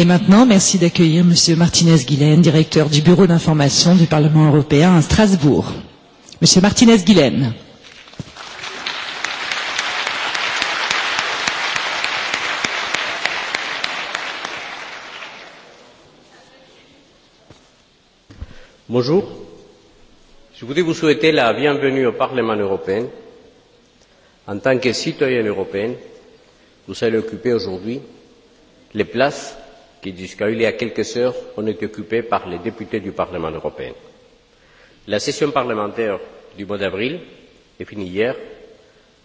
Et maintenant, merci d'accueillir Monsieur martinez Guilen, directeur du Bureau d'information du Parlement européen à Strasbourg. Monsieur Martinez-Guilaine. Bonjour. Je voudrais vous souhaiter la bienvenue au Parlement européen. En tant que citoyen européen, vous allez occuper aujourd'hui les places qui jusqu'à il y a quelques heures ont est occupés par les députés du Parlement européen. La session parlementaire du mois d'avril est finie hier,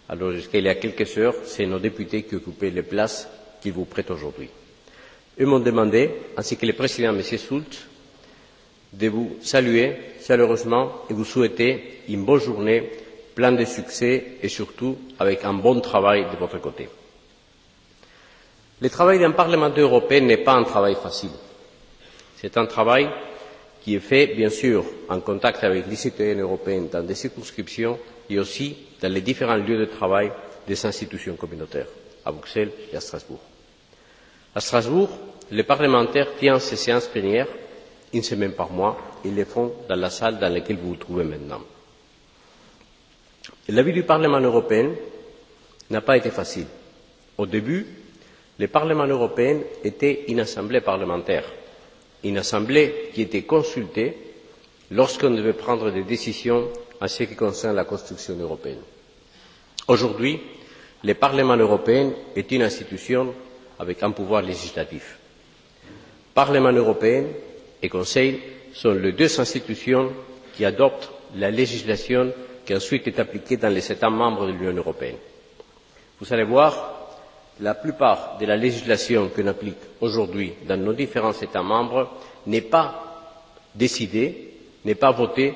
alors jusqu'à il y a quelques heures, c'est nos députés qui occupaient les places qu'ils vous prêtent aujourd'hui. Ils m'ont demandé, ainsi que le président M. Schulz, de vous saluer chaleureusement et vous souhaiter une bonne journée, pleine de succès et surtout avec un bon travail de votre côté. Le travail d'un Parlement européen n'est pas un travail facile. C'est un travail qui est fait, bien sûr, en contact avec les citoyens européens dans des circonscriptions et aussi dans les différents lieux de travail des institutions communautaires, à Bruxelles et à Strasbourg. À Strasbourg, les parlementaires tiennent ces séances plénières une semaine par mois et les font dans la salle dans laquelle vous vous trouvez maintenant. La vie du Parlement européen n'a pas été facile. Au début, le parlement européen était une assemblée parlementaire une assemblée qui était consultée lorsqu'on devait prendre des décisions en ce qui concerne la construction européenne. aujourd'hui le parlement européen est une institution avec un pouvoir législatif. parlement européen et conseil sont les deux institutions qui adoptent la législation qui ensuite est appliquée dans les états membres de l'union européenne. vous allez voir la plupart de la législation que l'on applique aujourd'hui dans nos différents États membres n'est pas décidée, n'est pas votée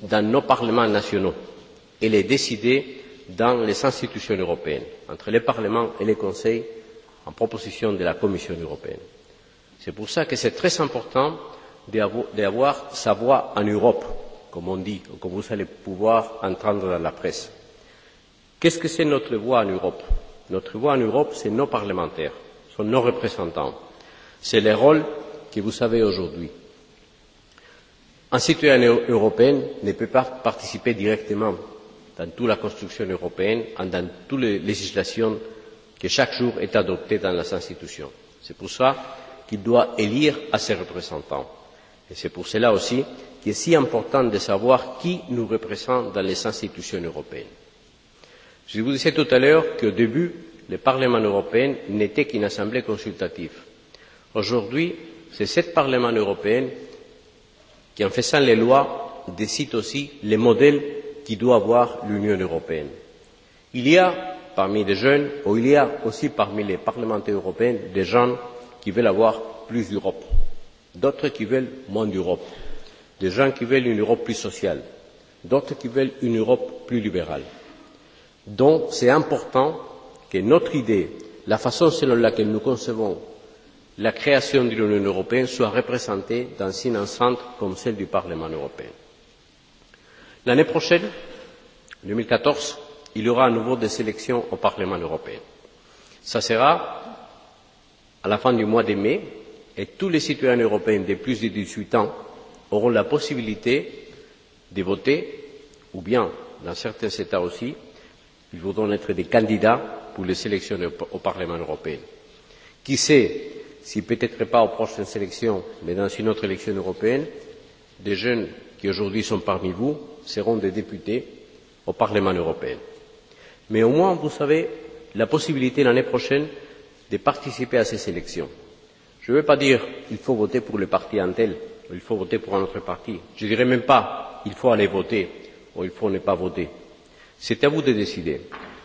dans nos parlements nationaux. Elle est décidée dans les institutions européennes, entre le Parlement et le Conseil, en proposition de la Commission européenne. C'est pour cela que c'est très important d'avoir sa voix en Europe, comme on dit, ou comme vous allez pouvoir entendre dans la presse. Qu'est-ce que c'est notre voix en Europe Notre voix en Europe, c'est nos parlementaires, ce sont nos représentants. C'est le rôle que vous avez aujourd'hui. Un citoyen européen ne peut pas participer directement dans toute la construction européenne, dans toutes les législations qui chaque jour est adoptée dans les institutions. C'est pour cela qu'il doit élire à ses représentants. Et c'est pour cela aussi qu'il est si important de savoir qui nous représente dans les institutions européennes. Je vous disais tout à l'heure qu'au début, le Parlement européen n'était qu'une assemblée consultative. Aujourd'hui, c'est ce Parlement européen qui, en faisant les lois, décide aussi les modèles qui doit avoir l'Union européenne. Il y a parmi les jeunes, ou il y a aussi parmi les parlementaires européens des gens qui veulent avoir plus d'Europe, d'autres qui veulent moins d'Europe, des gens qui veulent une Europe plus sociale, d'autres qui veulent une Europe plus libérale donc c'est important que notre idée la façon selon laquelle nous concevons la création de l'union européenne soit représentée dans une enceinte comme celle du parlement européen. l'année prochaine deux mille quatorze il y aura à nouveau des élections au parlement européen. ce sera à la fin du mois de mai et tous les citoyens européens de plus de dix huit ans auront la possibilité de voter ou bien dans certains états aussi Ils voudront être des candidats pour les sélections au Parlement européen. Qui sait si peut-être pas aux prochaines élections, mais dans une autre élection européenne, des jeunes qui aujourd'hui sont parmi vous seront des députés au Parlement européen. Mais au moins, vous savez, la possibilité l'année prochaine de participer à ces élections. Je ne veux pas dire il faut voter pour le parti un tel, ou il faut voter pour un autre parti. Je ne dirais même pas il faut aller voter ou il faut ne pas voter. C'est à vous de décider.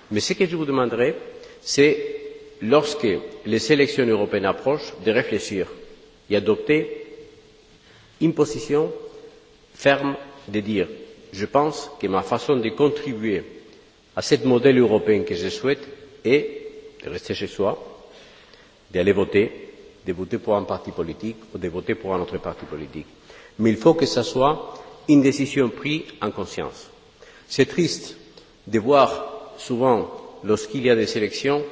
Mais ce que je vous demanderai, c'est, lorsque les élections européennes approchent, de réfléchir et adopter une position ferme de dire je pense que ma façon de contribuer à ce modèle européen que je souhaite est de rester chez soi, d'aller voter, de voter pour un parti politique ou de voter pour un autre parti politique. Mais il faut que ce soit une décision prise en conscience. C'est triste de voir souvent, lorsqu'il y a des élections,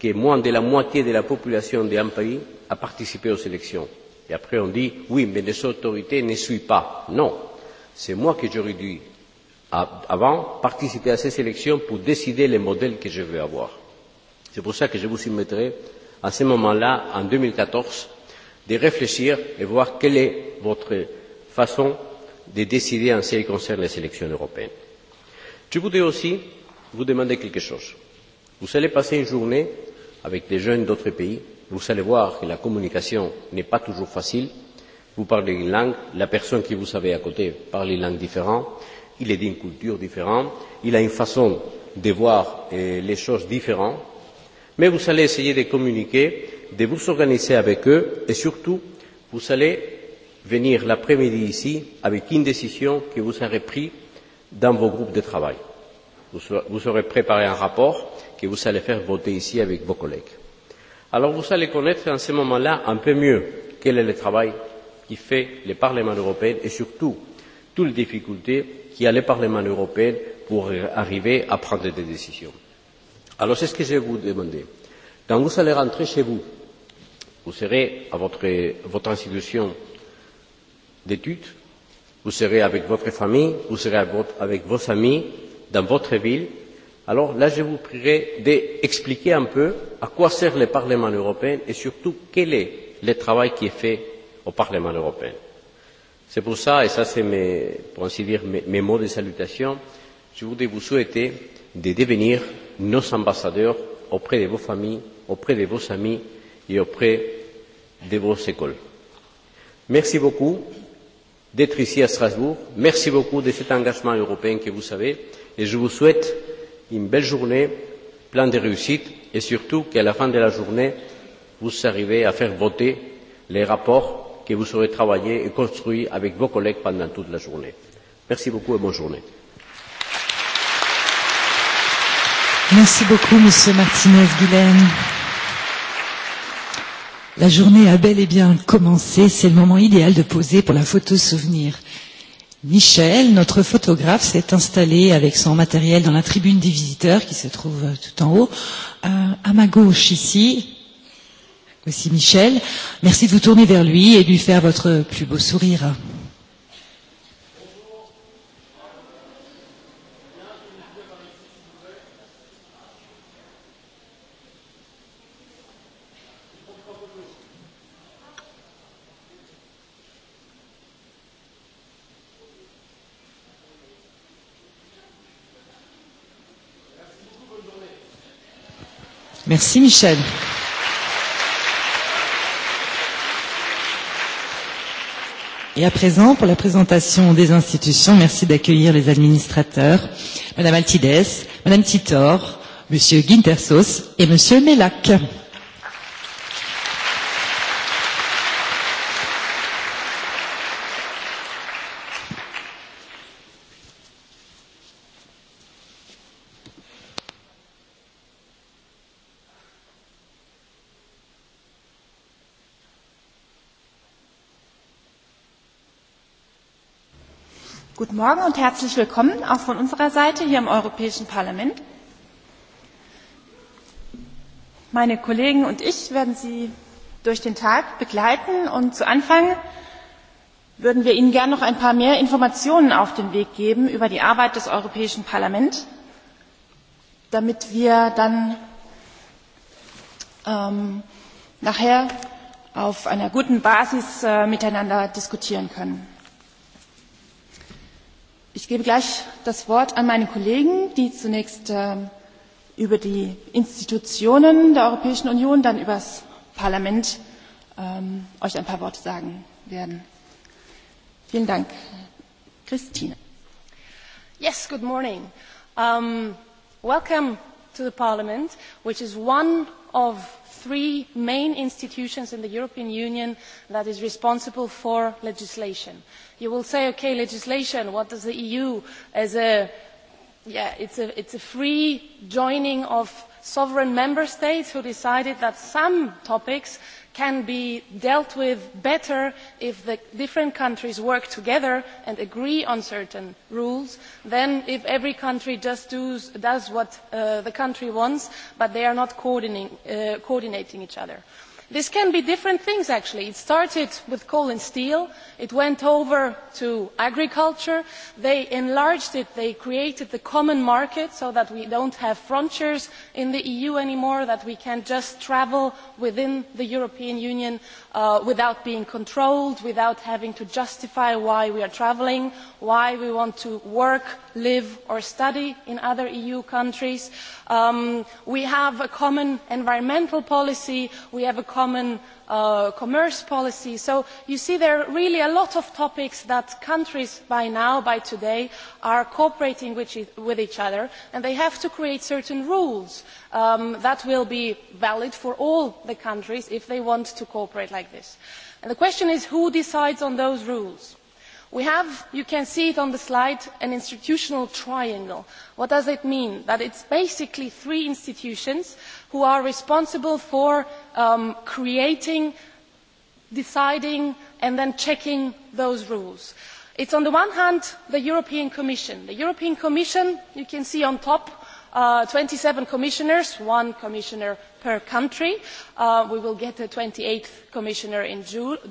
que moins de la moitié de la population d'un pays a participé aux élections. Et après on dit oui, mais les autorités ne suivent pas. Non, c'est moi qui j'aurais dû avant participer à ces élections pour décider les modèles que je veux avoir. C'est pour ça que je vous soumettrai à ce moment-là, en deux mille quatorze, de réfléchir et voir quelle est votre façon de décider en ce qui concerne les élections européennes. Je voudrais aussi vous demander quelque chose. Vous allez passer une journée avec des jeunes d'autres pays. Vous allez voir que la communication n'est pas toujours facile. Vous parlez une langue, la personne qui vous avez à côté parle une langue différente, il est d'une culture différente, il a une façon de voir les choses différentes. Mais vous allez essayer de communiquer, de vous organiser avec eux et surtout, vous allez venir l'après-midi ici avec une décision que vous aurez prise dans vos groupes de travail. Vous aurez préparé un rapport que vous allez faire voter ici avec vos collègues. Alors vous allez connaître en ce moment-là un peu mieux quel est le travail qui fait le Parlement européen et surtout toutes les difficultés qu'il y a le Parlement européen pour arriver à prendre des décisions. Alors c'est ce que je vais vous demander. Quand vous allez rentrer chez vous, vous serez à votre, votre institution d'études vous serez avec votre famille, vous serez avec vos amis, dans votre ville. Alors là, je vous prierai d'expliquer un peu à quoi sert le Parlement européen et surtout quel est le travail qui est fait au Parlement européen. C'est pour ça, et ça c'est mes, pour ainsi dire, mes, mes mots de salutation, je voudrais vous souhaiter de devenir nos ambassadeurs auprès de vos familles, auprès de vos amis et auprès de vos écoles. Merci beaucoup d'être ici à Strasbourg. Merci beaucoup de cet engagement européen que vous avez et je vous souhaite une belle journée, pleine de réussite et surtout qu'à la fin de la journée, vous arriviez à faire voter les rapports que vous aurez travaillés et construits avec vos collègues pendant toute la journée. Merci beaucoup et bonne journée. Merci beaucoup, Monsieur Martinez-Guilaine. La journée a bel et bien commencé. C'est le moment idéal de poser pour la photo souvenir. Michel, notre photographe, s'est installé avec son matériel dans la tribune des visiteurs qui se trouve tout en haut. Euh, à ma gauche ici, voici Michel. Merci de vous tourner vers lui et de lui faire votre plus beau sourire. Merci Michel. Et à présent, pour la présentation des institutions, merci d'accueillir les administrateurs, Madame Altides, Madame Titor, Monsieur Guintersos et Monsieur Mellac. Merci. Guten Morgen und herzlich willkommen auch von unserer Seite hier im Europäischen Parlament. Meine Kollegen und ich werden Sie durch den Tag begleiten und zu Anfang würden wir Ihnen gerne noch ein paar mehr Informationen auf den Weg geben über die Arbeit des Europäischen Parlaments, damit wir dann ähm, nachher auf einer guten Basis äh, miteinander diskutieren können. Ich gebe gleich das Wort an meine Kollegen, die zunächst über die Institutionen der Europäischen Union, dann über das Parlament euch ein paar Worte sagen werden. Vielen Dank. Christine. Yes, good morning. Um, welcome to the Parliament, which is one of three main institutions in the European Union that are responsible for legislation. You will say, okay, legislation, what does the EU as a, a free joining of sovereign member states who decided that some topics can be dealt with better if the different countries work together and agree on certain rules than if every country just does what the country wants but they are not coordinating each other this can be different things actually it started with coal and steel it went over to agriculture they enlarged it they created the common market so that we do not have frontiers in the eu any more that we can just travel within the european union without being controlled without having to justify why we are travelling why we want to work live or study in other eu countries and we have a common environmental policy we have a common commerce policy so you see there are really a lot of topics that countries by now by today are cooperating with each other and they have to create certain rules that will be valid for all the countries if they want to cooperate like this. the question is who decides on those rules? we have you can see it on the slide an institutional triangle. what does it mean? that is basically three institutions who are responsible for creating deciding and then checking those rules. it is on the one hand the european commission. the european commission you can see on top twenty seven commissioners one commissioner per country we will get a twenty eighth commissioner in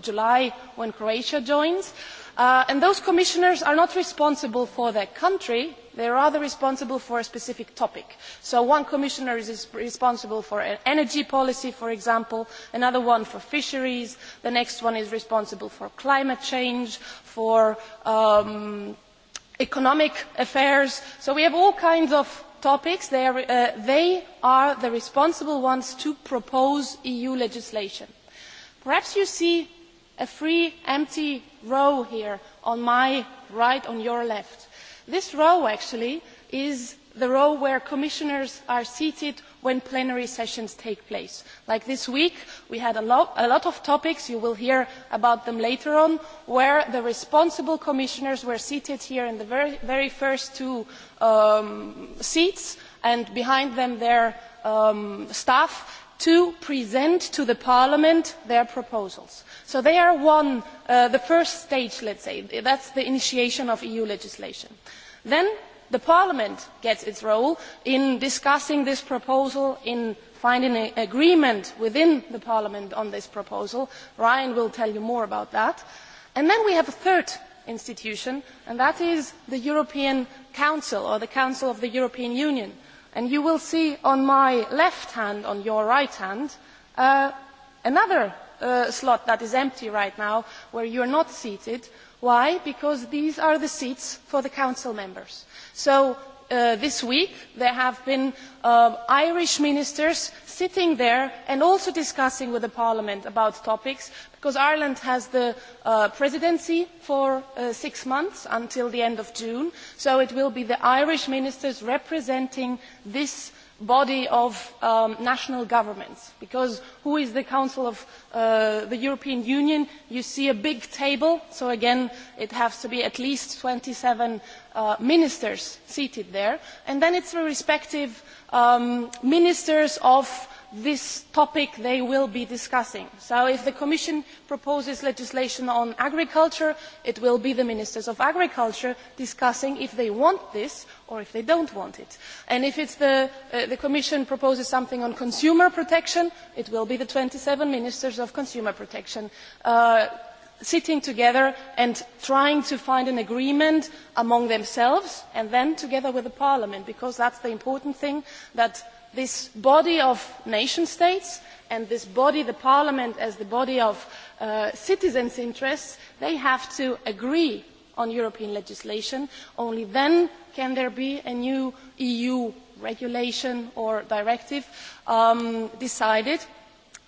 july when croatia joins and those commissioners are not responsible for their country they are rather responsible for a specific topic so one commissioner is responsible for energy policy for example another one for fisheries the next one is responsible for climate change for economic affairs so we have all kinds of topics they are the responsible ones to propose eu legislation. perhaps you see a free empty row here on my right, on your left. This row actually is the row where commissioners are seated when plenary sessions take place. Like this week, we had a lot, of topics, you will hear about them later on, where the responsible commissioners were seated here in the very, very first two seats, and behind them their staff, to present to the Parliament their proposals So they are one, the first stage, let's say. That is the initiation of EU legislation. Then Parliament gets its role in discussing this proposal, in finding an agreement within Parliament on this proposal. Ryan will tell you more about that. And then we have a third institution, and that is the European Council, or the Council of the European Union. And you will see on my left hand, on your right hand, another slot that is empty right now where you are not seated. Why? Because these are the seats for the council members. So this week there have been Irish ministers sitting there and also discussing with Parliament about topics because Ireland has the presidency for six months until the end of June. So it will be the Irish ministers representing this body of national governments because who is the council of the european union? you see a big table so again it has to be at least twenty seven ministers seated there and then it is the respective ministers of this topic they will be discussing. So if the Commission proposes legislation on agriculture, it will be the Ministers of Agriculture discussing if they want this or if they do not want it. And if the, Commission proposes something on consumer protection, it will be the twenty seven Ministers of Consumer Protection sitting together and trying to find an agreement among themselves and then together with parliament because that is the important thing that this body of nation states and this body, the parliament, as the body of citizens' interests, they have to agree on European legislation. Only then can there be a new EU regulation or directive decided.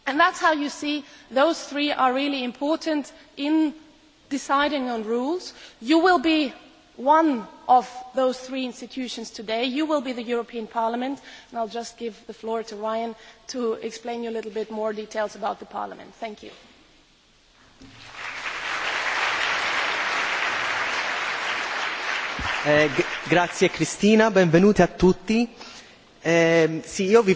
And is how you see those three are really important in deciding on rules. You will be one of those three institutions today. You will be the European Parliament, and I'll just give the floor to Ryan to explain you a little bit more details about the Parliament. Thank you. Eh, grazie Cristina, benvenuti a tutti. Eh, sì, io vi,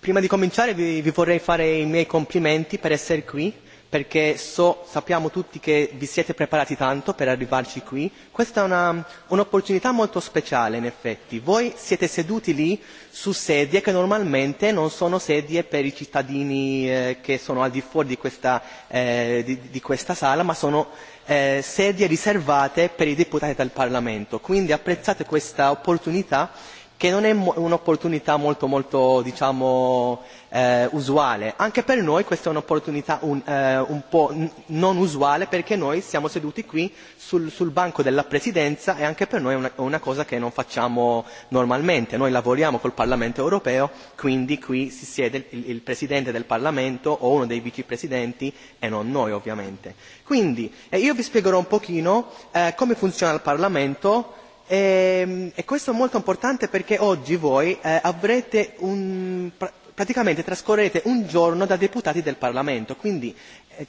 prima di cominciare vi, vi vorrei fare i miei complimenti per essere qui perché so, sappiamo tutti che vi siete preparati tanto per arrivarci qui. Questa è una, un'opportunità molto speciale in effetti. Voi siete seduti lì su sedie che normalmente non sono sedie per i cittadini eh, che sono al di fuori di questa, eh, di, di questa sala, ma sono eh, sedie riservate per i deputati del Parlamento. Quindi apprezzate questa opportunità che non è un'opportunità molto molto diciamo eh, usuale. Anche per noi questa è un'opportunità un, eh, un po' non usuale perché noi siamo seduti qui sul, sul banco della presidenza e anche per noi è una, una cosa che non facciamo normalmente. Noi lavoriamo col Parlamento europeo, quindi qui si siede il, il presidente del Parlamento o uno dei vicepresidenti e non noi ovviamente. Quindi eh, io vi spiegherò un pochino eh, come funziona il Parlamento e questo è molto importante perché oggi voi avrete un, praticamente trascorrerete un giorno da deputati del Parlamento, quindi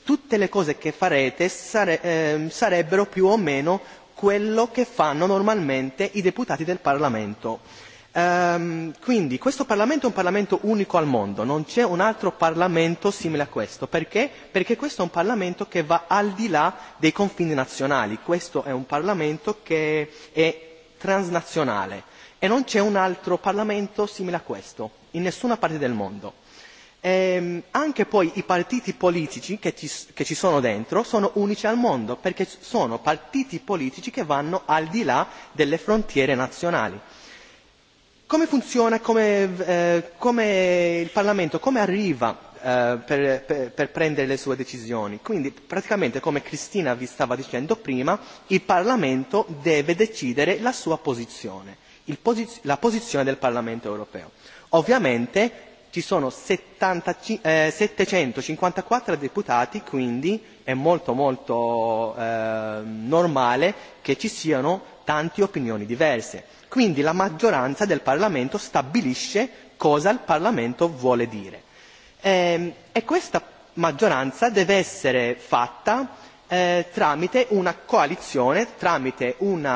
tutte le cose che farete sarebbero più o meno quello che fanno normalmente i deputati del Parlamento. quindi questo Parlamento è un Parlamento unico al mondo, non c'è un altro Parlamento simile a questo. Perché? Perché questo è un Parlamento che va al di là dei confini nazionali, questo è un Parlamento che è transnazionale e non c'è un altro Parlamento simile a questo in nessuna parte del mondo. Ehm, anche poi i partiti politici che ci, che ci sono dentro sono unici al mondo perché sono partiti politici che vanno al di là delle frontiere nazionali. Come funziona, come, eh, come il Parlamento, come arriva per, per, per prendere le sue decisioni. Quindi praticamente come Cristina vi stava dicendo prima, il Parlamento deve decidere la sua posizione, il posiz- la posizione del Parlamento europeo. Ovviamente ci sono 70, eh, 754 deputati, quindi è molto molto eh, normale che ci siano tante opinioni diverse. Quindi la maggioranza del Parlamento stabilisce cosa il Parlamento vuole dire e questa maggioranza deve essere fatta tramite una coalizione, tramite un,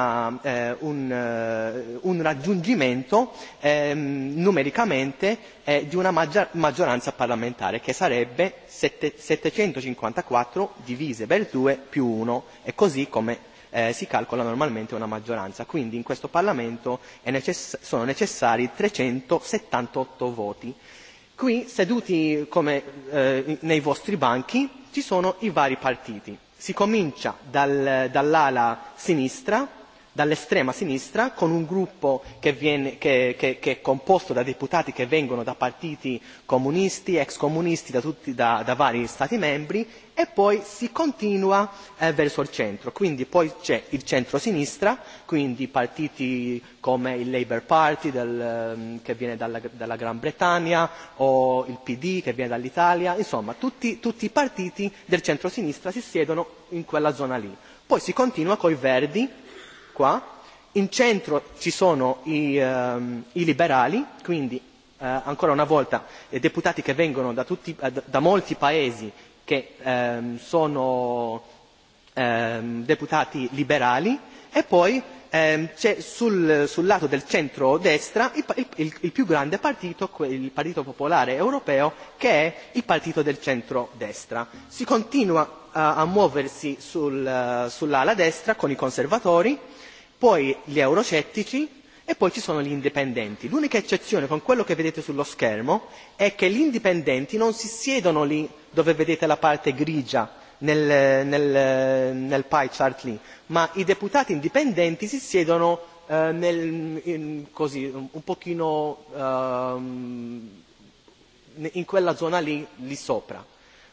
raggiungimento numericamente di una maggioranza parlamentare che sarebbe settecentocinquantaquattro divise per due più uno è così come si calcola normalmente una maggioranza. Quindi in questo Parlamento sono necessari trecentosettantotto voti qui seduti come eh, nei vostri banchi ci sono i vari partiti si comincia dal, dall'ala sinistra dall'estrema sinistra con un gruppo che, viene, che, che, che è composto da deputati che vengono da partiti comunisti, ex comunisti, da, tutti, da, da vari Stati membri e poi si continua eh, verso il centro. Quindi poi c'è il centro-sinistra, quindi partiti come il Labour Party del, che viene dalla, dalla Gran Bretagna o il PD che viene dall'Italia, insomma tutti, tutti i partiti del centro-sinistra si siedono in quella zona lì. Poi si continua con i Verdi qua in centro ci sono i, um, i liberali, quindi uh, ancora una volta i deputati che vengono da, tutti, uh, da molti paesi che um, sono um, deputati liberali e poi um, c'è sul, sul lato del centro-destra il, il, il più grande partito, il Partito Popolare Europeo, che è il partito del centro-destra. Si continua a, a muoversi sul, sull'ala destra con i conservatori, poi gli euroscettici e poi ci sono gli indipendenti. L'unica eccezione con quello che vedete sullo schermo è che gli indipendenti non si siedono lì dove vedete la parte grigia nel, nel, nel pie chart lì, ma i deputati indipendenti si siedono eh, nel, in, così, un pochino eh, in quella zona lì, lì sopra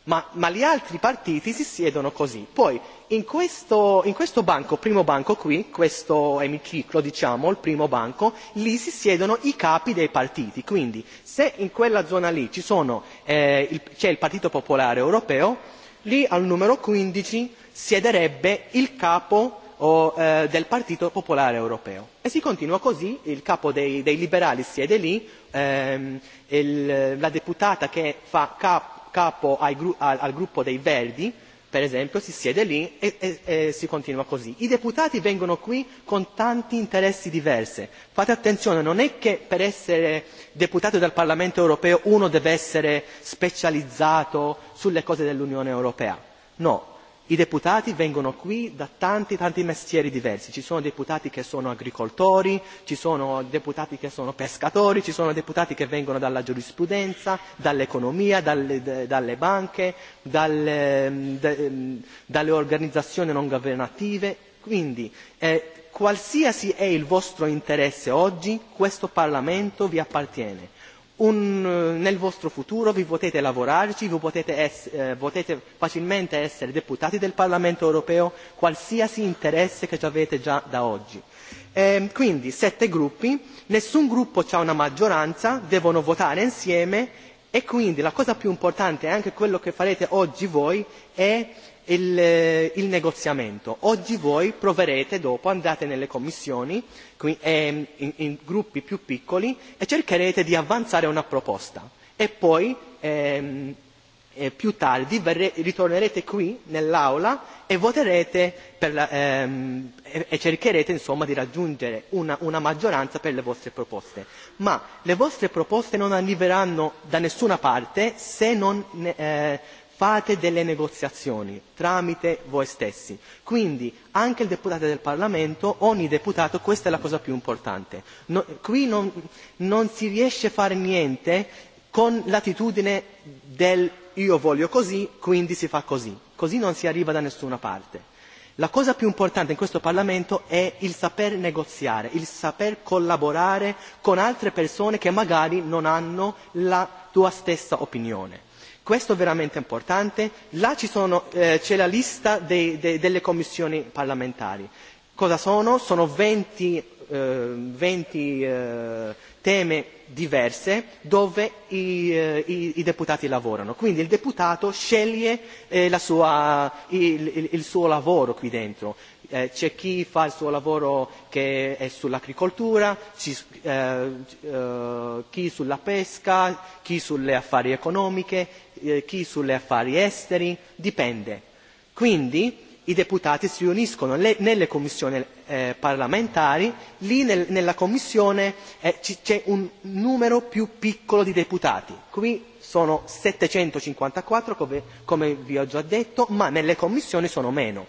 ma gli altri partiti si siedono così. poi in questo banco primo banco qui questo emiciclo diciamo il primo banco lì si siedono i capi dei partiti quindi se in quella zona lì c'è il partito popolare europeo lì al numero quindici siederebbe il capo del partito popolare europeo e si continua così il capo dei liberali siede lì la deputata che fa capo capo al gruppo dei verdi per esempio si siede lì e, si continua così. I deputati vengono qui con tanti interessi diversi. Fate attenzione, non è che per essere deputato del Parlamento europeo uno deve essere specializzato sulle cose dell'Unione europea. No, i deputati vengono qui da tanti tanti mestieri diversi, ci sono deputati che sono agricoltori, ci sono deputati che sono pescatori, ci sono deputati che vengono dalla giurisprudenza, dall'economia, dalle, dalle banche, dalle, dalle organizzazioni non governative, quindi eh, qualsiasi è il vostro interesse oggi, questo Parlamento vi appartiene un, nel vostro futuro vi potete lavorarci, vi potete, eh, potete facilmente essere deputati del Parlamento europeo, qualsiasi interesse che avete già da oggi. Eh, quindi sette gruppi, nessun gruppo ha una maggioranza, devono votare insieme e quindi la cosa più importante, e anche quello che farete oggi voi, è il, negoziamento. Oggi voi proverete dopo, andate nelle commissioni, in, gruppi più piccoli e cercherete di avanzare una proposta e poi più tardi ritornerete qui nell'aula e voterete e cercherete insomma di raggiungere una, maggioranza per le vostre proposte. Ma le vostre proposte non arriveranno da nessuna parte se non fate delle negoziazioni tramite voi stessi. Quindi anche il deputato del Parlamento, ogni deputato, questa è la cosa più importante. qui non, si riesce a fare niente con l'attitudine del io voglio così, quindi si fa così. Così non si arriva da nessuna parte. La cosa più importante in questo Parlamento è il saper negoziare, il saper collaborare con altre persone che magari non hanno la tua stessa opinione questo è veramente importante là c'è la lista delle commissioni parlamentari cosa sono? sono venti temi diversi dove i deputati lavorano quindi il deputato sceglie il suo lavoro qui dentro c'è chi fa il suo lavoro che è sull'agricoltura, chi sulla pesca, chi sulle affari economiche, chi sulle affari esteri, dipende. Quindi i deputati si riuniscono nelle commissioni parlamentari, lì nella commissione c'è un numero più piccolo di deputati, qui sono settecentocinquantaquattro come vi ho già detto, ma nelle commissioni sono meno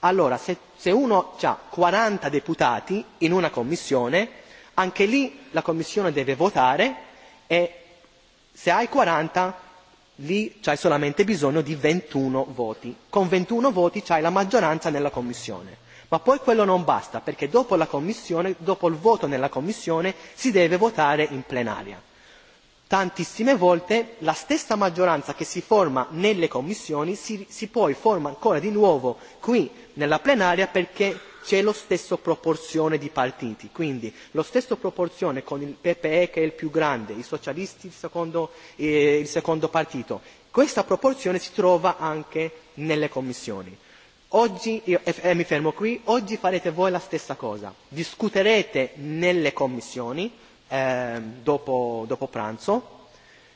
allora se, se uno ha quaranta deputati in una commissione anche lì la commissione deve votare e se hai quaranta lì c'hai solamente bisogno di ventuno voti. Con ventuno voti c'hai la maggioranza nella commissione. Ma poi quello non basta perché dopo la commissione, dopo il voto nella commissione si deve votare in plenaria tantissime volte la stessa maggioranza che si forma nelle commissioni si, si poi forma ancora di nuovo qui nella plenaria perché c'è lo stesso proporzione di partiti, quindi lo stesso proporzione con il PPE che è il più grande, i socialisti il secondo, eh, il secondo partito. Questa proporzione si trova anche nelle commissioni. Oggi, io, e mi fermo qui, oggi farete voi la stessa cosa, discuterete nelle commissioni, dopo, dopo pranzo,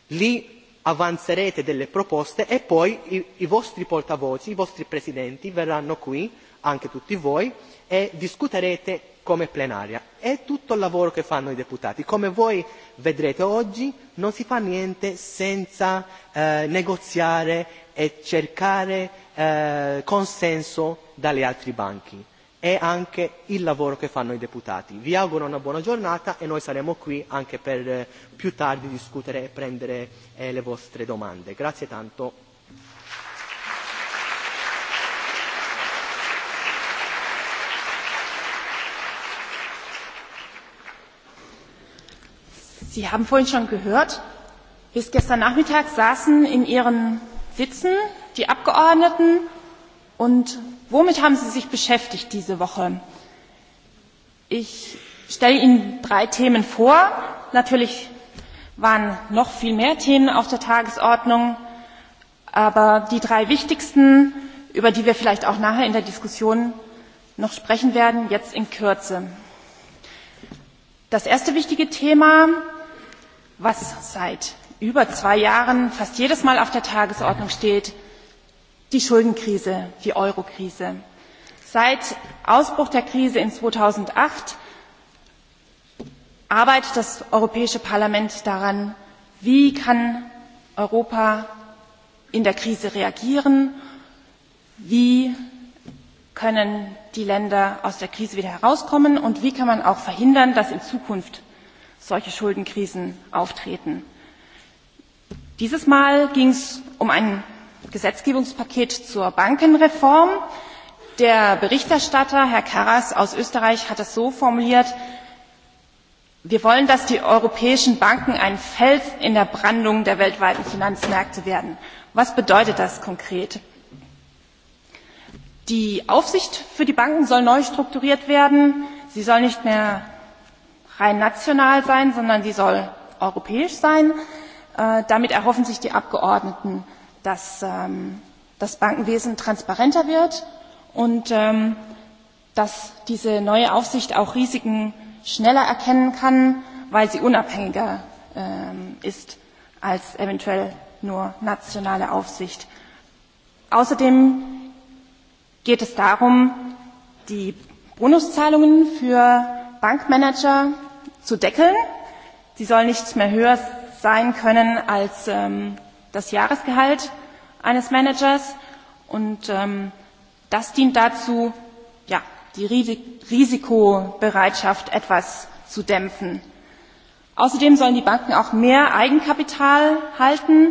lì avanzerete delle proposte e poi i, i vostri portavoci, i vostri presidenti verranno qui, anche tutti voi, e discuterete come plenaria. È tutto il lavoro che fanno i deputati. Come voi vedrete oggi non si fa niente senza eh, negoziare e cercare eh, consenso dagli altri banchi e anche il lavoro che fanno i deputati. Vi auguro una buona giornata e noi saremo qui anche per più tardi discutere e prendere le vostre domande. Grazie tanto. Sie haben vorhin schon gehört, bis gestern Nachmittag saßen in ihren Sitzen die Abgeordneten Und womit haben Sie sich beschäftigt diese Woche? Ich stelle Ihnen drei Themen vor. Natürlich waren noch viel mehr Themen auf der Tagesordnung, aber die drei wichtigsten, über die wir vielleicht auch nachher in der Diskussion noch sprechen werden, jetzt in Kürze. Das erste wichtige Thema, was seit über zwei Jahren fast jedes Mal auf der Tagesordnung steht, die Schuldenkrise, die Eurokrise. Seit Ausbruch der Krise in 2008 arbeitet das Europäische Parlament daran, wie kann Europa in der Krise reagieren, wie können die Länder aus der Krise wieder herauskommen und wie kann man auch verhindern, dass in Zukunft solche Schuldenkrisen auftreten. Dieses Mal ging es um ein gesetzgebungspaket zur bankenreform. der berichterstatter herr karas aus österreich hat es so formuliert wir wollen dass die europäischen banken ein fels in der brandung der weltweiten finanzmärkte werden. was bedeutet das konkret? die aufsicht für die banken soll neu strukturiert werden sie soll nicht mehr rein national sein sondern sie soll europäisch sein damit erhoffen sich die abgeordneten dass das Bankenwesen transparenter wird und dass diese neue Aufsicht auch Risiken schneller erkennen kann, weil sie unabhängiger ist als eventuell nur nationale Aufsicht. Außerdem geht es darum, die Bonuszahlungen für Bankmanager zu deckeln. Sie sollen nicht mehr höher sein können als das Jahresgehalt eines Managers. Und ähm, das dient dazu, ja, die Risikobereitschaft etwas zu dämpfen. Außerdem sollen die Banken auch mehr Eigenkapital halten,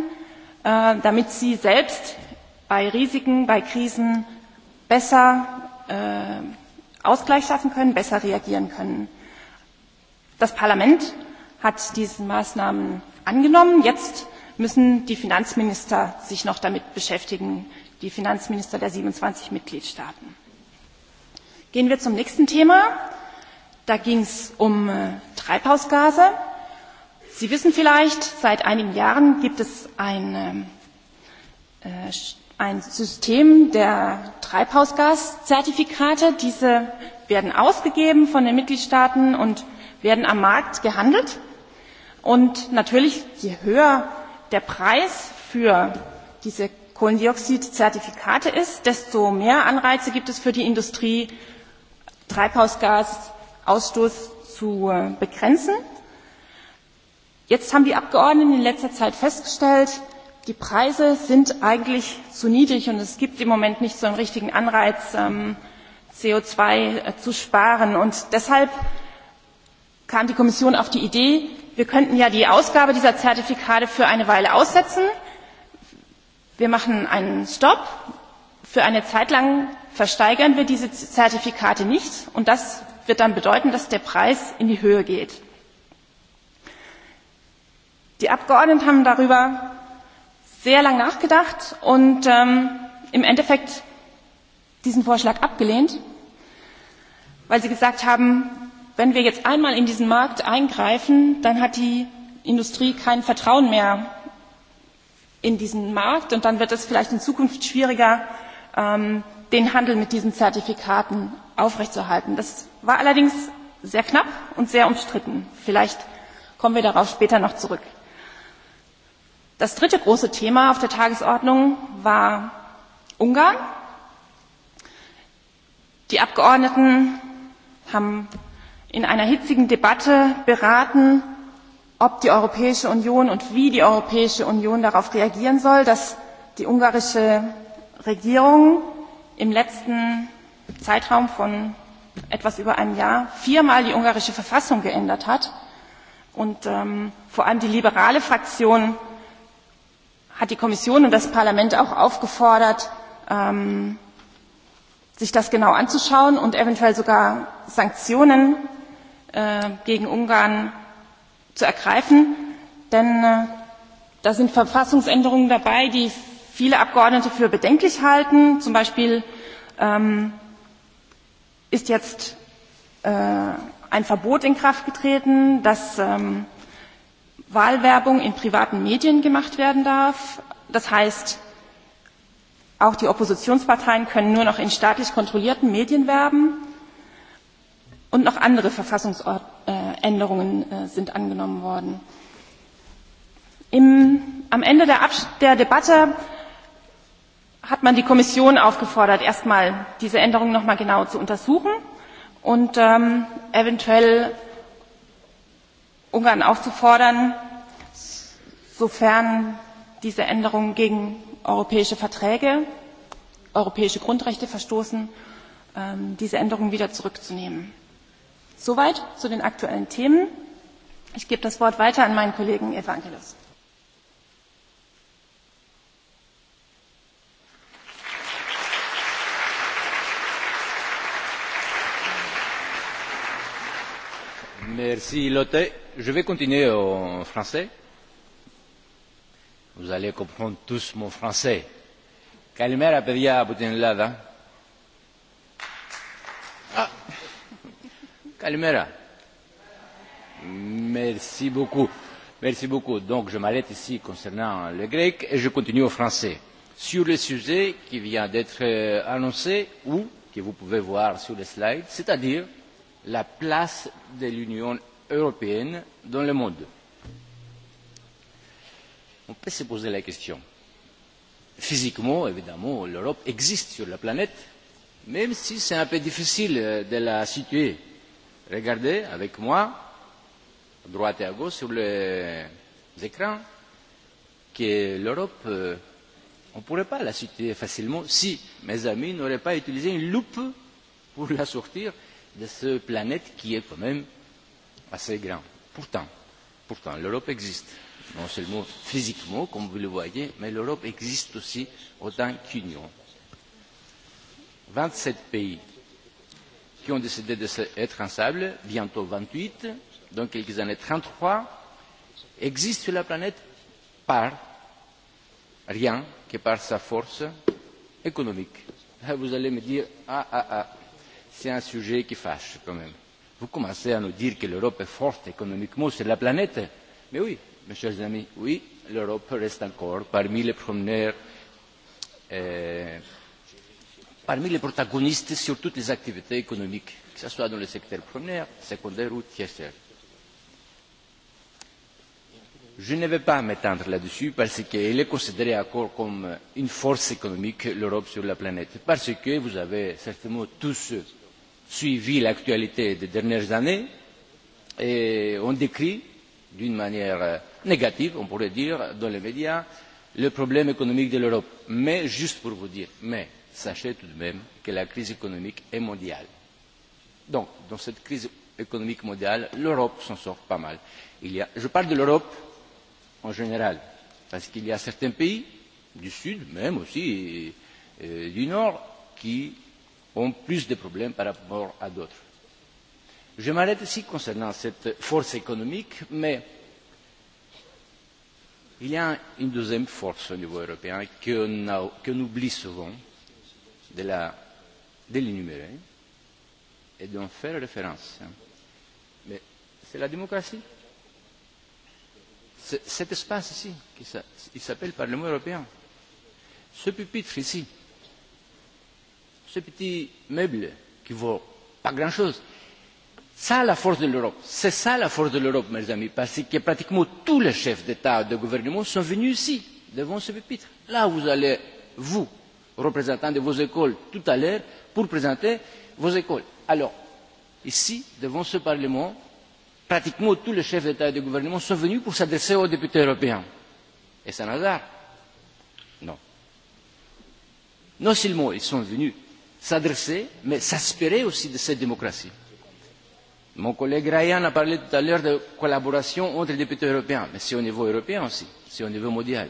äh, damit sie selbst bei Risiken, bei Krisen besser äh, Ausgleich schaffen können, besser reagieren können. Das Parlament hat diese Maßnahmen angenommen. Jetzt müssen die Finanzminister sich noch damit beschäftigen, die Finanzminister der 27 Mitgliedstaaten. Gehen wir zum nächsten Thema. Da ging es um Treibhausgase. Sie wissen vielleicht, seit einigen Jahren gibt es ein, ein System der Treibhausgaszertifikate. Diese werden ausgegeben von den Mitgliedstaaten und werden am Markt gehandelt. Und natürlich, je höher der Preis für diese Kohlendioxidzertifikate ist, desto mehr Anreize gibt es für die Industrie, Treibhausgasausstoß zu begrenzen. Jetzt haben die Abgeordneten in letzter Zeit festgestellt, die Preise sind eigentlich zu niedrig und es gibt im Moment nicht so einen richtigen Anreiz, co zwei zu sparen. Und deshalb kam die Kommission auf die Idee, wir könnten ja die Ausgabe dieser Zertifikate für eine Weile aussetzen. Wir machen einen Stopp. Für eine Zeit lang versteigern wir diese Zertifikate nicht. Und das wird dann bedeuten, dass der Preis in die Höhe geht. Die Abgeordneten haben darüber sehr lange nachgedacht und im Endeffekt diesen Vorschlag abgelehnt, weil sie gesagt haben, wenn wir jetzt einmal in diesen markt eingreifen dann hat die industrie kein vertrauen mehr in diesen markt und dann wird es vielleicht in zukunft schwieriger den handel mit diesen zertifikaten aufrechtzuerhalten. das war allerdings sehr knapp und sehr umstritten. vielleicht kommen wir darauf später noch zurück. das dritte große thema auf der tagesordnung war ungarn. die abgeordneten haben in einer hitzigen debatte beraten ob die europäische union und wie die europäische union darauf reagieren soll dass die ungarische regierung im letzten zeitraum von etwas über einem jahr viermal die ungarische verfassung geändert hat und vor allem die liberale fraktion hat die kommission und das parlament auch aufgefordert sich das genau anzuschauen und eventuell sogar sanktionen gegen Ungarn zu ergreifen. Denn da sind Verfassungsänderungen dabei, die viele Abgeordnete für bedenklich halten. Zum Beispiel ist jetzt ein Verbot in Kraft getreten, dass Wahlwerbung in privaten Medien gemacht werden darf. Das heißt, auch die Oppositionsparteien können nur noch in staatlich kontrollierten Medien werben. Und noch andere Verfassungsänderungen sind angenommen worden. am Ende der, Debatte hat man die Kommission aufgefordert, erstmal diese Änderungen nochmal genau zu untersuchen und eventuell Ungarn aufzufordern, sofern diese Änderungen gegen europäische Verträge, europäische Grundrechte verstoßen, diese Änderungen wieder zurückzunehmen. Soweit zu den aktuellen Themen. Ich gebe das Wort weiter an meinen Kollegen Evangelos. Merci Lotte. Je vais continuer en français. Vous allez comprendre tous mon français. Καλημέρα παιδιά από την Ελλάδα. Καλημέρα. Merci beaucoup. Merci beaucoup. Donc, je m'arrête ici concernant le grec et je continue au français. Sur le sujet qui vient d'être annoncé ou que vous pouvez voir sur les slides, c'est-à-dire la place de l'Union européenne dans le monde. On peut se poser la question. Physiquement, évidemment, l'Europe existe sur la planète, même si c'est un peu difficile de la situer Regardez avec moi, à droite et à gauche, sur les écrans, que l'Europe, on ne pourrait pas la citer facilement si mes amis n'auraient pas utilisé une loupe pour la sortir de ce planète qui est quand même assez grand. Pourtant, pourtant l'Europe existe. Non seulement physiquement, comme vous le voyez, mais l'Europe existe aussi autant qu'union. 27 pays qui ont décidé d'être ensemble, bientôt vingt huit, dans quelques années trente trois, existe sur la planète par rien que par sa force économique. Vous allez me dire Ah ah ah, c'est un sujet qui fâche quand même. Vous commencez à nous dire que l'Europe est forte économiquement sur la planète. Mais oui, mes chers amis, oui, l'Europe reste encore parmi les premières parmi les protagonistes sur toutes les activités économiques, que ce soit dans le secteur primaire, secondaire ou tertiaire. Je ne vais pas m'étendre là-dessus parce qu'elle est considérée encore comme une force économique, l'Europe sur la planète. Parce que vous avez certainement tous suivi l'actualité des dernières années et on décrit d'une manière négative, on pourrait dire, dans les médias, le problème économique de l'Europe. Mais, juste pour vous dire, mais sachez tout de même que la crise économique est mondiale. Donc, dans cette crise économique mondiale, l'Europe s'en sort pas mal. Il y a, je parle de l'Europe en général, parce qu'il y a certains pays, du Sud même aussi, et, du Nord, qui ont plus de problèmes par rapport à d'autres. Je m'arrête ici concernant cette force économique, mais il y a une deuxième force au niveau européen que, que l'on oublie souvent, de la de l'énumérer et d'en faire référence. Mais c'est la démocratie. Cet espace ici, qui il s'appelle Parlement européen. Ce pupitre ici, ce petit meuble qui vaut pas grand-chose. Ça, la force de l'Europe. C'est ça la force de l'Europe, mes amis, parce que pratiquement tous les chefs d'État et de gouvernement sont venus ici, devant ce pupitre. Là, vous allez, vous, représentants de vos écoles tout à l'heure pour présenter vos écoles. Alors, ici, devant ce Parlement, pratiquement tous les chefs d'État et de gouvernement sont venus pour s'adresser aux députés européens. Et c'est un hasard Non. Non seulement ils sont venus s'adresser, mais s'inspirer aussi de cette démocratie. Mon collègue Ryan a parlé tout à l'heure de collaboration entre les députés européens, mais c'est au niveau européen aussi, c'est au niveau mondial.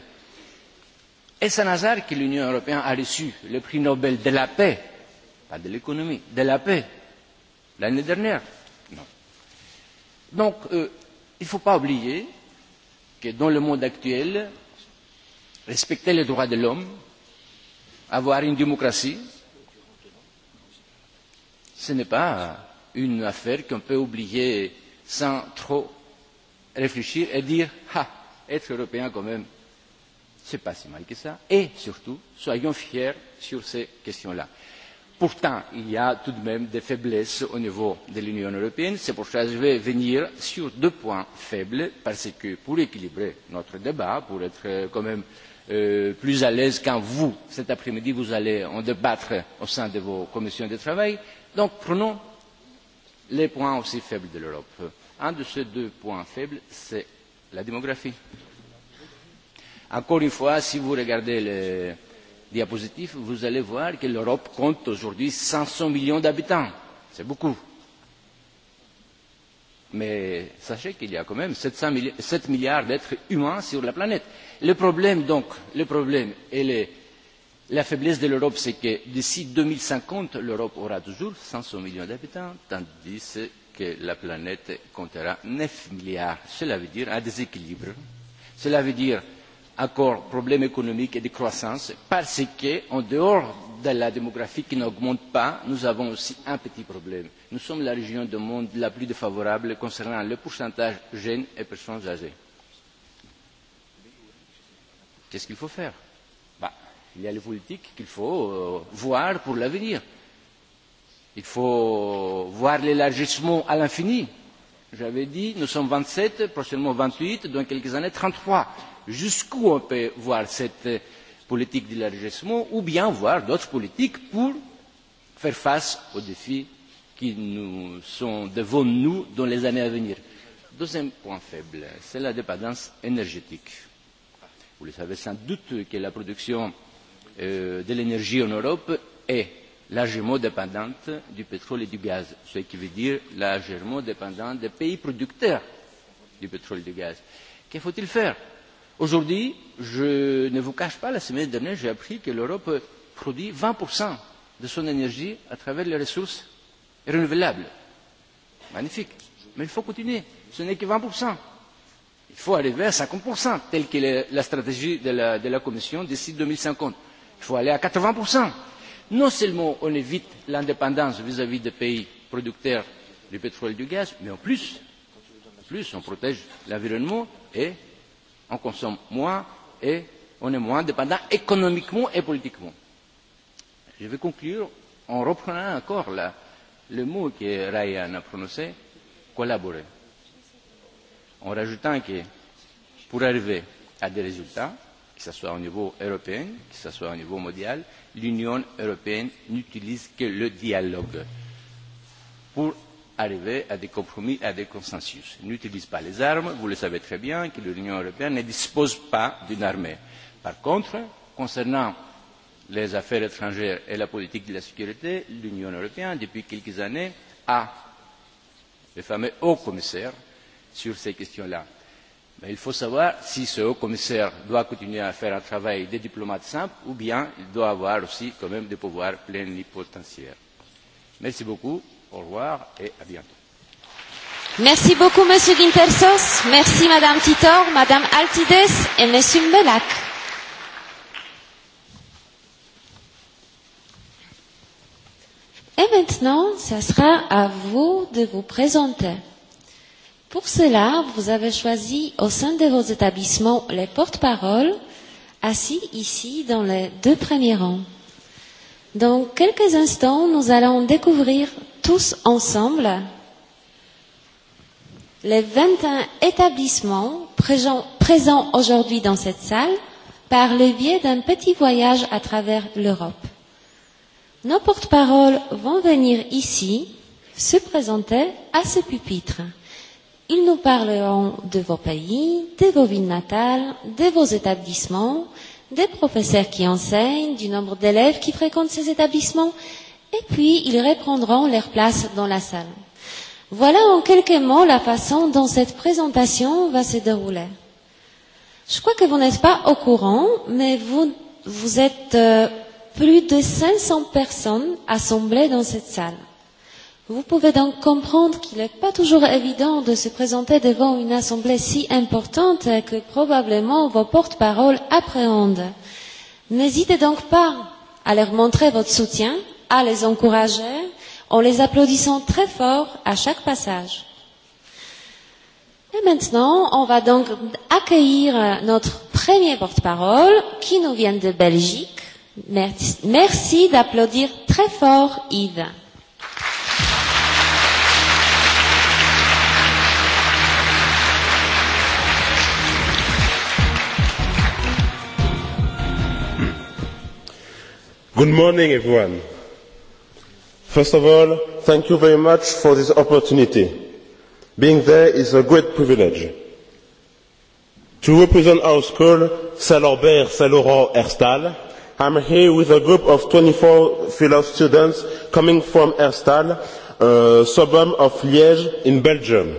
Est-ce un hasard que l'Union européenne a reçu le prix Nobel de la paix, pas de l'économie, de la paix, l'année dernière Non. Donc, euh, il ne faut pas oublier que dans le monde actuel, respecter les droits de l'homme, avoir une démocratie, ce n'est pas une affaire qu'on peut oublier sans trop réfléchir et dire Ah, être européen quand même, ce n'est pas si mal que ça, et surtout, soyons fiers sur ces questions-là. Pourtant, il y a tout de même des faiblesses au niveau de l'Union européenne. C'est pour cela que je vais venir sur deux points faibles, parce que pour équilibrer notre débat, pour être quand même plus à l'aise quand vous, cet après-midi, vous allez en débattre au sein de vos commissions de travail, donc prenons les points aussi faibles de l'Europe. Un de ces deux points faibles, c'est la démographie Encore une fois, si vous regardez le diapositive, vous allez voir que l'Europe compte aujourd'hui 500 millions d'habitants. C'est beaucoup. Mais sachez qu'il y a quand même 700 milli 7 milliards d'êtres humains sur la planète. Le problème donc, le problème et la faiblesse de l'Europe, c'est que d'ici 2050, l'Europe aura toujours 500 millions d'habitants, tandis que la planète comptera 9 milliards. Cela veut dire un déséquilibre. Cela veut dire encore problème économique et de croissance parce qu'en dehors de la démographie qui n'augmente pas, nous avons aussi un petit problème. Nous sommes la région du monde la plus défavorable concernant le pourcentage de jeunes et personnes âgées. Qu'est-ce qu'il faut faire Il y a les politiques qu'il faut voir pour l'avenir. Il faut voir l'élargissement à l'infini. J'avais dit, nous sommes vingt sept, prochainement vingt huit, dans quelques années trente trois jusqu'où on peut voir cette politique d'élargissement ou bien voir d'autres politiques pour faire face aux défis qui nous sont devant nous dans les années à venir. Deuxième point faible, c'est la dépendance énergétique. Vous le savez sans doute que la production de l'énergie en Europe est largement dépendante du pétrole et du gaz, ce qui veut dire largement dépendante des pays producteurs du pétrole et du gaz. Que faut-il faire Aujourd'hui, je ne vous cache pas, la semaine dernière, j'ai appris que l'Europe produit vingt de son énergie à travers les ressources renouvelables. Magnifique. Mais il faut continuer. Ce n'est que vingt. Il faut arriver à cinquante, telle que la stratégie de la, de la Commission d'ici cinquante. Il faut aller à quatre vingts Non seulement on évite l'indépendance vis-à-vis des pays producteurs du pétrole et du gaz, mais en plus, en plus on protège l'environnement et on consomme moins et on est moins dépendant économiquement et politiquement. Je vais conclure en reprenant encore la, le mot que Ryan a prononcé, collaborer. En rajoutant que pour arriver à des résultats, que ce soit au niveau européen, que ce soit au niveau mondial, l'Union européenne n'utilise que le dialogue pour arriver à des compromis, à des consensus. Ils n'utilisent pas les armes. Vous le savez très bien que l'Union européenne ne dispose pas d'une armée. Par contre, concernant les affaires étrangères et la politique de la sécurité, l'Union européenne, depuis quelques années, a le fameux haut commissaire sur ces questions-là. Mais il faut savoir si ce haut commissaire doit continuer à faire un travail de diplomate simple ou bien il doit avoir aussi quand même des pouvoirs plénipotentiaires. Merci beaucoup. Au revoir et à bientôt. Merci beaucoup, Monsieur Gintersos. Merci, Madame Titor, Madame Altides et Monsieur Mbelac. Et maintenant, ce sera à vous de vous présenter. Pour cela, vous avez choisi au sein de vos établissements les porte-paroles assis ici dans les deux premiers rangs. Dans quelques instants, nous allons découvrir tous ensemble les 21 établissements présents, aujourd'hui dans cette salle par le biais d'un petit voyage à travers l'Europe. Nos porte-paroles vont venir ici se présenter à ce pupitre. Ils nous parleront de vos pays, de vos villes natales, de vos établissements, des professeurs qui enseignent, du nombre d'élèves qui fréquentent ces établissements et puis ils reprendront leur place dans la salle. Voilà en quelques mots la façon dont cette présentation va se dérouler. Je crois que vous n'êtes pas au courant, mais vous, vous êtes euh, plus de 500 personnes assemblées dans cette salle. Vous pouvez donc comprendre qu'il n'est pas toujours évident de se présenter devant une assemblée si importante que probablement vos porte-paroles appréhendent. N'hésitez donc pas à leur montrer votre soutien à les encourager en les applaudissant très fort à chaque passage. Et maintenant, on va donc accueillir notre premier porte-parole qui nous vient de Belgique. Merci, d'applaudir très fort Yves. Good morning, everyone. First of all, thank you very much for this opportunity. Being there is a great privilege. To represent our school, Saint-Lambert, Saint-Laurent, Herstal, I'm here with a group of 24 fellow students coming from Herstal, a suburb of Liège in Belgium.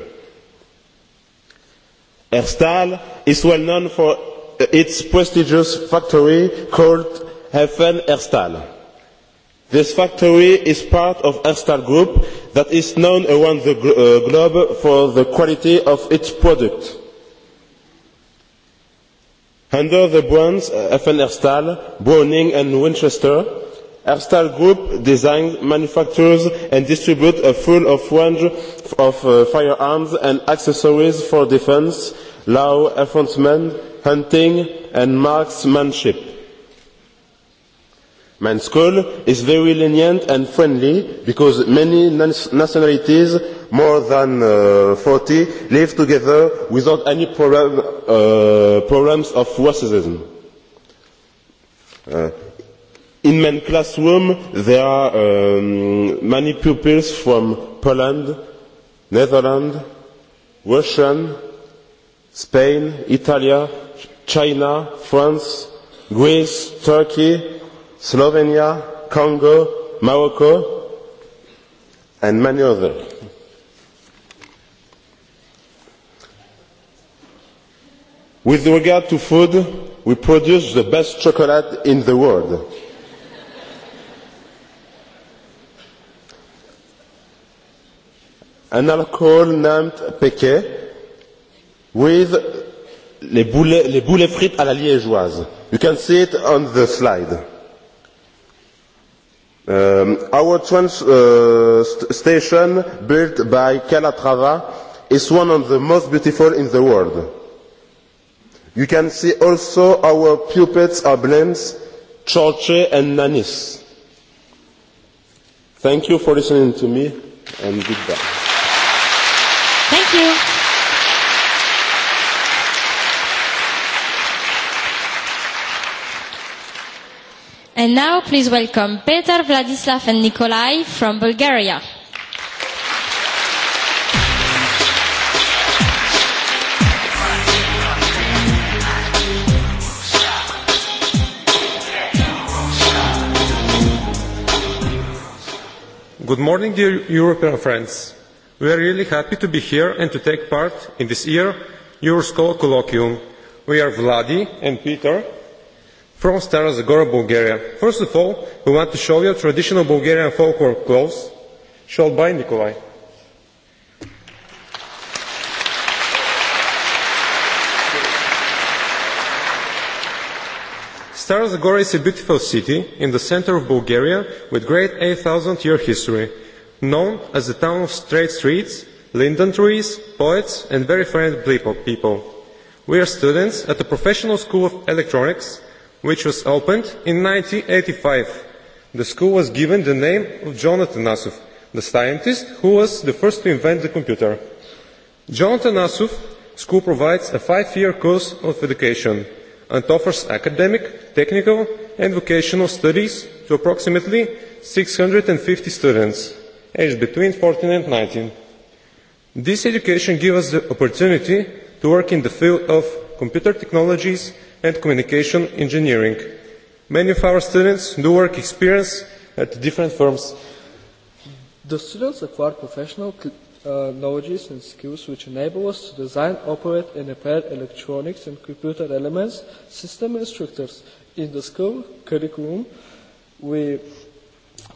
Herstal is well known for its prestigious factory called Heffen Herstal This factory is part of Elstar Group that is known around the globe for the quality of its product. Under the brands FN Erstal, Browning and Winchester, Erstal Group designs, manufactures and distributes a full of range of uh, firearms and accessories for defense, law enforcement, hunting and marksmanship school is very lenient and friendly because many nationalities, more than uh, 40, live together without any problem, uh, problems of racism. Uh, in my classroom, there are um, many pupils from Poland, Netherlands, Russia, Spain, Italy, China, France, Greece, Turkey, Slovenia, Congo, Morocco, and many others. With regard to food, we produce the best chocolate in the world. An alcohol named Peke with les boulets, les boulets frites à la liégeoise. You can see it on the slide our station, built by Calatrava, is one of the most beautiful in the world. You can see also our are blends, Chorche and Nanis. Thank you for listening to me and goodbye. Thank you. And now please welcome Peter, Vladislav and Nikolai from Bulgaria. Good morning, dear European friends. We are really happy to be here and to take part in this year Euroscola colloquium. We are Vladi and Peter From Stara Zagora, Bulgaria. First of all, we want to show you traditional Bulgarian folklore clothes shown by Nikolai. Stara Zagora is a beautiful city in the center of Bulgaria with great 8,000 year history, known as the town of straight streets, linden trees, poets, and very friendly people. We are students at the Professional School of Electronics which was opened in 1985. The school was given the name of Jonathan Atanasov, the scientist who was the first to invent the computer. Jonathan Atanasov School provides a five-year course of education and offers academic, technical and vocational studies to approximately 650 students, aged between 14 and 19. This education gives us the opportunity to work in the field of computer technologies and communication engineering. Many of our students do work experience at different firms. The students acquire professional uh, knowledges and skills which enable us to design, operate and repair electronics and computer elements, system instructors In the school curriculum, we,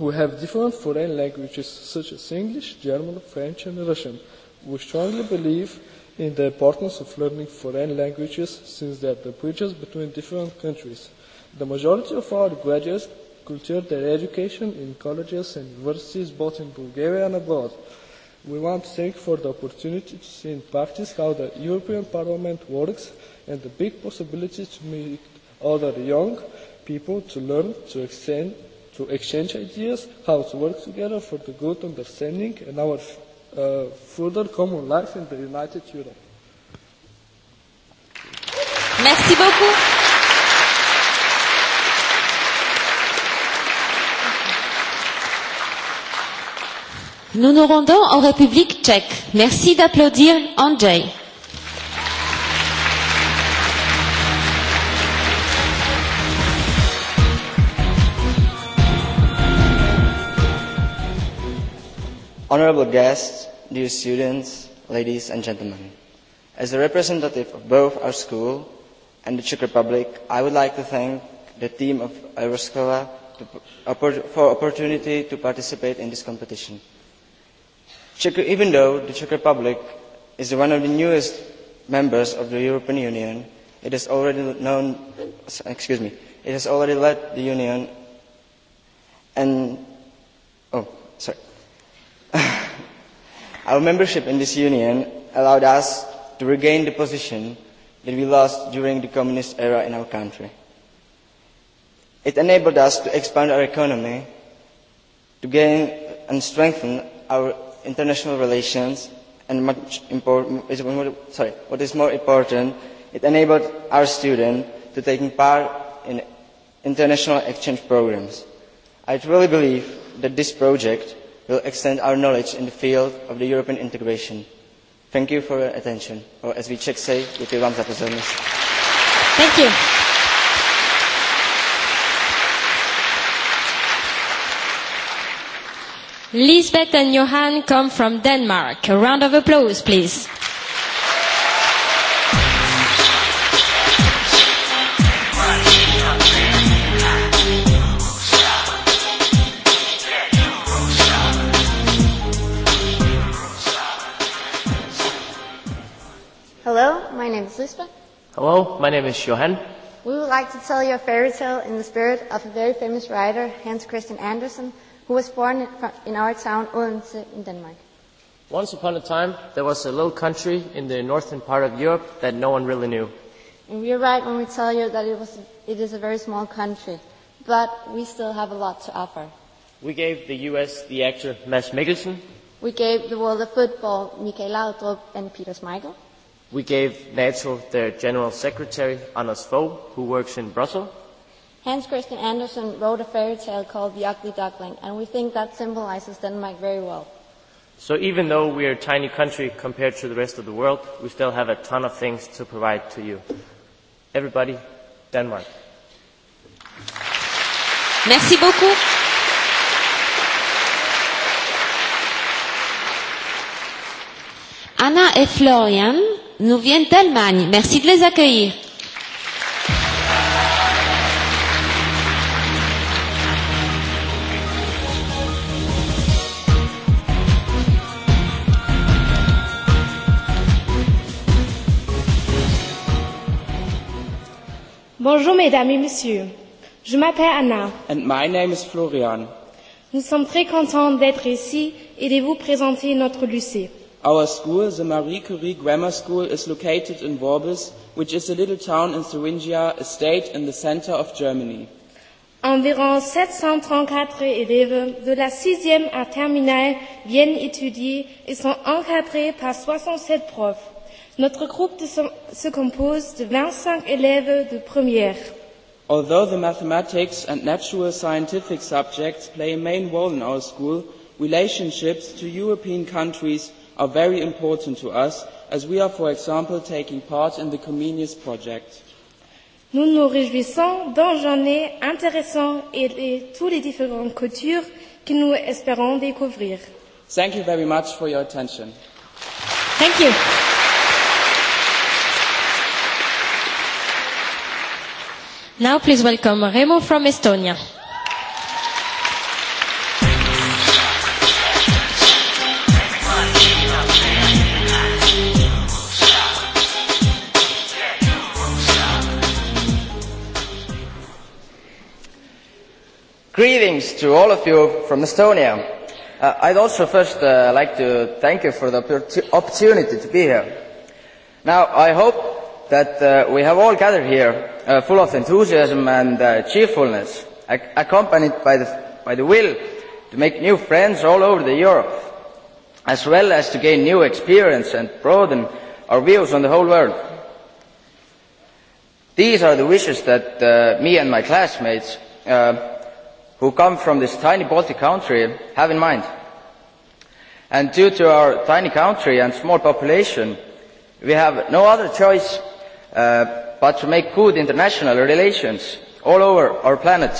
we have different foreign languages such as English, German, French and Russian. We strongly believe in the importance of learning foreign languages since they are the bridges between different countries. The majority of our graduates continue their education in colleges and universities both in Bulgaria and abroad. We want to thank for the opportunity to see in practice how the European Parliament works and the big possibility to meet other young people to learn, to exchange to exchange ideas, how to work together for the good understanding and our further common life in the United Europe. Merci beaucoup. Nous nous rendons en République tchèque. Merci d'applaudir Andrzej. honourable guests, dear students, ladies and gentlemen. As a representative of both our school and the Czech Republic, I would like to thank the team of Euroscola for the opportunity to participate in this competition. Even though the Czech Republic is one of the newest members of the European Union, it has already known, excuse me, it has already led the Union and Our membership in this union allowed us to regain the position that we lost during the communist era in our country. It enabled us to expand our economy, to gain and strengthen our international relations, and much important, sorry, what is more important, it enabled our students to take part in international exchange programs. I truly believe that this project will extend our knowledge in the field of European integration. Thank you for your attention, or as we Czech say, děkuji vám za pozornost. Thank you. Lisbeth and Johan come from Denmark. A round of applause, please. Lisbon. Hello, my name is Johan. We would like to tell you a fairy tale in the spirit of a very famous writer, Hans Christian Andersen, who was born in our town Odense in Denmark. Once upon a time, there was a little country in the northern part of Europe that no one really knew. And we are right when we tell you that it, was, it is a very small country, but we still have a lot to offer. We gave the US the actor Mads Mikkelsen. We gave the world of football Mikael Laudrup and Peter Schmeichel. We gave NATO their General Secretary, Anders Fogh, who works in Brussels. Hans Christian Andersen wrote a fairy tale called The Ugly Duckling, and we think that symbolizes Denmark very well. So even though we are a tiny country compared to the rest of the world, we still have a ton of things to provide to you. Everybody, Denmark. Merci beaucoup. Anna et Florian nous viennent d'Allemagne. Merci de les accueillir. Bonjour mesdames et messieurs, je m'appelle Anna. And my name is Florian. Nous sommes très contents d'être ici et de vous présenter notre lycée. Our school, the Marie Curie Grammar School, is located in Worbis, which is a little town in Thuringia, a state in the center of Germany. Environ 734 élèves de la sixième à terminale viennent étudier et sont encadrés par 67 profs. Notre groupe de, se compose de 25 élèves de première. Although the mathematics and natural scientific subjects play a main role in our school, relationships to European countries are very important to us as we are, for example, taking part in the Comenius project. Nous nous réjouissons d'enjeuner intéressant et de toutes les différentes cultures que nous espérons découvrir. Thank you very much for your attention. Thank you. Now please welcome Remo from Estonia. Greetings to all of you from Estonia. Uh, I'd also first uh, like to thank you for the opportunity to be here. Now, I hope that uh, we have all gathered here uh, full of enthusiasm and uh, cheerfulness, ac accompanied by the, by the will to make new friends all over the Europe, as well as to gain new experience and broaden our views on the whole world. These are the wishes that uh, me and my classmates uh, who come from this tiny Baltic country have in mind. And due to our tiny country and small population, we have no other choice uh, but to make good international relations all over our planet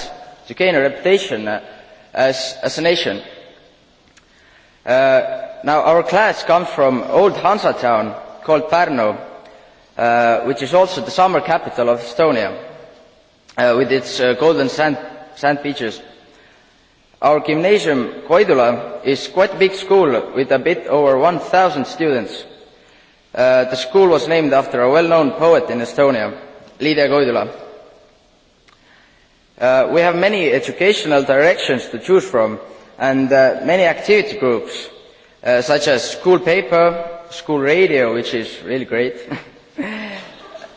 to gain a reputation uh, as, as a nation. Uh, now, our class comes from old Hansa town called Pärnu, uh, which is also the summer capital of Estonia, uh, with its uh, golden sand, sand beaches. Our gymnasium, Koidula, is quite a big school with a bit over 1,000 students. Uh, the school was named after a well-known poet in Estonia, Lydia Koidula. Uh, we have many educational directions to choose from and uh, many activity groups, uh, such as school paper, school radio, which is really great,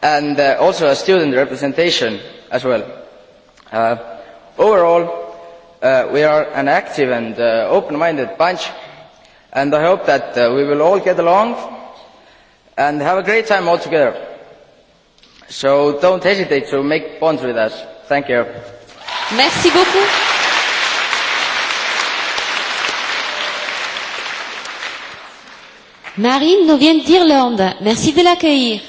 and uh, also a student representation as well. Uh, overall, Uh, we are an active and uh, open-minded bunch, and I hope that uh, we will all get along and have a great time all together. So don't hesitate to make bonds with us. Thank you. Merci beaucoup. Marine nous vient d'Irlande. Merci de l'accueillir.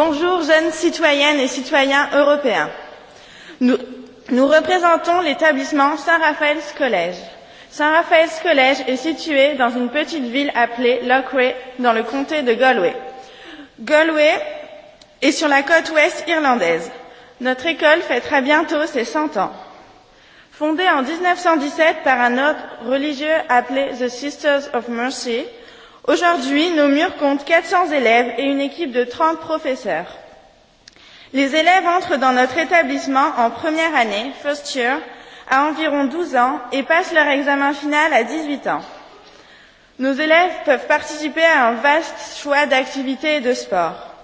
Bonjour jeunes citoyennes et citoyens européens. Nous, nous représentons l'établissement Saint-Raphaël's College. Saint-Raphaël's College est situé dans une petite ville appelée Lockway dans le comté de Galway. Galway est sur la côte ouest irlandaise. Notre école fêtera bientôt ses 100 ans. Fondée en 1917 par un ordre religieux appelé The Sisters of Mercy, Aujourd'hui, nos murs comptent 400 élèves et une équipe de 30 professeurs. Les élèves entrent dans notre établissement en première année, first year, à environ 12 ans et passent leur examen final à 18 ans. Nos élèves peuvent participer à un vaste choix d'activités et de sports.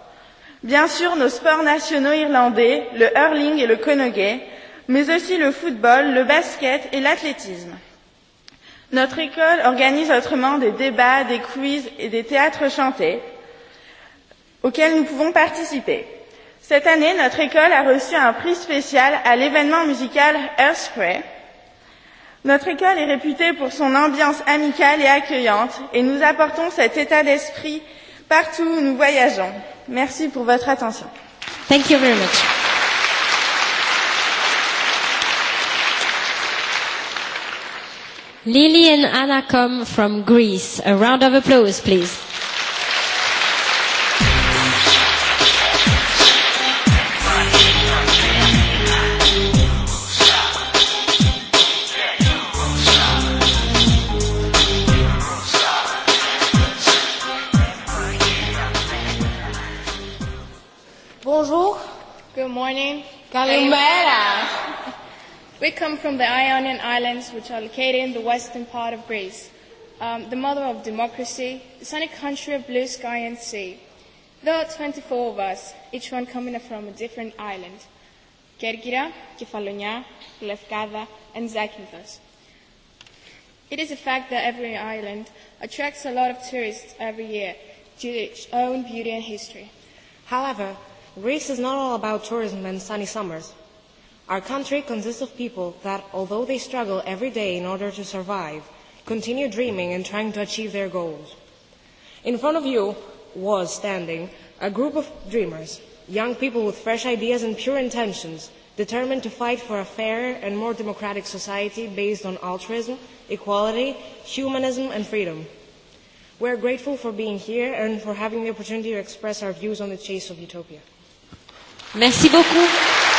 Bien sûr, nos sports nationaux irlandais, le hurling et le conogay, mais aussi le football, le basket et l'athlétisme. Notre école organise autrement des débats, des quiz et des théâtres chantés auxquels nous pouvons participer. Cette année, notre école a reçu un prix spécial à l'événement musical Earthquake. Notre école est réputée pour son ambiance amicale et accueillante et nous apportons cet état d'esprit partout où nous voyageons. Merci pour votre attention. Thank you very much. Lily and Anna come from Greece. A round of applause, please. Bonjour. Good morning. Kalimbera. Hey. We come from the Ionian Islands, which are located in the western part of Greece, um, the mother of democracy, the sunny country of blue sky and sea. There are 24 of us, each one coming from a different island. Kerkira, Kefalonia, Lefkada, and Zakynthos. It is a fact that every island attracts a lot of tourists every year due to its own beauty and history. However, Greece is not all about tourism and sunny summers. Our country consists of people that, although they struggle every day in order to survive, continue dreaming and trying to achieve their goals. In front of you was standing a group of dreamers, young people with fresh ideas and pure intentions, determined to fight for a fairer and more democratic society based on altruism, equality, humanism, and freedom. We are grateful for being here and for having the opportunity to express our views on the chase of utopia. Merci beaucoup.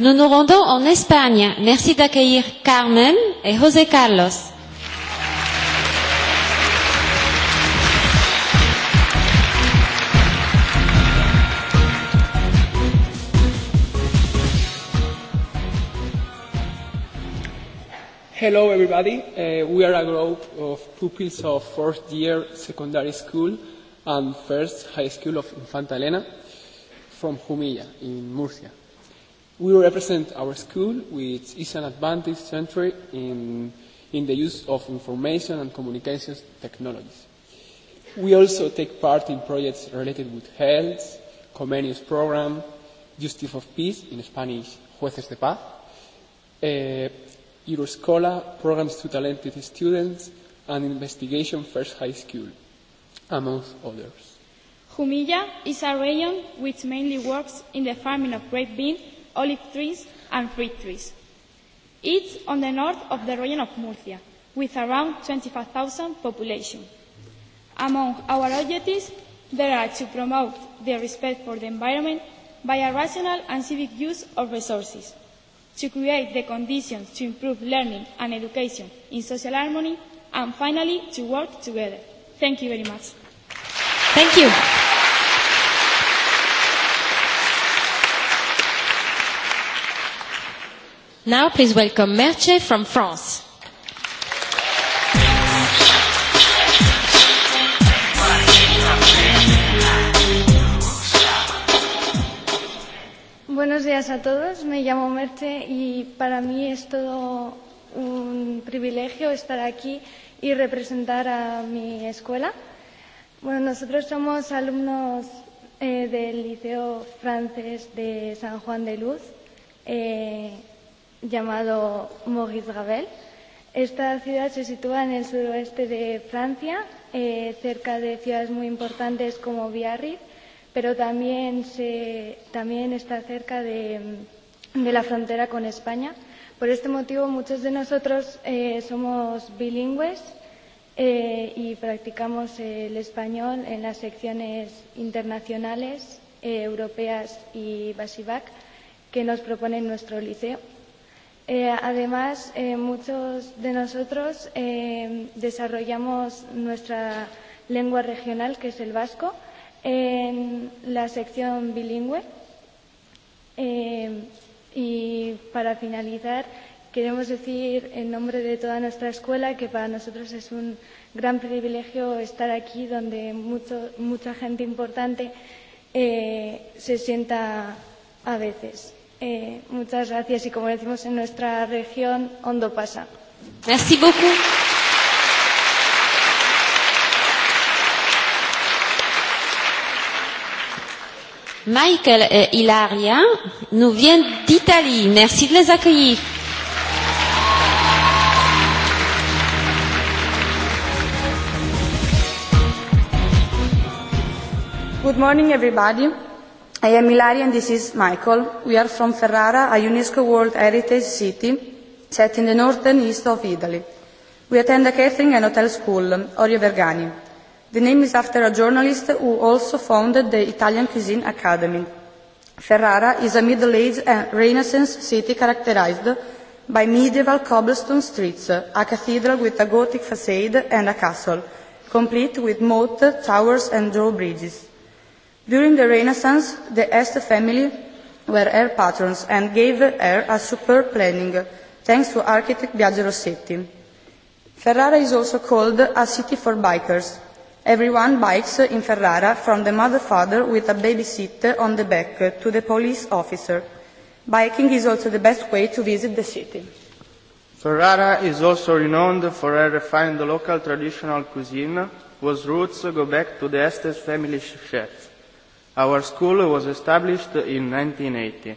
Nous nous rendons en Espagne. Merci d'accueillir Carmen et José Carlos. Hello, everybody. Uh, we are a group of pupils of fourth year secondary school and first high school of Infanta Elena from Jumilla in Murcia We represent our school, which is an advantage century in, in the use of information and communications technologies. We also take part in projects related with health, Comenius program, Justice of Peace, in Spanish, Jueces de Paz, uh, Euroscola, programs to talented students, and Investigation First High School, amongst others. Jumilla is a region which mainly works in the farming of grape beans olive trees and fruit trees. It's on the north of the region of Murcia, with around 25,000 population. Among our objectives, there are to promote the respect for the environment by a rational and civic use of resources, to create the conditions to improve learning and education in social harmony, and finally, to work together. Thank you very much. Thank you. Now please welcome Merche from France. Buenos días a todos, me llamo Merche y para mí es todo un privilegio estar aquí y representar a mi escuela. Bueno, nosotros somos alumnos eh, del Liceo Francés de San Juan de Luz. Eh, llamado Maurice Ravel. Esta ciudad se sitúa en el suroeste de Francia, eh, cerca de ciudades muy importantes como Biarritz, pero también, se, también está cerca de, de la frontera con España. Por este motivo, muchos de nosotros eh, somos bilingües eh, y practicamos el español en las secciones internacionales, eh, europeas y BASIVAC que nos proponen nuestro liceo. Eh, además, eh, muchos de nosotros eh, desarrollamos nuestra lengua regional, que es el vasco, en la sección bilingüe. Eh, y para finalizar, queremos decir en nombre de toda nuestra escuela que para nosotros es un gran privilegio estar aquí donde mucho, mucha gente importante eh, se sienta a veces. Eh, muchas gracias y como decimos en nuestra región, hondo pasa. Merci beaucoup. Michael et Ilaria nous viennent d'Italie. Merci de les accueillir. Good morning, everybody. I am Ilaria and this is Michael. We are from Ferrara, a UNESCO World Heritage City set in the northern east of Italy. We attend a catering and hotel school, Orio Vergani. The name is after a journalist who also founded the Italian Cuisine Academy. Ferrara is a Middle Age and Renaissance city characterized by medieval cobblestone streets, a cathedral with a Gothic facade and a castle, complete with moat, towers and drawbridges. During the Renaissance, the Este family were hair patrons and gave hair a superb planning, thanks to architect Biagio Rossetti. Ferrara is also called a city for bikers. Everyone bikes in Ferrara from the mother-father with a baby seat on the back to the police officer. Biking is also the best way to visit the city. Ferrara is also renowned for her refined local traditional cuisine, whose roots go back to the Estes family chefs. Our school was established in 1980.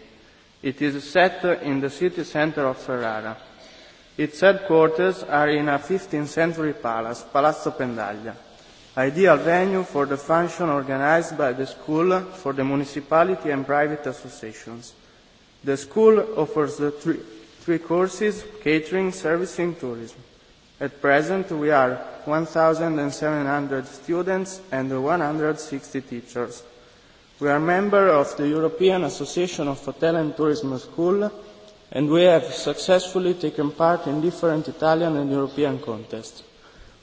It is set in the city center of Ferrara. Its headquarters are in a 15th century palace, Palazzo Pendaglia, ideal venue for the function organized by the school for the municipality and private associations. The school offers the three, three courses, catering, servicing, tourism. At present, we are 1,700 students and 160 teachers. We are members of the European Association of Hotel and Tourism Schools and we have successfully taken part in different Italian and European contests.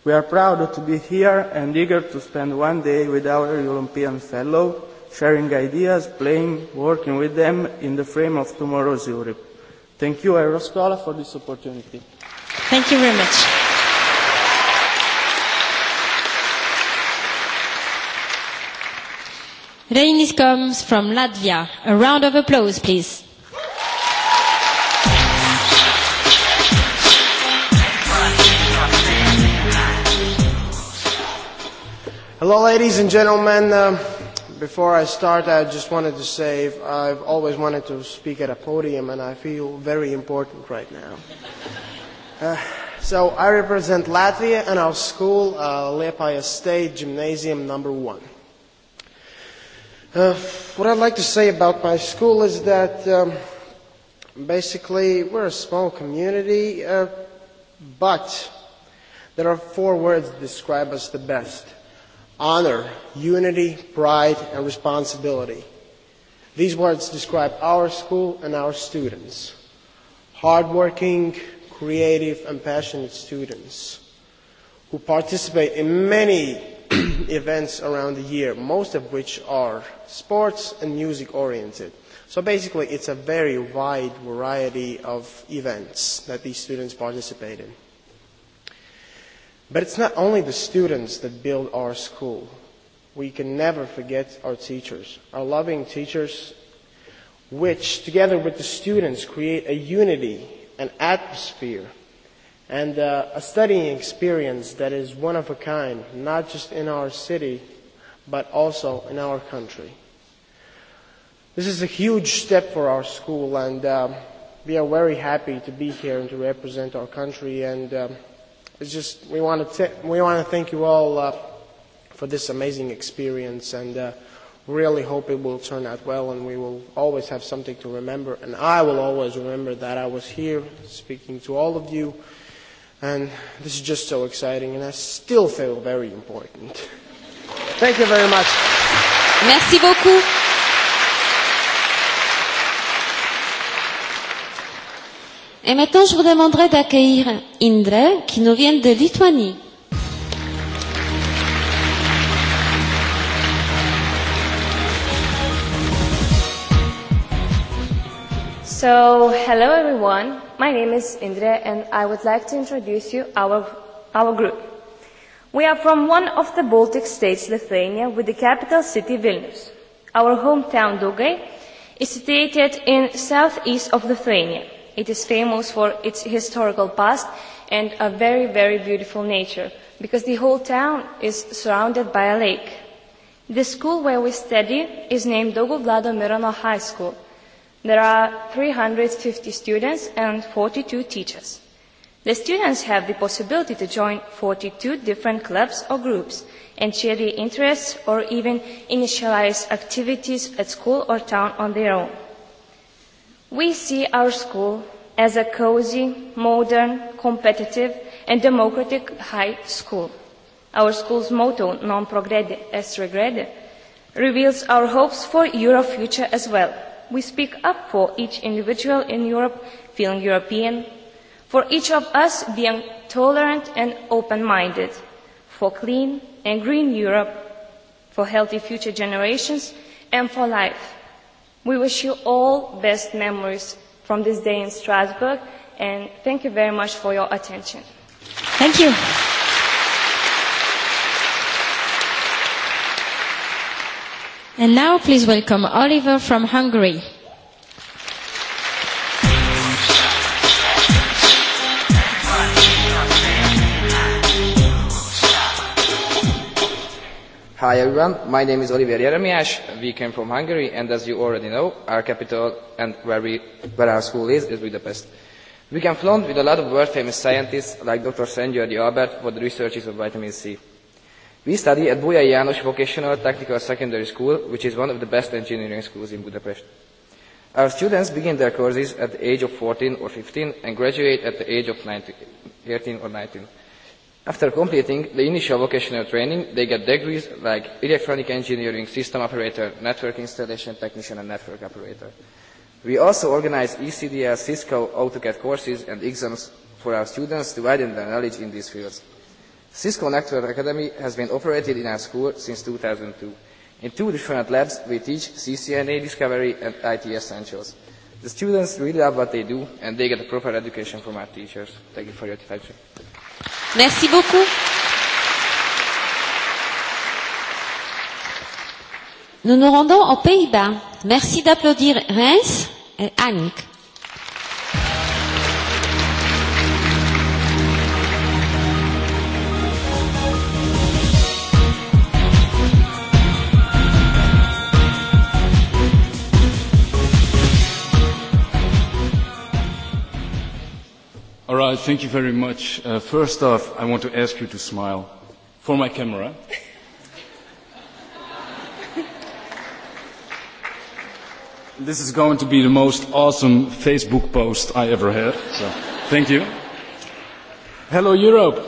We are proud to be here and eager to spend one day with our European fellow, sharing ideas, playing, working with them in the frame of tomorrow's Europe. Thank you, Euroscola, for this opportunity. Thank you very much. Reinis comes from Latvia. A round of applause, please. Hello, ladies and gentlemen. Uh, before I start, I just wanted to say I've always wanted to speak at a podium, and I feel very important right now. Uh, so I represent Latvia and our school, uh, Liepaja State Gymnasium Number One. Uh, what I'd like to say about my school is that um, basically we're a small community, uh, but there are four words that describe us the best honor, unity, pride, and responsibility. These words describe our school and our students. Hardworking, creative, and passionate students who participate in many events around the year, most of which are sports and music oriented. So basically, it's a very wide variety of events that these students participate in. But it's not only the students that build our school. We can never forget our teachers, our loving teachers, which, together with the students, create a unity, an atmosphere and uh, a studying experience that is one of a kind, not just in our city, but also in our country. This is a huge step for our school, and uh we are very happy to be here and to represent our country. And um, it's just we want to we want to thank you all uh, for this amazing experience, and uh, really hope it will turn out well, and we will always have something to remember. And I will always remember that I was here speaking to all of you And this is just so exciting, and I still feel very important. Thank you very much. Merci beaucoup. Et maintenant, je vous demanderai d'accueillir Indre, qui nous vient de Lituanie. So, hello everyone. My name is Indre and I would like to introduce you our, our group. We are from one of the Baltic states, Lithuania, with the capital city Vilnius. Our hometown Dugai is situated in southeast of Lithuania. It is famous for its historical past and a very, very beautiful nature because the whole town is surrounded by a lake. The school where we study is named Dogo Vlado Mirono High School – There are 350 students and 42 teachers. The students have the possibility to join 42 different clubs or groups and share their interests or even initialize activities at school or town on their own. We see our school as a cozy, modern, competitive and democratic high school. Our school's motto, non progrede est regrede, reveals our hopes for your future as well we speak up for each individual in Europe feeling European, for each of us being tolerant and open-minded, for clean and green Europe, for healthy future generations, and for life. We wish you all best memories from this day in Strasbourg, and thank you very much for your attention. Thank you. And now please welcome Oliver from Hungary. Hi everyone, my name is Oliver Jeremias. We came from Hungary and as you already know, our capital and where, we, where our school is, is Budapest. We can flaunt with a lot of world famous scientists like Dr. Sanjay Albert for the researches of vitamin C. We study at Buja János Vocational Technical Secondary School, which is one of the best engineering schools in Budapest. Our students begin their courses at the age of 14 or 15 and graduate at the age of 19, 18 or 19. After completing the initial vocational training, they get degrees like electronic engineering, system operator, network installation technician, and network operator. We also organize ECDL, Cisco, AutoCAD courses and exams for our students to widen their knowledge in these fields. Cisco Network Academy has been operated in our school since 2002. In two different labs, we teach CCNA discovery and IT essentials. The students really love what they do and they get a proper education from our teachers. Thank you for your attention. Merci beaucoup. Nous nous rendons aux Pays-Bas. Merci d'applaudir Reims et Annick. All right, thank you very much. Uh, first off, I want to ask you to smile for my camera. this is going to be the most awesome Facebook post I ever had, so thank you. Hello, Europe.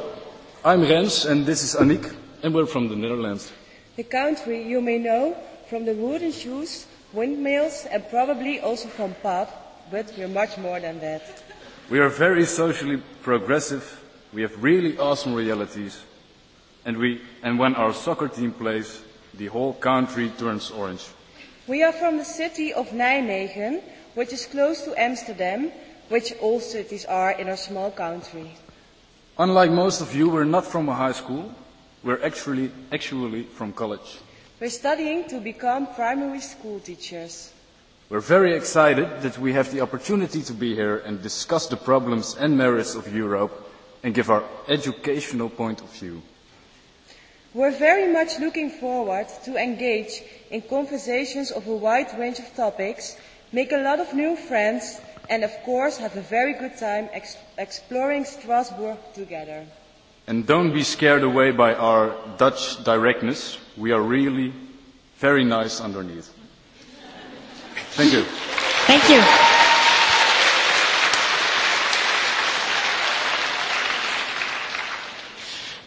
I'm Rens, and this is Annick, and we're from the Netherlands. The country you may know from the wooden shoes, windmills, and probably also from pub, but we're much more than that. We are very socially progressive, we have really awesome realities, and, we, and when our soccer team plays, the whole country turns orange. We are from the city of Nijmegen, which is close to Amsterdam, which all cities are in our small country. Unlike most of you, we're not from a high school. We're actually, actually from college. We're studying to become primary school teachers. We're very excited that we have the opportunity to be here and discuss the problems and merits of Europe and give our educational point of view. We're very much looking forward to engage in conversations of a wide range of topics, make a lot of new friends, and of course have a very good time ex- exploring Strasbourg together. And don't be scared away by our Dutch directness. We are really very nice underneath. Thank you. Thank you.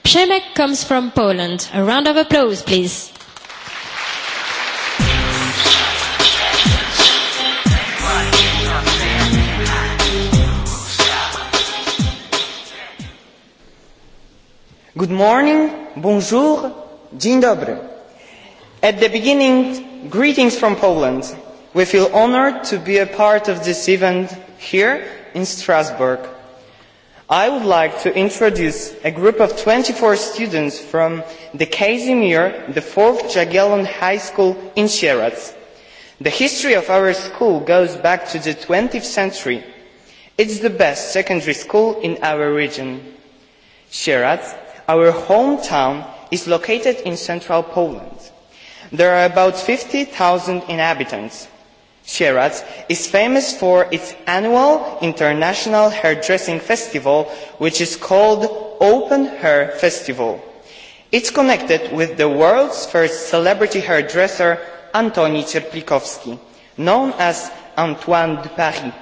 Przemek comes from Poland. A round of applause, please. Good morning, bonjour, dzień dobry. At the beginning, greetings from Poland we feel honoured to be a part of this event here in strasbourg. i would like to introduce a group of twenty four students from the kazimir the fourth jagiellon high school in sieradz. the history of our school goes back to the twentieth century. it is the best secondary school in our region. sieradz our hometown is located in central poland. there are about fifty thousand inhabitants Sieradz is famous for its annual international hairdressing festival, which is called Open Hair Festival. It's connected with the world's first celebrity hairdresser, Antoni Cierplikowski, known as Antoine de Paris.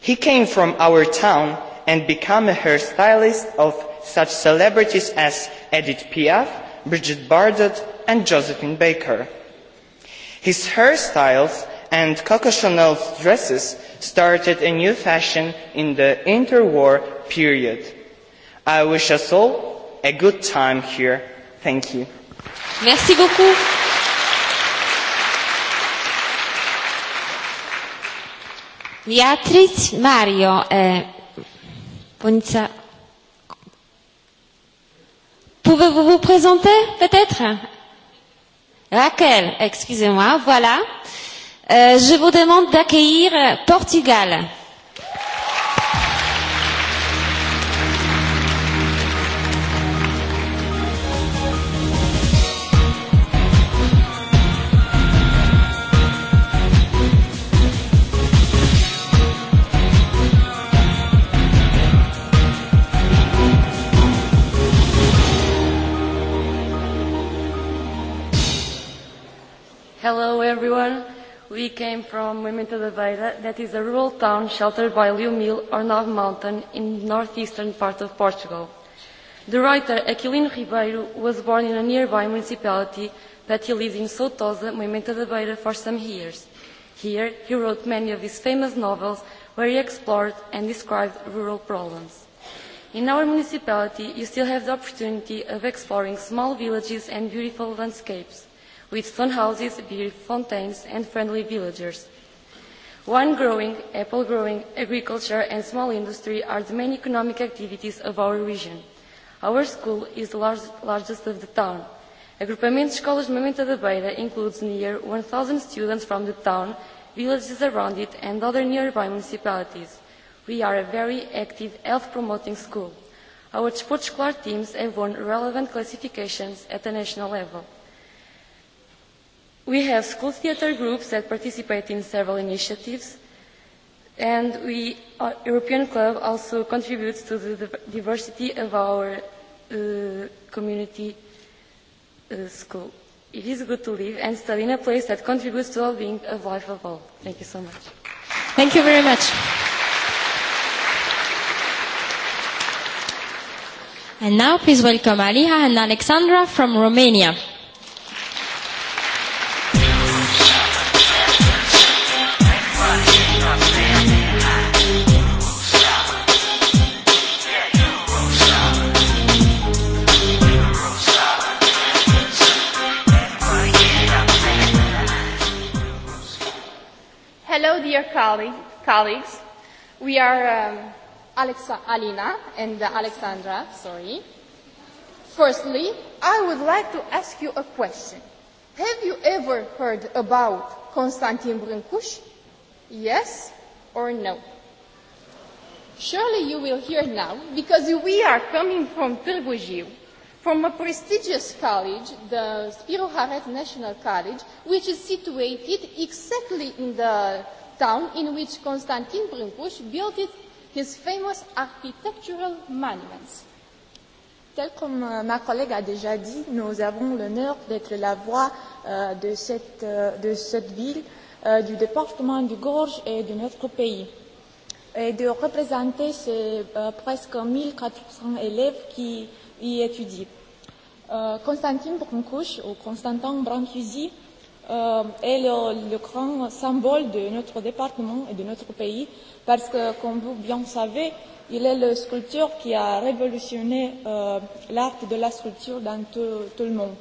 He came from our town and became a hairstylist of such celebrities as Edith Piaf, Brigitte Bardot, and Josephine Baker. His hairstyles and Coco cockational dresses started a new fashion in the interwar period. I wish us all a good time here. Thank you. Merci beaucoup. Beatriz Mario eh, Bonza. Pouvez-vous vous présenter peut-être Raquel, excusez-moi, voilà. Euh, je vous demande d'accueillir Portugal. Hello everyone We came from da Beira, that is a rural town sheltered by or Nav Mountain in the northeastern part of Portugal. The writer Aquilino Ribeiro was born in a nearby municipality, but he lived in da Beira, for some years. Here, he wrote many of his famous novels where he explored and described rural problems. In our municipality, you still have the opportunity of exploring small villages and beautiful landscapes with fun houses, beer fountains, and friendly villagers. Wine growing, apple growing, agriculture, and small industry are the main economic activities of our region. Our school is the large, largest of the town. Agrupamento Escolas de Mamenta da Beira includes near 1,000 students from the town, villages around it, and other nearby municipalities. We are a very active health-promoting school. Our sports club teams have won relevant classifications at the national level. We have school theatre groups that participate in several initiatives, and we, our European Club also contributes to the diversity of our uh, community uh, school. It is good to live and study in a place that contributes to the well-being of life of all. Thank you so much. Thank you very much. And now please welcome Aliha and Alexandra from Romania. dear colleagues, we are um, Alexa, Alina and Alexandra, sorry. Firstly, I would like to ask you a question. Have you ever heard about Konstantin Brinkush? Yes or no? Surely you will hear now, because we are coming from Târgu from a prestigious college, the Spiro Haret National College, which is situated exactly in the town in which Konstantin Brunkus built his famous architectural monuments. Tel comme ma collègue a déjà dit, nous avons l'honneur d'être la voix euh, de, cette, euh, de cette ville, euh, du département du Gorge et de notre pays et de représenter ces euh, presque 1400 élèves qui y étudient. Euh, Constantin Brancusi, ou Constantin Brancusi, euh, euh, est le, le grand symbole de notre département et de notre pays, parce que, comme vous bien savez, il est le sculpteur qui a révolutionné euh, l'art de la sculpture dans tout, tout le monde.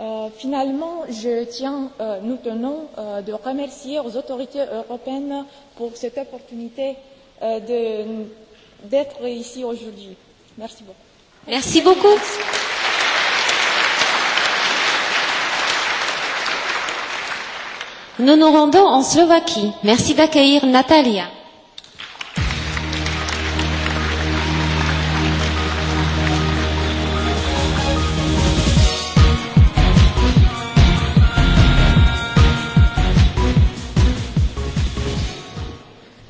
Euh, finalement, je tiens, euh, nous tenons euh, de remercier aux autorités européennes pour cette opportunité euh, d'être ici aujourd'hui. Merci beaucoup. Merci beaucoup. Nous nous rendons en Slovaquie. Merci d'accueillir Natalia.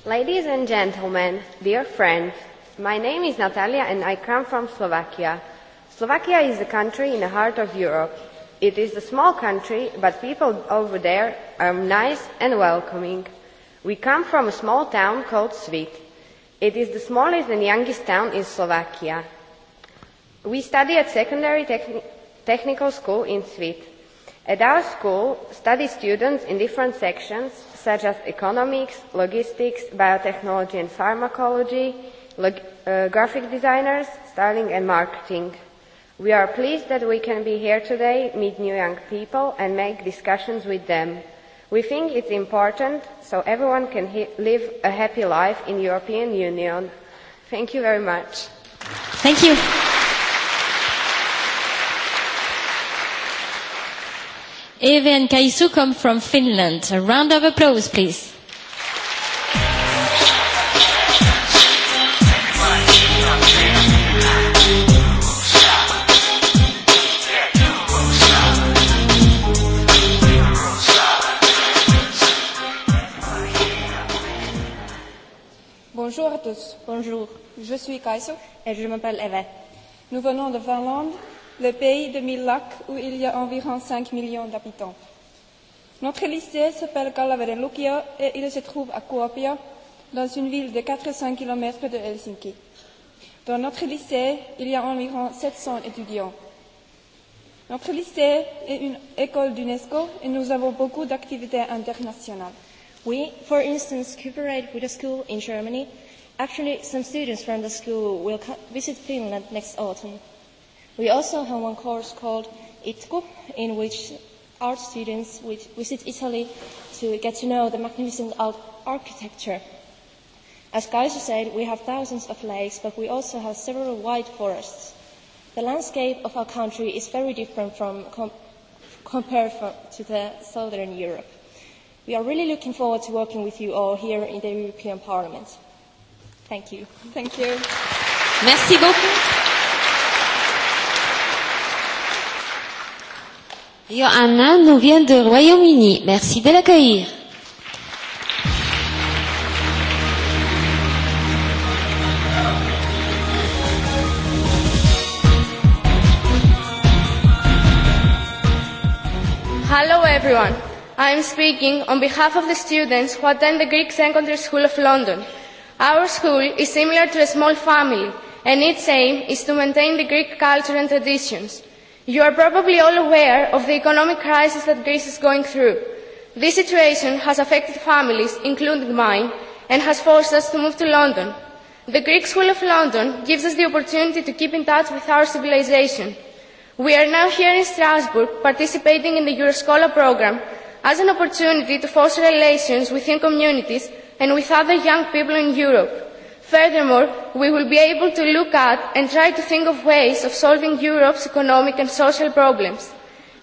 Ladies and gentlemen, dear friends, my name is Natalia and I come from Slovakia. Slovakia is a country in the heart of Europe. It is a small country, but people over there are nice and welcoming. We come from a small town called Svit. It is the smallest and youngest town in Slovakia. We study at secondary techni- technical school in Svit. At our school, study students in different sections such as economics, logistics, biotechnology and pharmacology, log- uh, graphic designers, styling and marketing. We are pleased that we can be here today, meet new young people, and make discussions with them. We think it's important so everyone can he- live a happy life in the European Union. Thank you very much. Thank you. Eve and Kaisu come from Finland. A round of applause, please. tous, bonjour. Je suis Kaiso et je m'appelle Eve. Nous venons de Finlande, le pays de mille lacs où il y a environ 5 millions d'habitants. Notre lycée s'appelle Kalaveren Lukio et il se trouve à Kuopio, dans une ville de 400 km de Helsinki. Dans notre lycée, il y a environ 700 étudiants. Notre lycée est une école d'UNESCO et nous avons beaucoup d'activités internationales. We, for instance, cooperate with a school in Germany Actually, some students from the school will visit Finland next autumn. We also have one course called ITKU, in which art students visit Italy to get to know the magnificent architecture. As Kaiser said, we have thousands of lakes, but we also have several wide forests. The landscape of our country is very different from com- compared from, to the southern Europe. We are really looking forward to working with you all here in the European Parliament. Thank you. Thank you. Merci beaucoup. Johanna nous vient du Royaume-Uni. Merci de l'accueillir. Hello everyone. I am speaking on behalf of the students who attend the Greek Secondary School of London. Our school is similar to a small family, and its aim is to maintain the Greek culture and traditions. You are probably all aware of the economic crisis that Greece is going through. This situation has affected families, including mine, and has forced us to move to London. The Greek School of London gives us the opportunity to keep in touch with our civilization. We are now here in Strasbourg participating in the Euroscola programme as an opportunity to foster relations within communities and with other young people in Europe. Furthermore, we will be able to look at and try to think of ways of solving Europe's economic and social problems.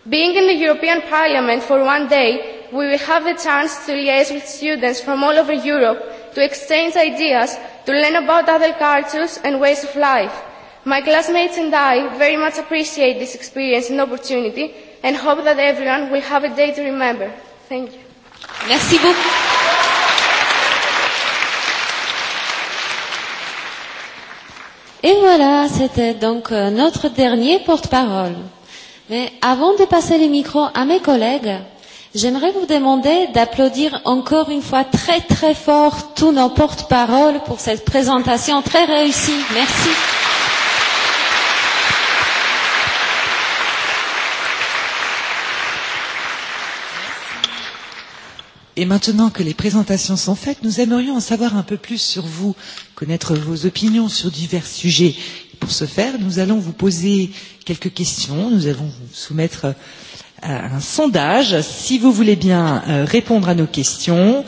Being in the European Parliament for one day, we will have the chance to liaise with students from all over Europe, to exchange ideas, to learn about other cultures and ways of life. My classmates and I very much appreciate this experience and opportunity and hope that everyone will have a day to remember. Thank you. Merci beaucoup. Et voilà, c'était donc notre dernier porte-parole. Mais avant de passer les micros à mes collègues, j'aimerais vous demander d'applaudir encore une fois très très fort tous nos porte-paroles pour cette présentation très réussie. Merci. Applaudissements Et maintenant que les présentations sont faites, nous aimerions en savoir un peu plus sur vous, connaître vos opinions sur divers sujets. Pour ce faire, nous allons vous poser quelques questions. Nous allons vous soumettre un sondage. Si vous voulez bien répondre à nos questions,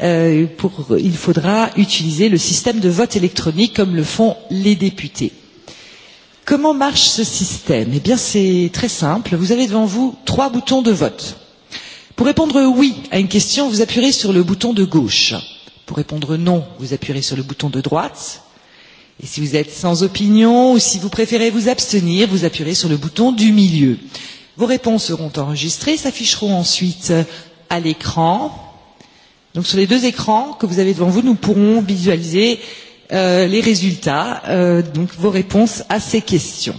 pour, il faudra utiliser le système de vote électronique comme le font les députés. Comment marche ce système Eh bien, c'est très simple. Vous avez devant vous trois boutons de vote Pour répondre oui à une question, vous appuyez sur le bouton de gauche. Pour répondre non, vous appuyez sur le bouton de droite. Et si vous êtes sans opinion ou si vous préférez vous abstenir, vous appuyez sur le bouton du milieu. Vos réponses seront enregistrées, s'afficheront ensuite à l'écran. Donc sur les deux écrans que vous avez devant vous, nous pourrons visualiser euh, les résultats, euh, donc vos réponses à ces questions.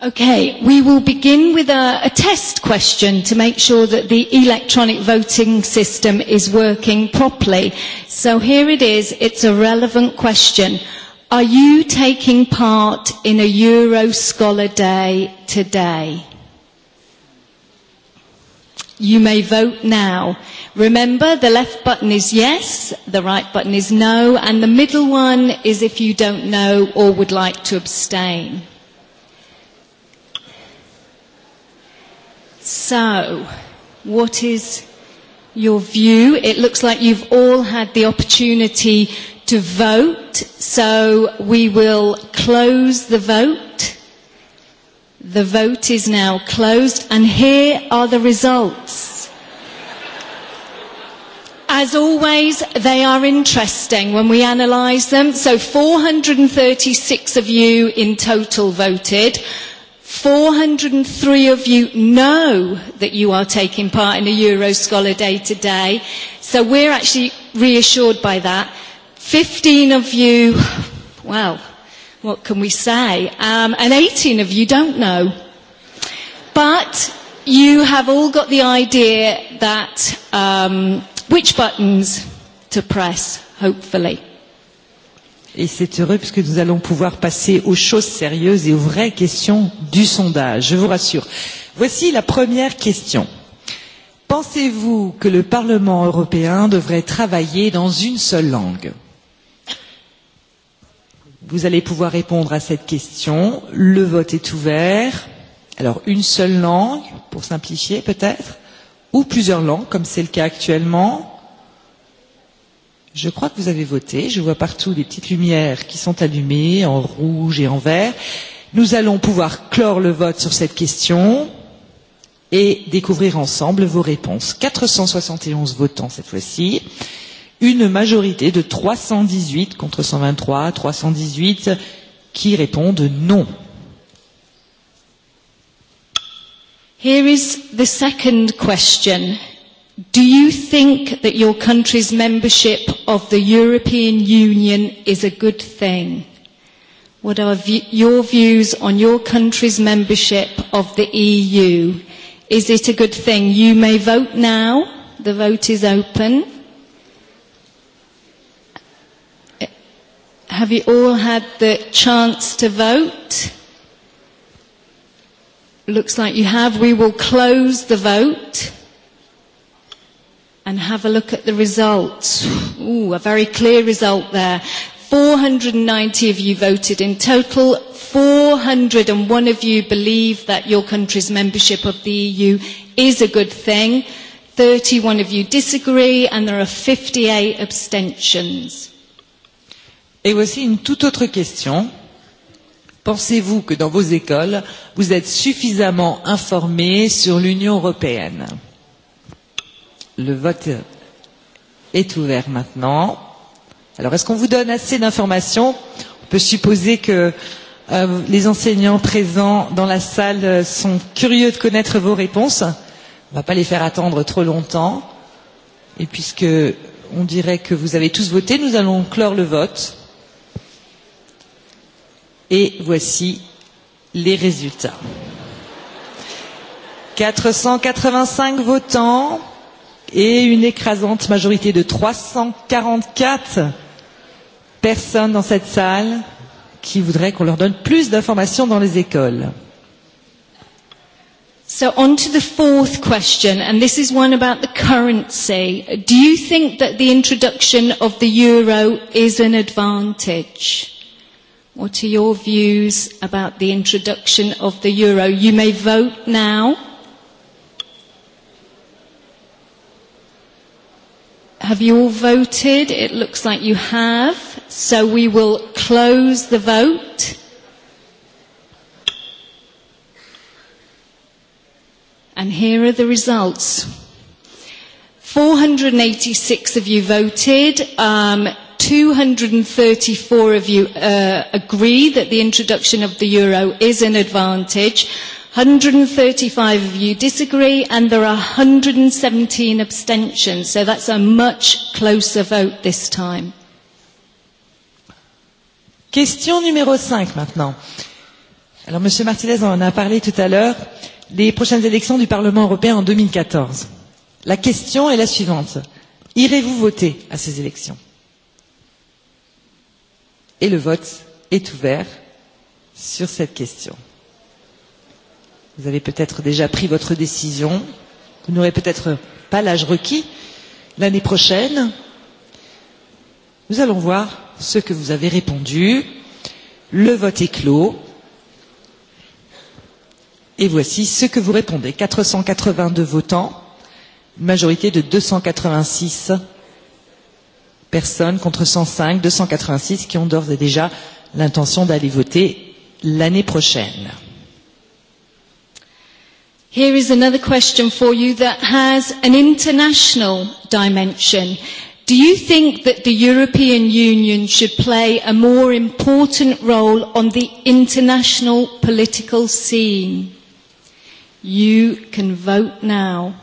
Okay, we will begin with a, a test question to make sure that the electronic voting system is working properly. So here it is, it's a relevant question. Are you taking part in a Euro Scholar Day today? You may vote now. Remember, the left button is yes, the right button is no, and the middle one is if you don't know or would like to abstain. So, what is your view? It looks like you've all had the opportunity to vote, so we will close the vote. The vote is now closed, and here are the results. As always, they are interesting when we analyse them. So 436 of you in total voted. 403 of you know that you are taking part in a Euro Scholar Day today. So we're actually reassured by that. 15 of you, well, what can we say? Um, and 18 of you don't know. But you have all got the idea that um, which buttons to press, hopefully. Et c'est heureux puisque nous allons pouvoir passer aux choses sérieuses et aux vraies questions du sondage, je vous rassure. Voici la première question. Pensez-vous que le Parlement européen devrait travailler dans une seule langue Vous allez pouvoir répondre à cette question. Le vote est ouvert. Alors une seule langue, pour simplifier peut-être, ou plusieurs langues, comme c'est le cas actuellement. Je crois que vous avez voté. Je vois partout des petites lumières qui sont allumées en rouge et en vert. Nous allons pouvoir clore le vote sur cette question et découvrir ensemble vos réponses. 471 votants cette fois-ci. Une majorité de 318 contre 123, 318 qui répondent non. Here is the second question. Do you think that your country's membership of the European Union is a good thing? What are v- your views on your country's membership of the EU? Is it a good thing? You may vote now. The vote is open. Have you all had the chance to vote? Looks like you have. We will close the vote and have a look at the results. Ooh, a very clear result there. 490 of you voted in total. 401 of you believe that your country's membership of the EU is a good thing. 31 of you disagree and there are 58 abstentions. Et voici une toute autre question. Pensez-vous que dans vos écoles, vous êtes suffisamment informés sur l'Union européenne? Le vote est ouvert maintenant. Alors, est-ce qu'on vous donne assez d'informations On peut supposer que euh, les enseignants présents dans la salle sont curieux de connaître vos réponses. On ne va pas les faire attendre trop longtemps. Et puisque on dirait que vous avez tous voté, nous allons clore le vote. Et voici les résultats. 485 votants, et une écrasante majorité de 344 personnes dans cette salle qui voudraient qu'on leur donne plus d'informations dans les écoles. So on to the fourth question, and this is one about the currency. Do you think that the introduction of the euro is an advantage? What are your views about the introduction of the euro? You may vote now. Have you all voted? It looks like you have. So we will close the vote. And here are the results. 486 of you voted. Um, 234 of you uh, agree that the introduction of the euro is an advantage 135 of you disagree, and there are 117 abstentions. So that's a much closer vote this time. Question numéro 5 maintenant. Alors, Monsieur Martinez en a parlé tout à l'heure. Les prochaines élections du Parlement européen en 2014. La question est la suivante. Irez-vous voter à ces élections Et le vote est ouvert sur cette question. Vous avez peut-être déjà pris votre décision. Vous n'aurez peut-être pas l'âge requis l'année prochaine. Nous allons voir ce que vous avez répondu. Le vote est clos. Et voici ce que vous répondez. 482 votants, majorité de 286 personnes contre 105, 286 qui ont d'ores et déjà l'intention d'aller voter l'année prochaine. Here is another question for you that has an international dimension. Do you think that the European Union should play a more important role on the international political scene? You can vote now.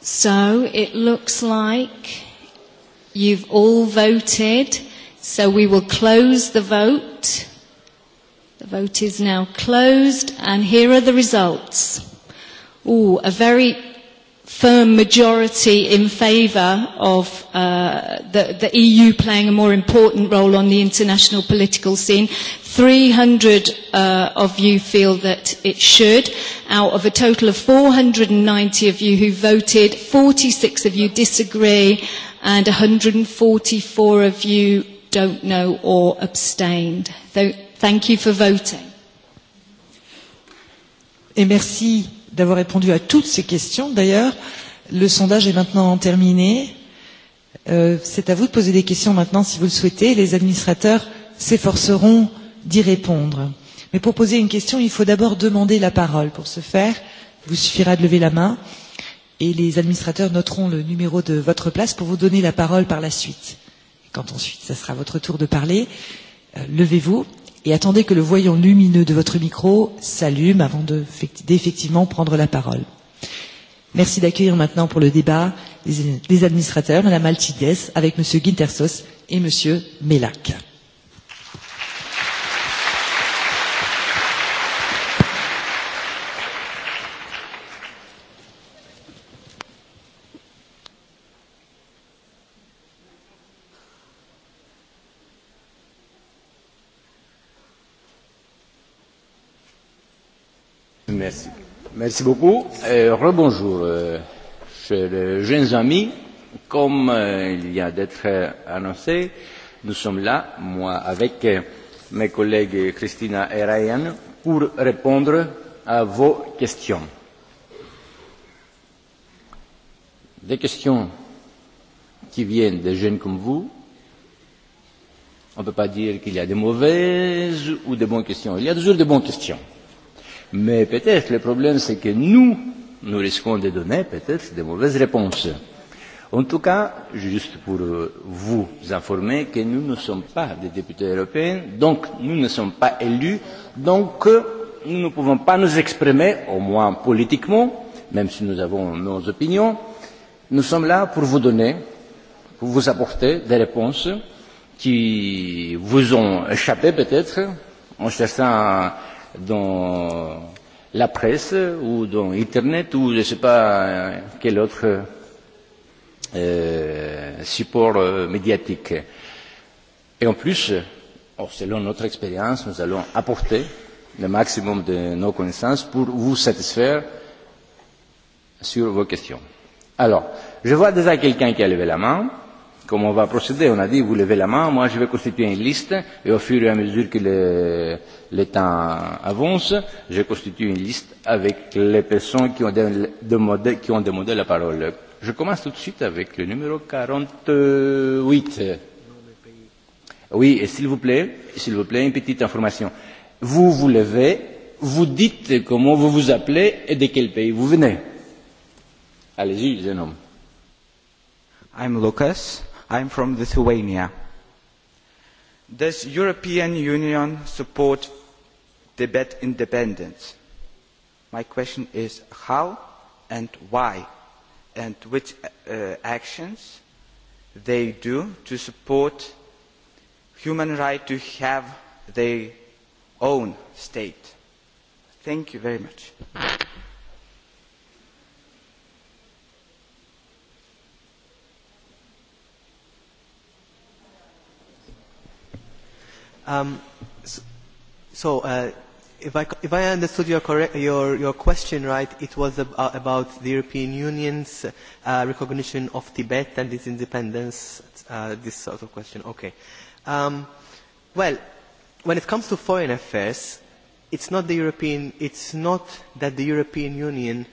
So it looks like You've all voted, so we will close the vote. The vote is now closed, and here are the results. Ooh, a very firm majority in favour of uh, the, the EU playing a more important role on the international political scene. 300 uh, of you feel that it should. Out of a total of 490 of you who voted, 46 of you disagree, and 144 of you don't know or abstained. So thank you for voting. Et merci d'avoir répondu à toutes ces questions. D'ailleurs, le sondage est maintenant terminé. Euh, C'est à vous de poser des questions maintenant si vous le souhaitez. Les administrateurs s'efforceront d'y répondre. Mais pour poser une question, il faut d'abord demander la parole. Pour ce faire, il vous suffira de lever la main. Euh, et les administrateurs noteront le numéro de votre place pour vous donner la parole par la suite. Quand ensuite ce sera votre tour de parler, euh, levez-vous et attendez que le voyant lumineux de votre micro s'allume avant d'effectivement prendre la parole. Merci d'accueillir maintenant pour le débat les, les administrateurs, Madame Altides avec Monsieur Guintersos et Monsieur Mellac. Merci beaucoup. rebonjour, chers jeunes amis. Comme il vient d'être annoncé, nous sommes là, moi avec mes collègues Christina et Ryan, pour répondre à vos questions. Des questions qui viennent des jeunes comme vous. On ne peut pas dire qu'il y a des mauvaises ou des bonnes questions. Il y a toujours des bonnes questions Mais peut-être le problème, c'est que nous, nous risquons de donner peut-être de mauvaises réponses. En tout cas, juste pour vous informer que nous ne sommes pas des députés européens, donc nous ne sommes pas élus, donc nous ne pouvons pas nous exprimer, au moins politiquement, même si nous avons nos opinions. Nous sommes là pour vous donner, pour vous apporter des réponses qui vous ont échappé peut-être en cherchant dans la presse ou dans Internet ou je ne sais pas quel autre euh, support médiatique. Et en plus, selon notre expérience, nous allons apporter le maximum de nos connaissances pour vous satisfaire sur vos questions. Alors, je vois déjà quelqu'un qui a levé la main comment on va procéder. On a dit, vous levez la main, moi je vais constituer une liste, et au fur et à mesure que le, le temps avance, je constitue une liste avec les personnes qui ont demandé, qui ont demandé la parole. Je commence tout de suite avec le numéro 48. Oui, et s'il vous plaît, s'il vous plaît, une petite information. Vous vous levez, vous dites comment vous vous appelez et de quel pays vous venez. Allez-y, jeune homme. I'm Lucas. I am from Lithuania. Does the European Union support Tibet independence? My question is how and why and which actions they do to support human right to have their own state. Thank you very much. Um, so, uh, if I, if I understood your, correct, your, your question right, it was ab- about the European Union's uh, recognition of Tibet and its independence, uh, this sort of question. Okay. Um, well, when it comes to foreign affairs, it's not, the European, it's not that the European Union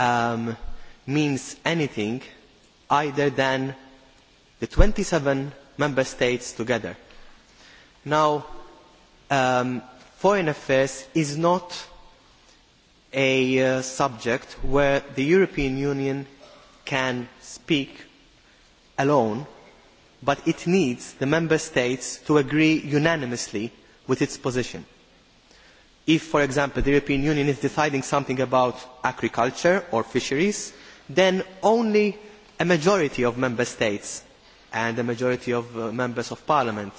um, means anything either than the twenty seven member states together. Now, um, foreign affairs is not a uh, subject where the European Union can speak alone, but it needs the member states to agree unanimously with its position. If, for example, the European Union is deciding something about agriculture or fisheries, then only a majority of member states and a majority of members of parliament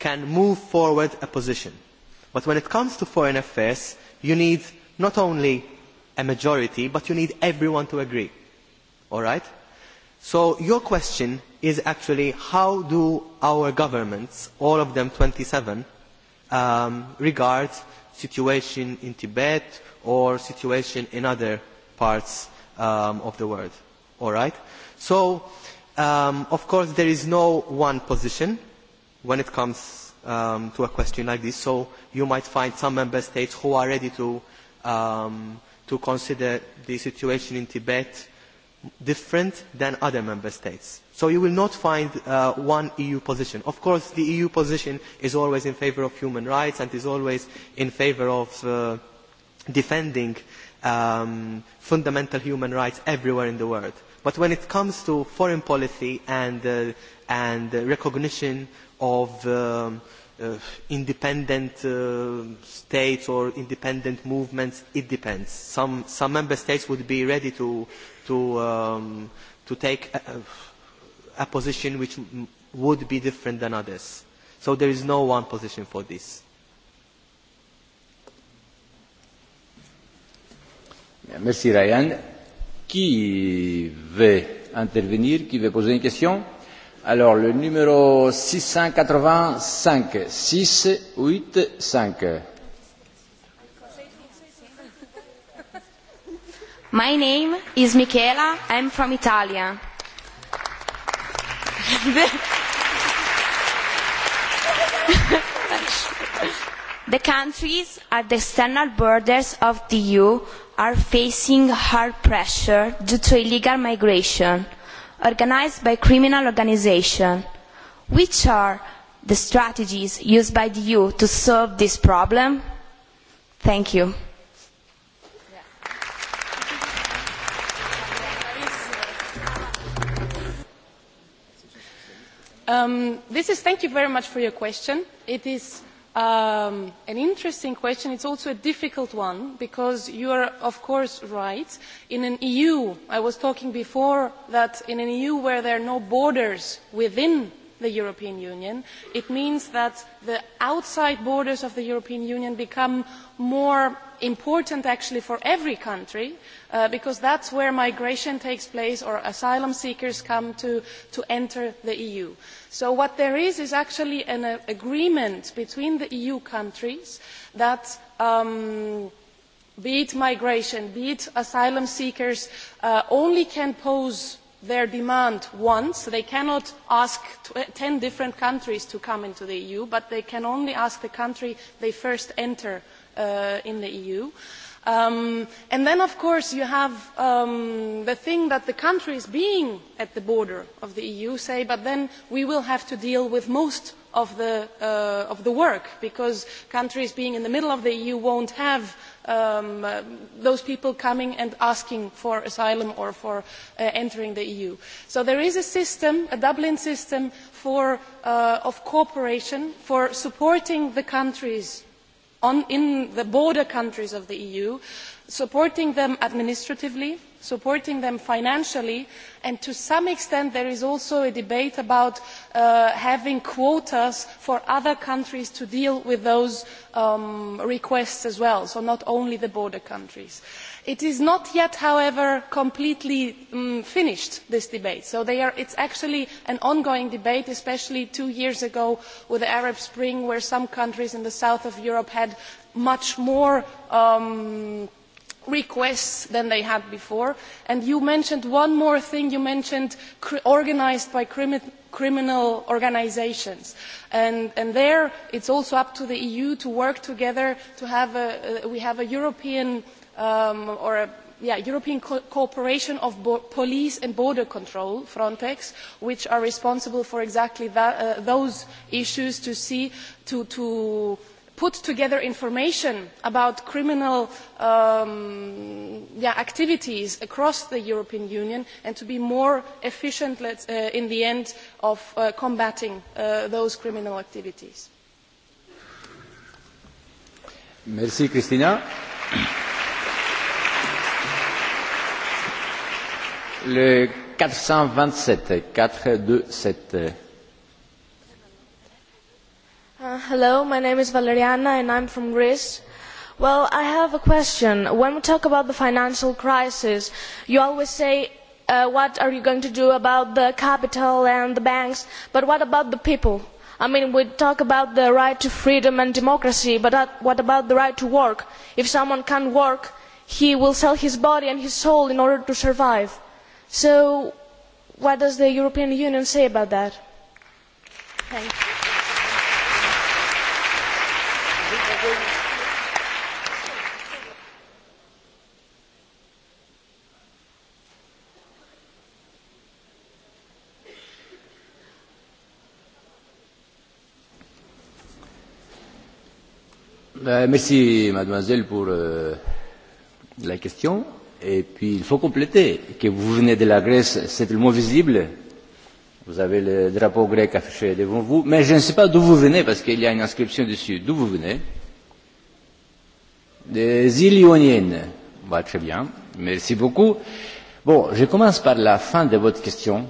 can move forward a position. But when it comes to foreign affairs, you need not only a majority, but you need everyone to agree. So your question is actually how do our governments, all of them twenty seven, regard the situation in Tibet or situation in other parts of the world. All right? So, of course, there is no one position when it comes um, to a question like this. So you might find some member states who are ready to, um, to consider the situation in Tibet different than other member states. So you will not find uh, one EU position. Of course, the EU position is always in favour of human rights and is always in favour of uh, defending um, fundamental human rights everywhere in the world. But when it comes to foreign policy and uh, and recognition of um, uh, independent uh, states or independent movements, it depends. Some, some member states would be ready to, to, um, to take a, a position which would be different than others. So there is no one position for this. Merci Ryan. Qui veut intervenir, qui veut poser une question Alors, le numéro 685, 6, 8, 5. My name is Michela. I'm from Italia. the countries at the external borders of the EU are facing hard pressure due to illegal migration organised by criminal organisations. Which are the strategies used by the EU to solve this problem? Thank you. Um, this is thank you very much for your question. It is um, an interesting question. It's also a difficult one because you are, of course, right. In an EU, I was talking before that in an EU where there are no borders within the European Union, it means that the outside borders of the European Union become more important actually for every country because that is where migration takes place or asylum seekers come to enter the EU. So what there is is actually an agreement between the EU countries that be it migration, be it asylum seekers, only can pose their demand once. They cannot ask ten different countries to come into the EU, but they can only ask the country they first enter in the EU and then, of course, you have the thing that the countries being at the border of the EU say, but then we will have to deal with most of the work because countries being in the middle of the EU won't have those people coming and asking for asylum or for entering the EU. So there is a system, a Dublin system, of cooperation, for supporting the countries in the border countries of the eu supporting them administratively supporting them financially and to some extent there is also a debate about having quotas for other countries to deal with those requests as well so not only the border countries it is not yet however completely finished this debate so it is actually an ongoing debate especially two years ago with the arab spring where some countries in the south of europe had much more requests than they had before you mentioned one more thing you mentioned organised by criminal organisations and there it is also up to the eu to work together to have a european or European cooperation of police and border control, Frontex, which are responsible for exactly those issues to see, to, put together information about criminal activities across the European Union and to be more efficient in the end of combating those criminal activities. Merci, le quatre cent vingt sept quatre deux sept hello my name is valeriana and i'm from greece well i have a question when we talk about the financial crisis you always say what are you going to do about the capital and the banks but what about the people i mean we talk about the right to freedom and democracy but what about the right to work if someone can't work he will sell his body and his soul in order to survive So what does the European Union say about that? merci mademoiselle pour la question Et puis, il faut compléter que vous venez de la Grèce, c'est tellement visible. Vous avez le drapeau grec affiché devant vous, mais je ne sais pas d'où vous venez parce qu'il y a une inscription dessus. D'où vous venez Des îles Ioniennes. Bah, très bien, merci beaucoup. Bon, je commence par la fin de votre question,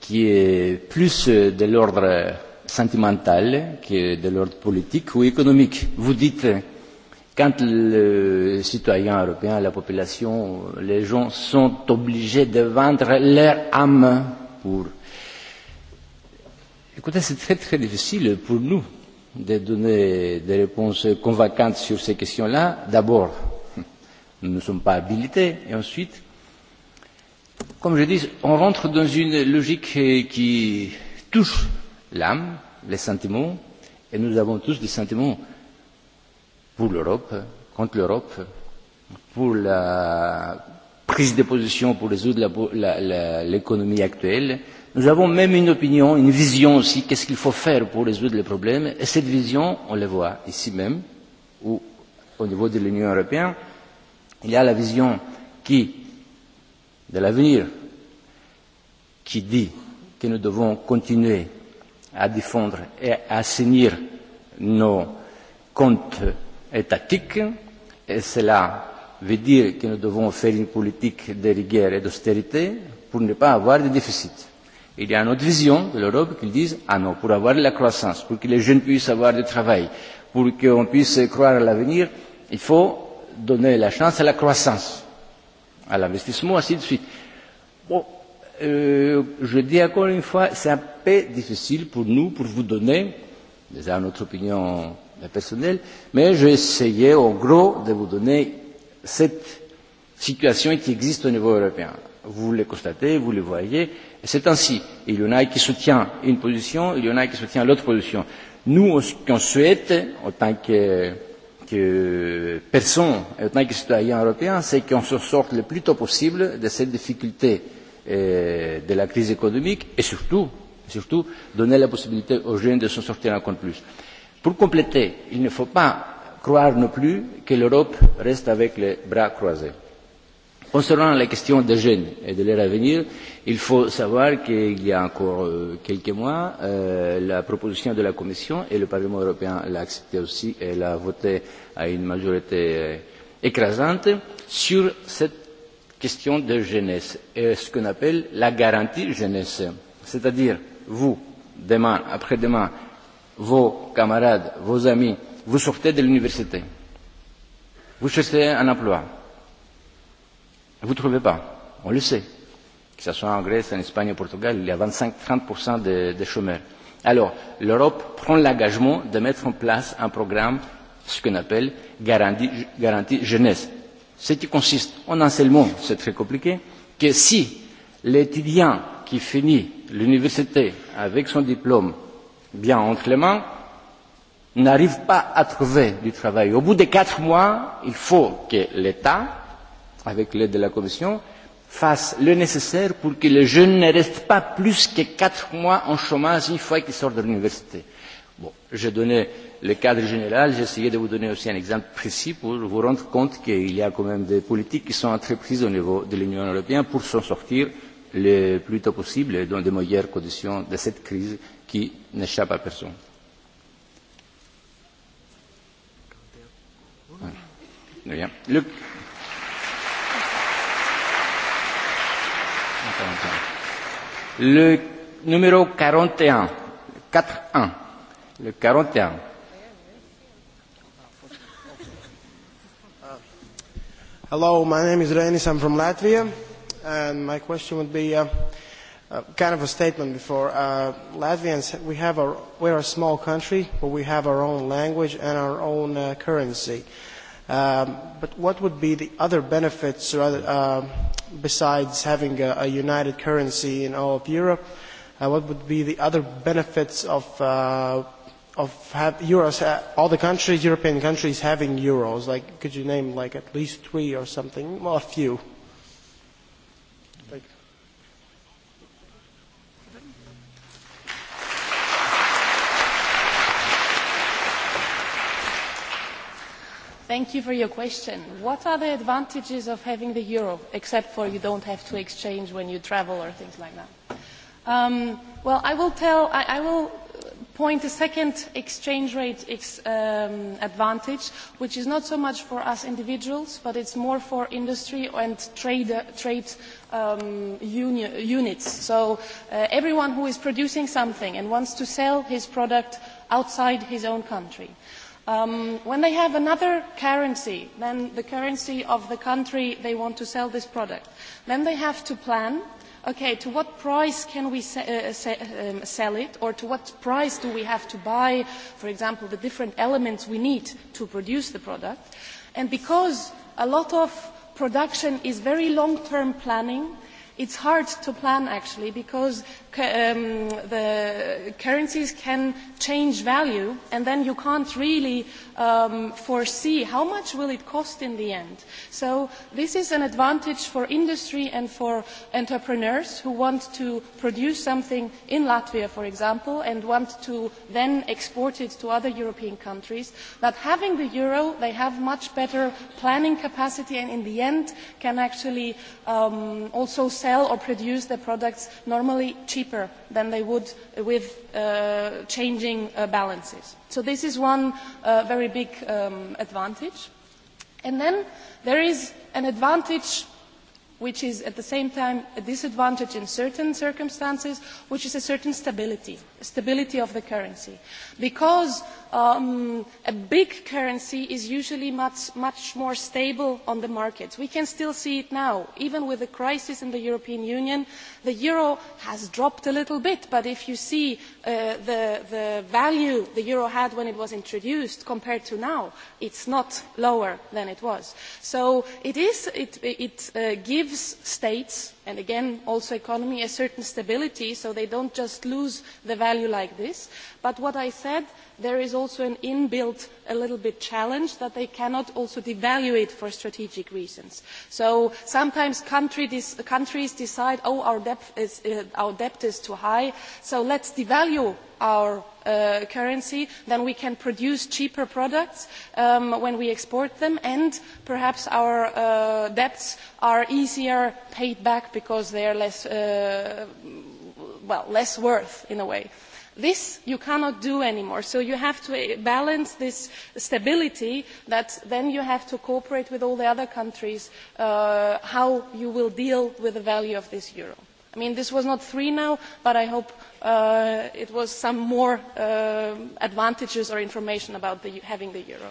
qui est plus de l'ordre sentimental que de l'ordre politique ou économique. Vous dites quand le citoyen européen, la population, les gens sont obligés de vendre leur âme pour. Écoutez, c'est très très difficile pour nous de donner des réponses convaincantes sur ces questions-là. D'abord, nous ne sommes pas habilités, et ensuite, comme je dis, on rentre dans une logique qui touche l'âme, les sentiments, et nous avons tous des sentiments pour l'Europe, contre l'Europe, pour la prise de position pour résoudre l'économie actuelle. Nous avons même une opinion, une vision aussi, qu'est-ce qu'il faut faire pour résoudre les problèmes. Et cette vision, on la voit ici même, où au niveau de l'Union européenne, il y a la vision qui, de l'avenir, qui dit que nous devons continuer à défendre et à assainir nos comptes étatique, et cela veut dire que nous devons faire une politique de rigueur et d'austérité pour ne pas avoir de déficit. Il y a une autre vision de l'Europe qui dit Ah non, pour avoir de la croissance, pour que les jeunes puissent avoir du travail, pour qu'on puisse croire à l'avenir, il faut donner la chance à la croissance, à l'investissement, ainsi de suite. Bon, euh, je dis encore une fois, c'est un peu difficile pour nous, pour vous donner, déjà notre opinion personnel, mais j'ai essayé en gros de vous donner cette situation qui existe au niveau européen. Vous le constatez, vous le voyez, et c'est ainsi. Il y en a qui soutient une position, il y en a qui soutient l'autre position. Nous, ce qu'on souhaite, en tant que, que personne, en tant que citoyen européen, c'est qu'on se sorte le plus tôt possible de cette difficulté de la crise économique et surtout, surtout donner la possibilité aux jeunes de s'en sortir encore plus. Pour compléter, il ne faut pas croire non plus que l'Europe reste avec les bras croisés. Concernant la question des jeunes et de leur avenir, il faut savoir qu'il y a encore quelques mois, la proposition de la Commission et le Parlement européen l'a acceptée aussi et l'a votée à une majorité écrasante sur cette question de jeunesse et ce qu'on appelle la garantie jeunesse. C'est-à-dire, vous, demain, après-demain, vos camarades, vos amis, vous sortez de l'université, vous cherchez un emploi, vous ne trouvez pas, on le sait, que ce soit en Grèce, en Espagne, au Portugal, il y a 25-30% de, de chômeurs. Alors, l'Europe prend l'engagement de mettre en place un programme, ce qu'on appelle garantie, garantie jeunesse. Ce qui consiste en un seul mot, c'est très compliqué, que si l'étudiant qui finit l'université avec son diplôme bien entre les mains, n'arrivent pas à trouver du travail. Au bout de quatre mois, il faut que l'État, avec l'aide de la Commission, fasse le nécessaire pour que les jeunes ne restent pas plus que quatre mois en chômage une fois qu'ils sortent de l'université. Bon, j'ai donné le cadre général, j'ai essayé de vous donner aussi un exemple précis pour vous rendre compte qu'il y a quand même des politiques qui sont entreprises au niveau de l'Union européenne pour s'en sortir le plus tôt possible et dans de meilleures conditions de cette crise qui n'échappe à personne. Bien. Le... le numéro 41, 4-1, le 41. Hello, my name is Renis, I'm from Latvia, and my question would be uh, uh, kind of a statement before. Uh, Latvians, we have our, we're a small country, but we have our own language and our own uh, currency. Um, but what would be the other benefits rather, uh, besides having a, a united currency in all of Europe? Uh, what would be the other benefits of, uh, of have euros, uh, all the countries, European countries having euros? Like, could you name like at least three or something? Well, a few. Thank you for your question. What are the advantages of having the euro, except for you don't have to exchange when you travel or things like that? Um, well, I will tell. I, I will point a second exchange rate ex, um, advantage, which is not so much for us individuals, but it's more for industry and trade, trade um, uni- units. So uh, everyone who is producing something and wants to sell his product outside his own country Um, when they have another currency than the currency of the country they want to sell this product, then they have to plan okay, to what price can we sell it, or to what price do we have to buy, for example, the different elements we need to produce the product. And because a lot of production is very long-term planning, it's hard to plan actually because um, the currencies can change value, and then you can't really um, foresee how much will it cost in the end. So this is an advantage for industry and for entrepreneurs who want to produce something in Latvia, for example, and want to then export it to other European countries. That having the euro, they have much better planning capacity, and in the end, can actually um, also sell or produce the products normally cheaper cheaper than they would with changing balances. So this is one very big advantage. And then there is an advantage which is at the same time a disadvantage in certain circumstances, which is a certain stability, stability of the currency. Because a big currency is usually much, much more stable on the markets. We can still see it now. Even with the crisis in the European Union, the euro has dropped a little bit, but if you see the, the value the euro had when it was introduced compared to now, it's not lower than it was. So it, is, it, it gives gives states and again also the economy a certain stability so they do not just lose the value like this but what i said is there is also an inbuilt a little bit challenge that they cannot also devaluate for strategic reasons. So sometimes countries decide, oh, our debt is, too high, so let's devalue our currency, then we can produce cheaper products when we export them, and perhaps our debts are easier paid back because they are less, well, less worth in a way this you cannot do anymore so you have to balance this stability that then you have to cooperate with all the other countries on how you will deal with the value of this euro. i mean this was not three now but i hope it was some more advantages or information about having the euro.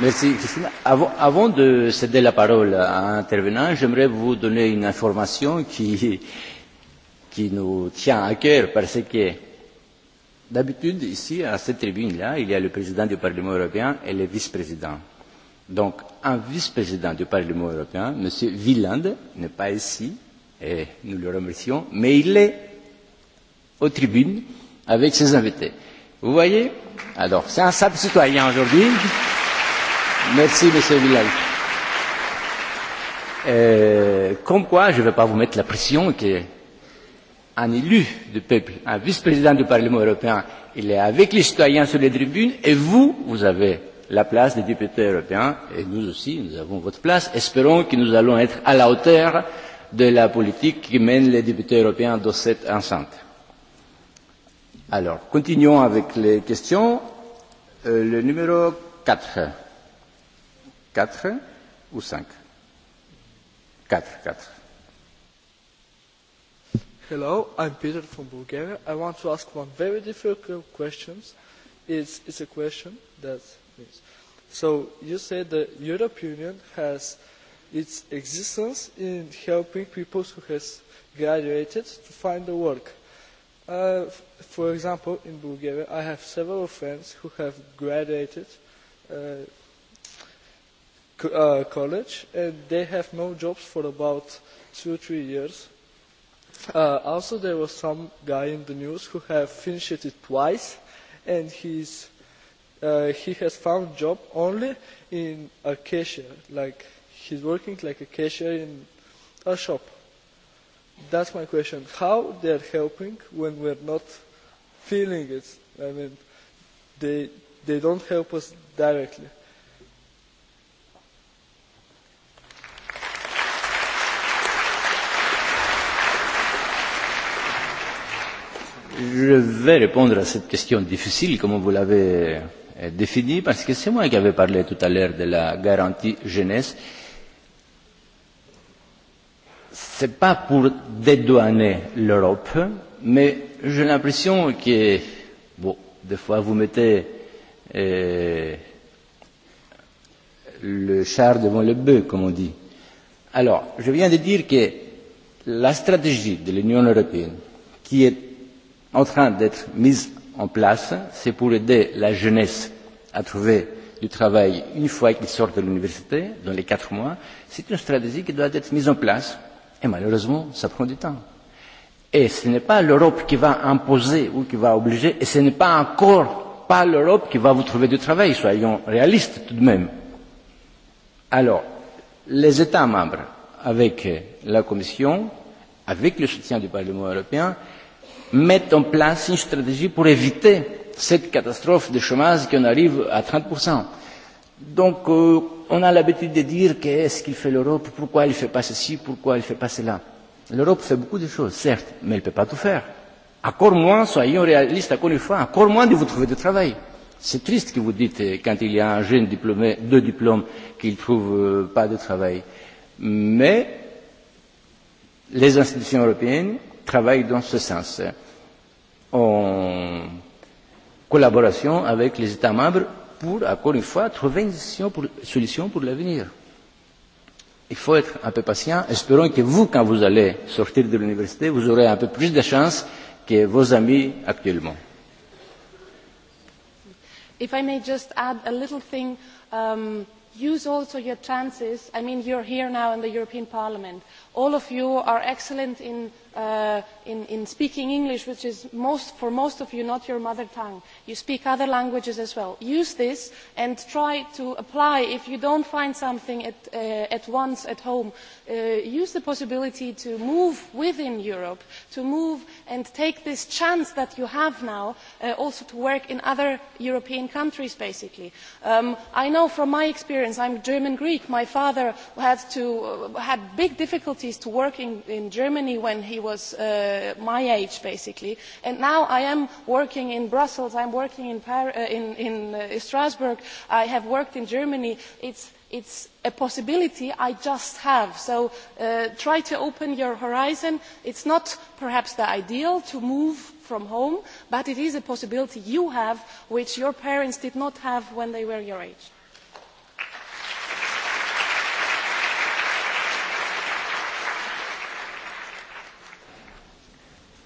Merci Christine. Avant, avant de céder la parole à un intervenant, j'aimerais vous donner une information qui, qui nous tient à cœur parce que d'habitude ici, à cette tribune-là, il y a le président du Parlement européen et le vice-président. Donc un vice-président du Parlement européen, M. Wieland, n'est pas ici et nous le remercions, mais il est aux tribunes avec ses invités. Vous voyez Alors, c'est un simple citoyen aujourd'hui. Merci, Monsieur Villal. Comme quoi, je ne vais pas vous mettre la pression qu'un élu du peuple, un vice-président du Parlement européen, il est avec les citoyens sur les tribunes, et vous, vous avez la place des députés européens, et nous aussi, nous avons votre place. Espérons que nous allons être à la hauteur de la politique qui mènent les députés européens dans cette enceinte. Alors, continuons avec les questions. Euh, le numéro 4 quatre ou cinq Quatre, quatre. Hello, I'm Peter from Bulgaria. I want to ask one very difficult question. It's, it's a question that means. So you say the European Union has its existence in helping people who has graduated to find a work. Uh, for example, in Bulgaria, I have several friends who have graduated uh, college and they have no jobs for about two or three years. Uh, also, there was some guy in the news who have finished it twice and he's, uh, he has found job only in a cashier. Like, he's working like a cashier in a shop. That's my question. How they're helping when we're not feeling it? I mean, they, they don't help us directly Je vais répondre à cette question difficile, comme vous l'avez définie, parce que c'est moi qui avais parlé tout à l'heure de la garantie jeunesse. Ce n'est pas pour dédouaner l'Europe, mais j'ai l'impression que, bon, des fois vous mettez euh, le char devant le bœuf, comme on dit. Alors, je viens de dire que la stratégie de l'Union européenne, qui est en train d'être mise en place, c'est pour aider la jeunesse à trouver du travail une fois qu'ils sortent de l'université, dans les quatre mois. C'est une stratégie qui doit être mise en place. Et malheureusement, ça prend du temps. Et ce n'est pas l'Europe qui va imposer ou qui va obliger, et ce n'est pas encore pas l'Europe qui va vous trouver du travail, soyons réalistes tout de même. Alors, les États membres, avec la Commission, avec le soutien du Parlement européen, mettent en place une stratégie pour éviter cette catastrophe de chômage qu'on arrive à 30%. Donc, euh, on a l'habitude de dire qu'est-ce qu'il fait l'Europe, pourquoi elle ne fait pas ceci, pourquoi elle ne fait pas cela. L'Europe fait beaucoup de choses, certes, mais elle ne peut pas tout faire. Encore moins, soyons réalistes encore une fois, encore moins de vous trouver du travail. C'est triste que vous dites, quand il y a un jeune diplômé, deux diplômes, qu'il ne trouve pas de travail. Mais les institutions européennes travaille dans ce sens, en collaboration avec les États membres pour, encore une fois, trouver une solution pour, solution pour l'avenir. Il faut être un peu patient. Espérons que vous, quand vous allez sortir de l'université, vous aurez un peu plus de chance que vos amis actuellement. If I may just add a little thing, um, use also your chances. I mean, you are here now in the European Parliament. All of you are excellent in, speaking English, which is most, for most of you not your mother tongue. You speak other languages as well. Use this and try to apply. If you do not find something at, once at home, use the possibility to move within Europe, to move and take this chance that you have now also to work in other European countries, basically. I know from my experience, I am German Greek, my father had, big difficulties to work in, Germany when he was my age, basically. And now I am working in Brussels, I am working in, Strasbourg, I have worked in Germany. is it is a possibility i just have so try to open your horizon. it is not perhaps the ideal to move from home but it is a possibility you have which your parents did not have when they were your age.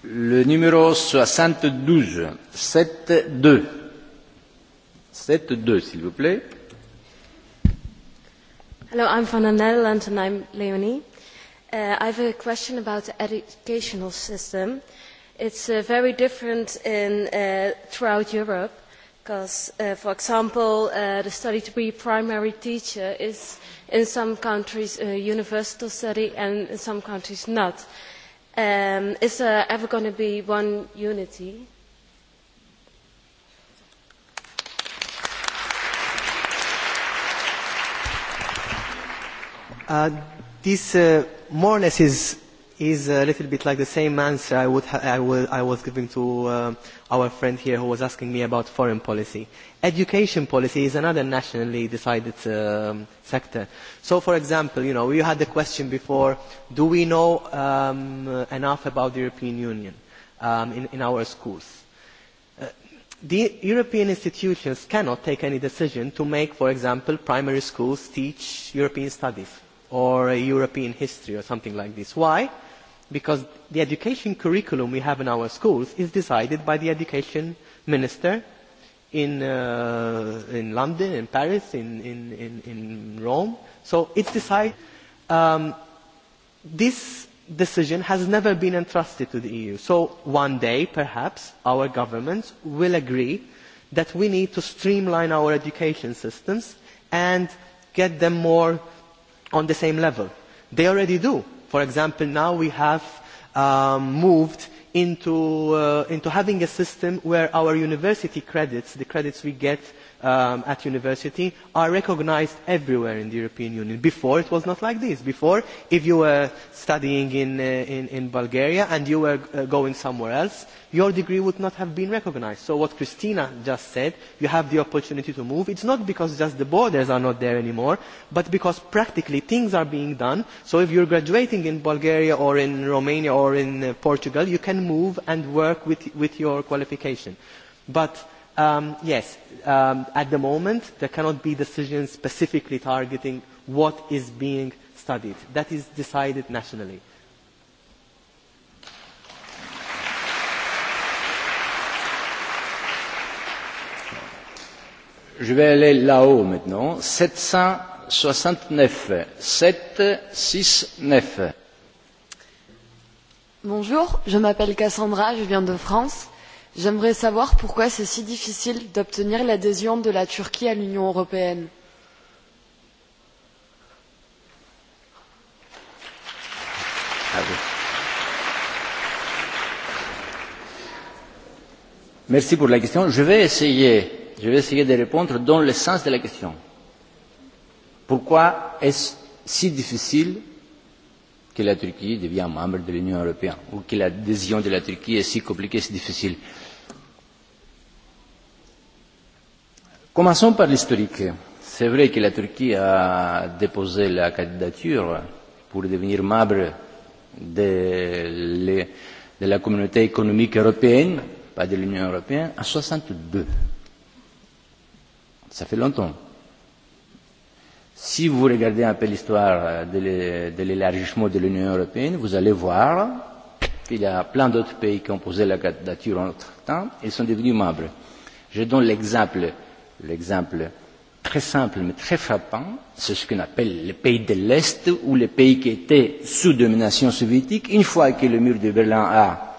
Le numéro 72, 7-2. s'il vous plaît. Hello, I'm from the Netherlands and I'm Leonie. Uh, I have a question about the educational system. It's uh, very different in, uh, throughout Europe because, uh, for example, uh, the study to be a primary teacher is in some countries a universal study and in some countries not. Um, is there ever going to be one unity? this uh, more or less is, is a little bit like the same answer I, would ha- I, will, I was giving to uh, our friend here who was asking me about foreign policy. Education policy is another nationally decided um, sector. So, for example, you know, we had the question before, do we know um, enough about the European Union um, in, in our schools? the European institutions cannot take any decision to make, for example, primary schools teach European studies or a European history or something like this. Why? Because the education curriculum we have in our schools is decided by the education minister in, uh, in London, in Paris, in, in, in, in Rome. So it's decided. Um, this decision has never been entrusted to the EU. So one day, perhaps, our governments will agree that we need to streamline our education systems and get them more on the same level. They already do. For example, now we have um, moved into, uh, into having a system where our university credits, the credits we get um, at university are recognized everywhere in the European Union. Before, it was not like this. Before, if you were studying in, uh, in, in Bulgaria and you were uh, going somewhere else, your degree would not have been recognized. So what Christina just said, you have the opportunity to move. It's not because just the borders are not there anymore, but because practically things are being done. So if you're graduating in Bulgaria or in Romania or in uh, Portugal, you can move and work with, with your qualification. But Um, yes, um, at the moment there cannot be decisions specifically targeting what is being studied. That is decided nationally. Je vais aller là-haut maintenant. 769. 769. Bonjour, je m'appelle Cassandra, je viens de France j'aimerais savoir pourquoi c'est si difficile d'obtenir l'adhésion de la turquie à l'union européenne. merci pour la question. je vais essayer de répondre dans le sens de la question. pourquoi est ce si difficile que la Turquie devienne membre de l'Union européenne ou que l'adhésion de la Turquie est si compliquée, et si difficile. Commençons par l'historique. C'est vrai que la Turquie a déposé la candidature pour devenir membre de, de la communauté économique européenne, pas de l'Union européenne, en 1962. Ça fait longtemps. Si vous regardez un peu l'histoire de l'élargissement de l'Union européenne, vous allez voir qu'il y a plein d'autres pays qui ont posé la candidature en notre temps et sont devenus membres. Je donne l'exemple euh, L'exemple très simple mais très frappant, c'est ce qu'on appelle les pays de l'Est ou les pays qui étaient sous domination soviétique. Une fois que le mur de Berlin a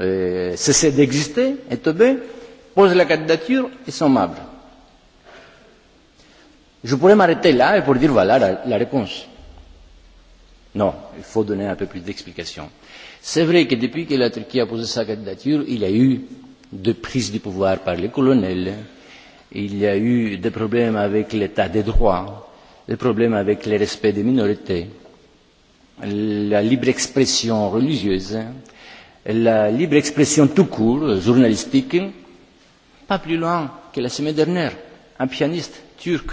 euh, cessé d'exister, est tombé, posent la candidature et sont membres. Je pourrais m'arrêter là et pour dire voilà la, la réponse. Non, il faut donner un peu plus d'explications. C'est vrai que depuis que la Turquie a posé sa candidature, il y a eu de prise du pouvoir par les colonels, il y a eu des problèmes avec l'état des droits, des problèmes avec le respect des minorités, la libre expression religieuse, la libre expression tout court, journalistique, pas plus loin que la semaine dernière, un pianiste turc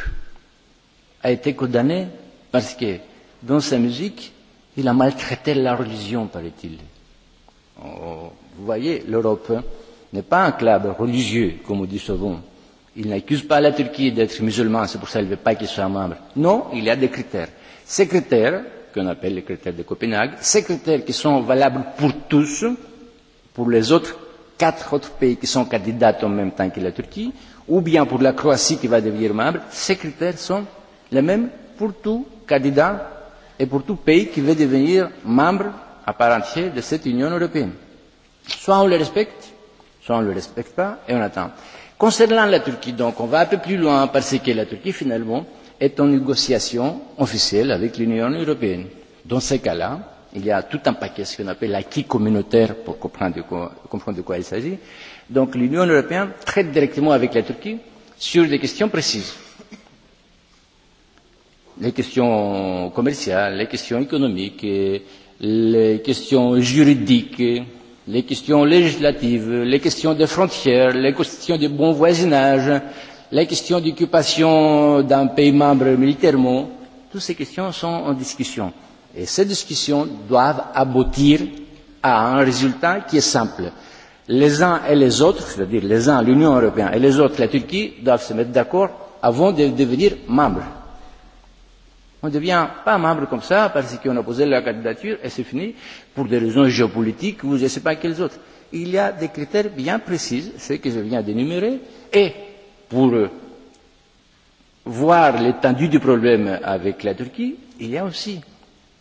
a été condamné parce que dans sa musique, il a maltraité la religion, paraît-il. Vous voyez, l'Europe n'est pas un club religieux, comme on dit souvent Il n'accuse pas la Turquie d'être musulmane, c'est pour ça qu'il ne veut pas qu'il soit membre. Non, il y a des critères. Ces critères, qu'on appelle les critères de Copenhague, ces critères qui sont valables pour tous, pour les autres quatre autres pays qui sont candidats en même temps que la Turquie, ou bien pour la Croatie qui va devenir membre, ces critères sont les mêmes pour tout candidat et pour tout pays qui veut devenir membre à part entière de cette Union européenne. Soit on les respecte, soit on ne le respecte pas, et on attend. Concernant la Turquie, donc, on va un peu plus loin parce que la Turquie, finalement, est en négociation officielle avec l'Union européenne. Dans ces cas-là, il y a tout un paquet, ce qu'on appelle l'acquis communautaire, pour comprendre de quoi, comprendre de quoi il s'agit. Donc l'Union européenne traite directement avec la Turquie sur des questions précises. Les questions commerciales, les questions économiques, les questions juridiques, les questions législatives, les questions des frontières, les questions du bon voisinage, les questions d'occupation d'un pays membre militairement, toutes ces questions sont en discussion. Et ces discussions doivent aboutir à un résultat qui est simple. Les uns et les autres, c'est-à-dire les uns l'Union européenne et les autres la Turquie, doivent se mettre d'accord avant de devenir membres On ne devient pas membre comme ça parce qu'on a posé la candidature et c'est fini pour des raisons géopolitiques ou je ne sais pas quelles autres. Il y a des critères bien précis, ceux que je viens d'énumérer, et pour voir l'étendue du problème avec la Turquie, il y a aussi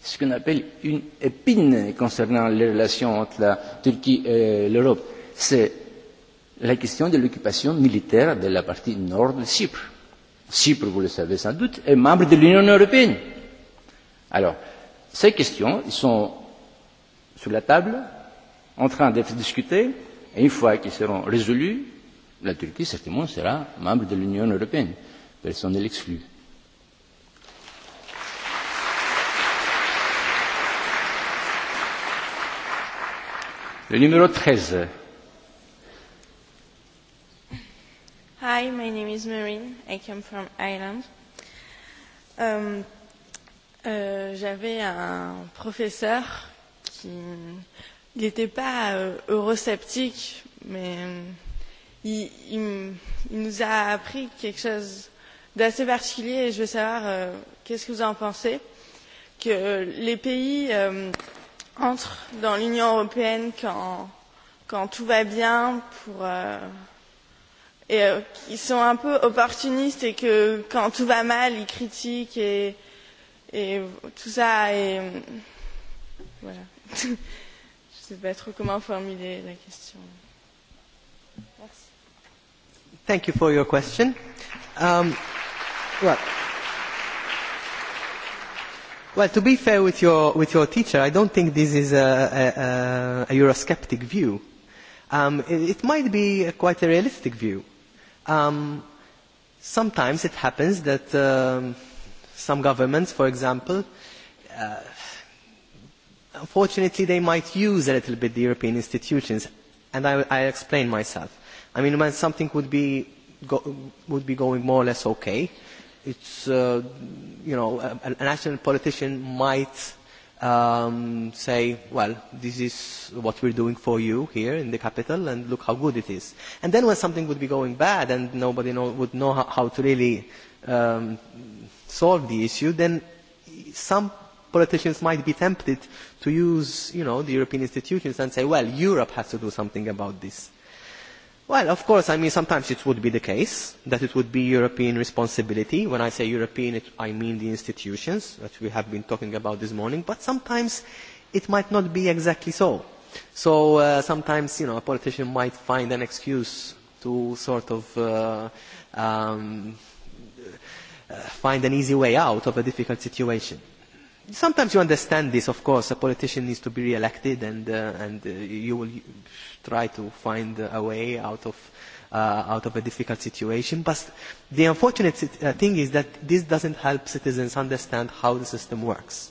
ce qu'on appelle une épine concernant les relations entre la Turquie et l'Europe. C'est la question de l'occupation militaire de la partie nord de Chypre Chypre, vous le savez sans doute, est membre de l'Union européenne. Alors, ces questions, ils sont sur la table, en train d'être discutées, et une fois qu'ils seront résolus, la Turquie, certainement, sera membre de l'Union européenne. Personne ne l'exclut. Le numéro 13 Hi, my name is Marine. I come from Ireland. Um, euh, J'avais un professeur qui n'était pas euh, eurosceptique, mais euh, il, il, il nous a appris quelque chose d'assez particulier et je veux savoir euh, qu'est-ce que vous en pensez que les pays euh, entrent dans l'Union européenne quand, quand tout va bien pour. Euh, et qui sont un peu opportunistes et que quand tout va mal, ils critiquent et, et tout ça. Et voilà. Je ne sais pas trop comment formuler la question. Merci. Thank you for your question. Um, well, well, to be fair with your, with your teacher, I don't think this is a, a, a Eurosceptic view. Um, it, it might be a quite a realistic view Um, sometimes it happens that um, some governments, for example, uh, unfortunately they might use a little bit the European institutions, and I, I explain myself. I mean, when something would be, go, would be going more or less okay, it's, uh, you know, a, a national politician might um, say, well, this is what we're doing for you here in the capital, and look how good it is. And then when something would be going bad and nobody know, would know how, how to really um, solve the issue, then some politicians might be tempted to use, you know, the European institutions and say, well, Europe has to do something about this Well, of course, I mean, sometimes it would be the case that it would be European responsibility. When I say European, it, I mean the institutions that we have been talking about this morning, but sometimes it might not be exactly so. So uh, sometimes, you know, a politician might find an excuse to sort of uh, um, find an easy way out of a difficult situation sometimes you understand this, of course. A politician needs to be re-elected, and uh, and uh, you will try to find a way out of uh, out of a difficult situation. But the unfortunate thing is that this doesn't help citizens understand how the system works,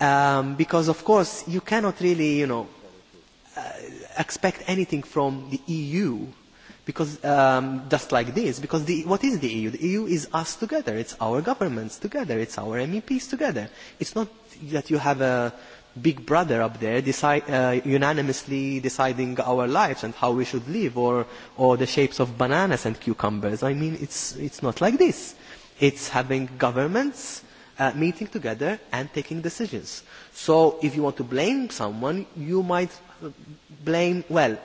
um, because of course you cannot really, you know, uh, expect anything from the EU because um, just like this, because the, what is the EU? The EU is us together. It's our governments together. It's our MEPs together. It's not that you have a big brother up there decide, uh, unanimously deciding our lives and how we should live or, or the shapes of bananas and cucumbers. I mean, it's, it's not like this. It's having governments uh, meeting together and taking decisions. So if you want to blame someone, you might blame, well,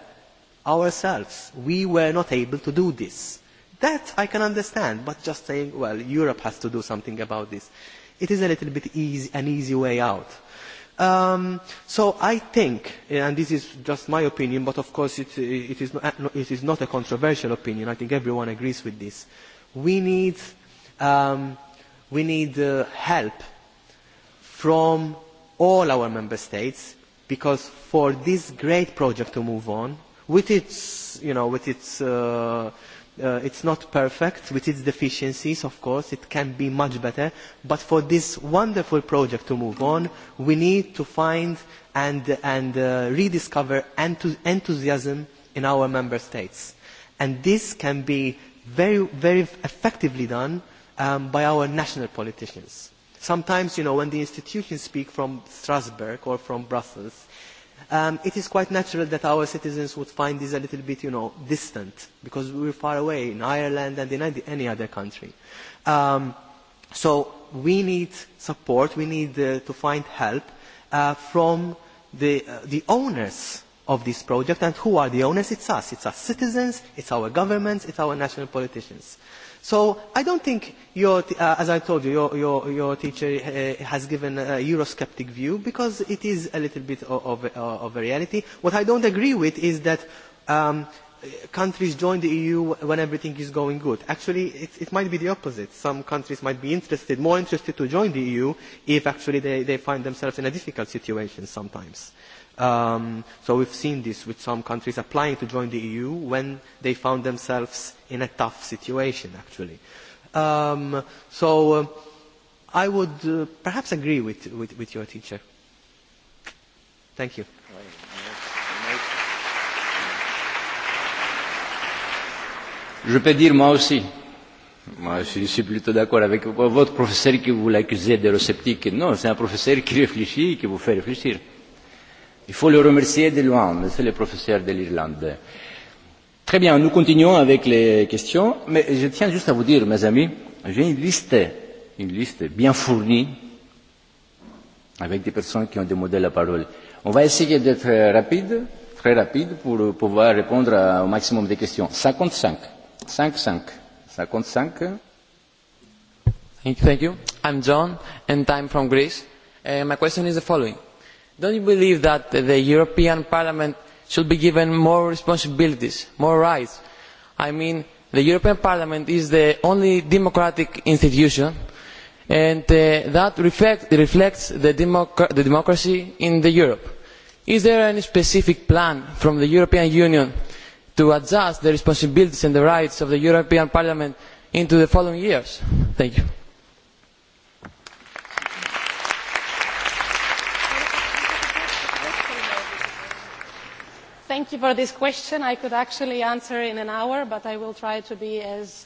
ourselves. We were not able to do this. That I can understand, but just saying, well, Europe has to do something about this. It is a little bit easy, an easy way out. Um, so I think, and this is just my opinion, but of course it, it, is not, it is not a controversial opinion. I think everyone agrees with this. We need, um, we need uh, help from all our member states because for this great project to move on, with its, you know, with its, uh, uh, it's not perfect, with its deficiencies, of course, it can be much better. But for this wonderful project to move on, we need to find and, and uh, rediscover enthusiasm in our member states. And this can be very, very effectively done um, by our national politicians. Sometimes, you know, when the institutions speak from Strasbourg or from Brussels, um, it is quite natural that our citizens would find this a little bit, you know, distant because we are far away in Ireland and in any other country. Um, so we need support, we need uh, to find help uh, from the, uh, the owners of this project. And who are the owners? It's us. It's us citizens, it's our governments, it's our national politicians. So I not think, your, uh, as I told you, your, your, your teacher uh, has given a Eurosceptic view because it is a little bit of, of, of a reality. What I not agree with is that um, countries join the EU when everything is going good. Actually, it, it might be the opposite. Some countries might be interested, more interested to join the EU if actually they, they find themselves in a difficult situation sometimes. Um, so we've seen this with some countries applying to join the EU when they found themselves in a tough situation, actually. Um, so uh, I would uh, perhaps agree with, with, with your teacher. Thank you. Je peux dire moi aussi. Moi, je suis plutôt d'accord avec votre professeur qui vous l'accusez d'être sceptique. Non, c'est un professeur qui réfléchit, qui vous fait réfléchir Il faut le remercier de loin, monsieur le professeur de l'Irlande. Très bien, nous continuons avec les questions, mais je tiens juste à vous dire, mes amis, j'ai une liste, une liste bien fournie avec des personnes qui ont demandé la parole. On va essayer d'être rapide, très rapide, pour pouvoir répondre à, au maximum de questions. 55. 55. 55. Thank you. I'm John, and I'm from Greece. Uh, my question is the following Do you believe that the European Parliament should be given more responsibilities, more rights? I mean, the European Parliament is the only democratic institution, and that reflects the, democracy in Europe. Is there any specific plan from the European Union to adjust the responsibilities and the rights of the European Parliament into the following years? Thank you. thank you for this question. I could actually answer in an hour, but I will try to be as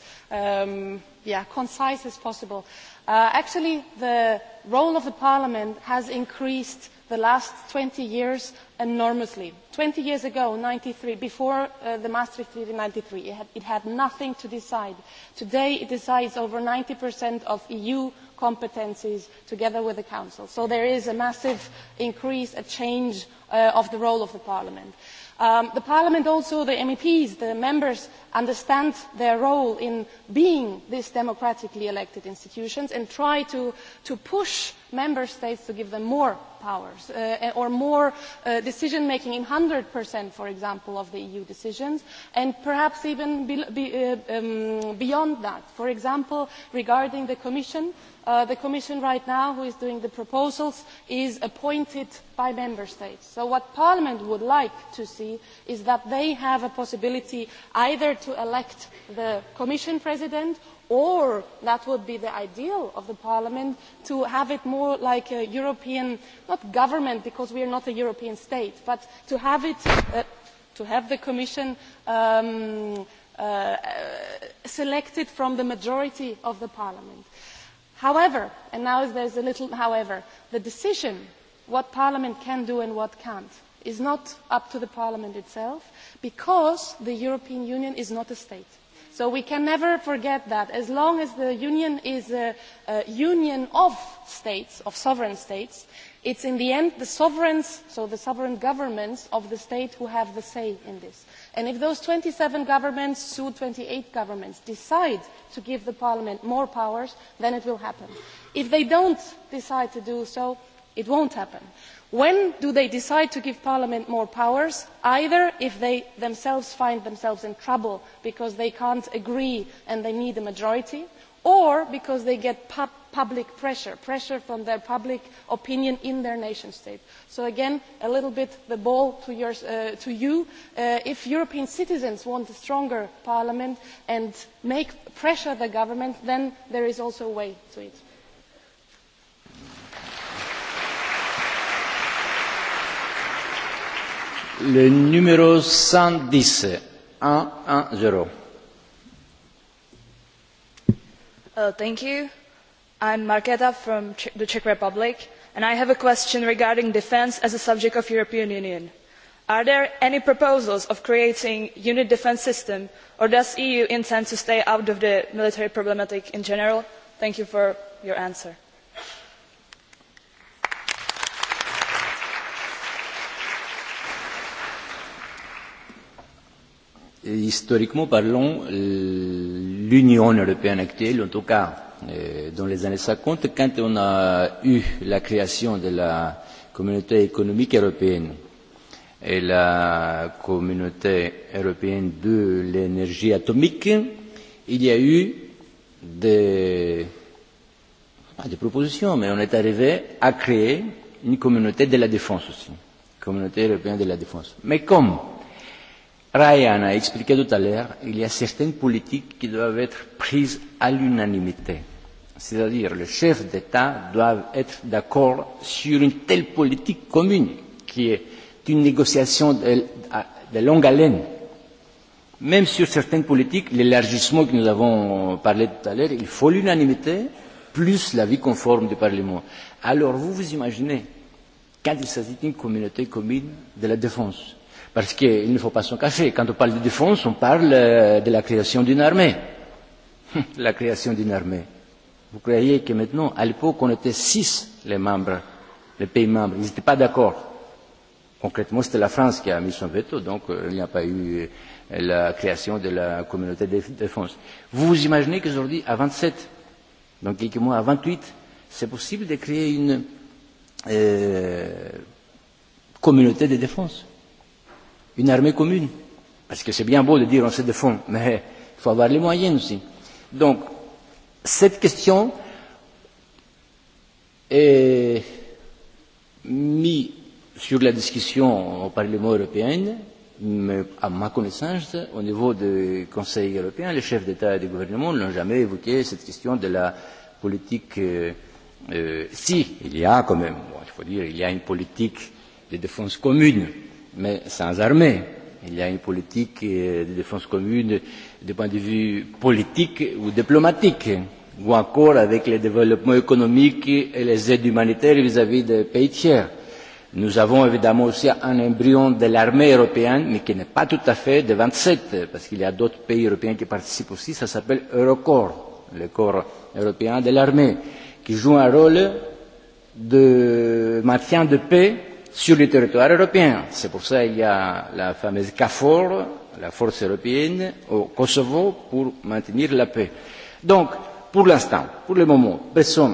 concise as possible. actually, the role of the Parliament has increased the last twenty years enormously. Twenty years ago, ninety three, before the Maastricht Treaty ninety three, it had, it had nothing to decide. Today, it decides over 90% of EU competencies together with the Council. So there is a massive increase, a change of the role of the Parliament the parliament also the meps the members understand their role in being these democratically elected institutions and try to push member states to give them more powers or more decision making in 100%, for example, of the EU decisions, and perhaps even beyond that. For example, regarding the Commission, the Commission right now, who is doing the proposals, is appointed by member states. So what Parliament would like to see is that they have a possibility either to elect the Commission President or that would be the ideal of the parliament to have it more like a european not government because we are not a european state but to have it to have the commission selected from the majority of the parliament however and now there is a little however the decision what parliament can do and what can't is not up to the parliament itself because the european union is not a state so we can never forget that as long as the union is a, union of states of sovereign states it is in the end the sovereigns so the sovereign governments of the state who have the say in this and if those twenty seven governments soon twenty eight governments decide to give parliament more powers then it will happen. if they do not decide to do so it will not happen when do they decide to give parliament more powers? either if they themselves find themselves in trouble because they cannot agree and they need a majority or because they get public pressure pressure from their public opinion in their nation state. so again a little bit the ball to you if european citizens want a stronger parliament and make pressure on the government then there is also a way to it. Le numéro 110, 110. Uh, thank you. I'm Marketa from Ch the Czech Republic, and I have a question regarding defense as a subject of European Union. Are there any proposals of creating a unit defense system, or does the EU intend to stay out of the military problematic in general? Thank you for your answer Historiquement parlant, l'Union européenne actuelle, en tout cas dans les années 50, quand on a eu la création de la communauté économique européenne et la communauté européenne de l'énergie atomique, il y a eu des, pas des propositions, mais on est arrivé à créer une communauté de la défense aussi, communauté européenne de la défense. Mais comme Ryan a expliqué tout à l'heure, il y a certaines politiques qui doivent être prises à l'unanimité. C'est-à-dire les chefs d'État doivent être d'accord sur une telle politique commune qui est une négociation de, de longue haleine. Même sur certaines politiques, l'élargissement que nous avons parlé tout à l'heure, il faut l'unanimité plus l'avis conforme du Parlement. Alors vous vous imaginez, quand il s'agit d'une communauté commune de la défense, Parce qu'il ne faut pas s'en cacher. Quand on parle de défense, on parle de la création d'une armée. la création d'une armée. Vous croyez que maintenant, à l'époque, on était six les membres, les pays membres. Ils n'étaient pas d'accord. Concrètement, c'était la France qui a mis son veto, donc il n'y a pas eu la création de la communauté de défense. Vous vous imaginez qu'aujourd'hui, à 27, donc quelques mois, à 28, c'est possible de créer une euh, communauté de défense une armée commune. Parce que c'est bien beau de dire on se défend, mais il faut avoir les moyens aussi. Donc, cette question est mise sur la discussion au Parlement européen, mais à ma connaissance, au niveau du Conseil européen, les chefs d'État et de gouvernement n'ont jamais évoqué cette question de la politique. Euh, si, il y a quand même, bon, il faut dire, il y a une politique de défense commune mais sans armée. Il y a une politique de défense commune du point de vue politique ou diplomatique, ou encore avec le développement économique et les aides humanitaires vis-à-vis des pays tiers. Nous avons évidemment aussi un embryon de l'armée européenne, mais qui n'est pas tout à fait de vingt sept, parce qu'il y a d'autres pays européens qui participent aussi. Ça s'appelle Eurocorps, le corps européen de l'armée, qui joue un rôle de maintien de paix sur le territoire européen. C'est pour cela qu'il y a la fameuse CAFOR, la force européenne au Kosovo pour maintenir la paix. Donc, pour l'instant, pour le moment, personne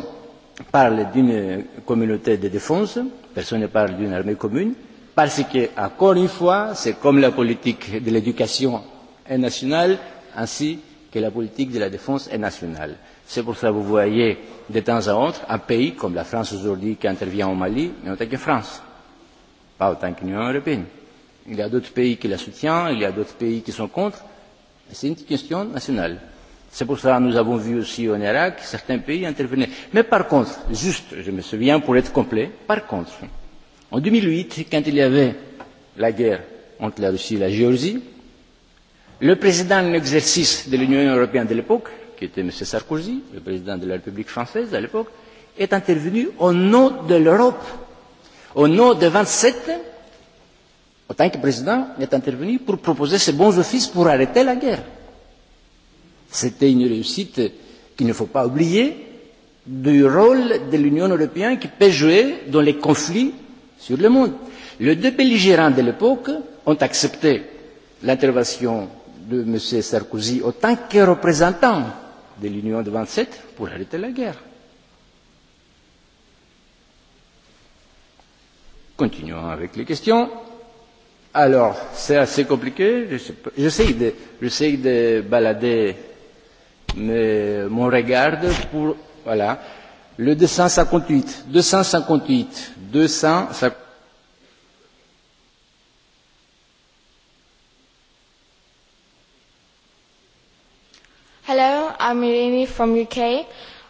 ne parle d'une communauté de défense, personne ne parle d'une armée commune, parce que, encore une fois, c'est comme la politique de l'éducation est nationale, ainsi que la politique de la défense est nationale. C'est pour cela que vous voyez de temps à autre un pays comme la France aujourd'hui qui intervient au Mali, mais en tant que France pas en tant qu'Union européenne. Il y a d'autres pays qui la soutiennent, il y a d'autres pays qui sont contre. C'est une question nationale. C'est pour cela que nous avons vu aussi en Irak certains pays intervenir. Mais par contre, juste, je me souviens pour être complet, par contre, en 2008, quand il y avait la guerre entre la Russie et la Géorgie, le président en exercice de l'Union européenne de l'époque, qui était M. Sarkozy, le président de la République française à l'époque, est intervenu au nom de l'Europe Au nom de 27, en tant que président, il est intervenu pour proposer ses bons offices pour arrêter la guerre. C'était une réussite qu'il ne faut pas oublier du rôle de l'Union européenne qui peut jouer dans les conflits sur le monde. Les deux belligérants de l'époque ont accepté l'intervention de M. Sarkozy en tant que représentant de l'Union de 27 pour arrêter la guerre. Continuons avec les questions. Alors, c'est assez compliqué. J'essaie de, j'essaie de balader mes, mon regard pour, voilà. Le 258, 258, 258. Hello, I'm Irini from UK.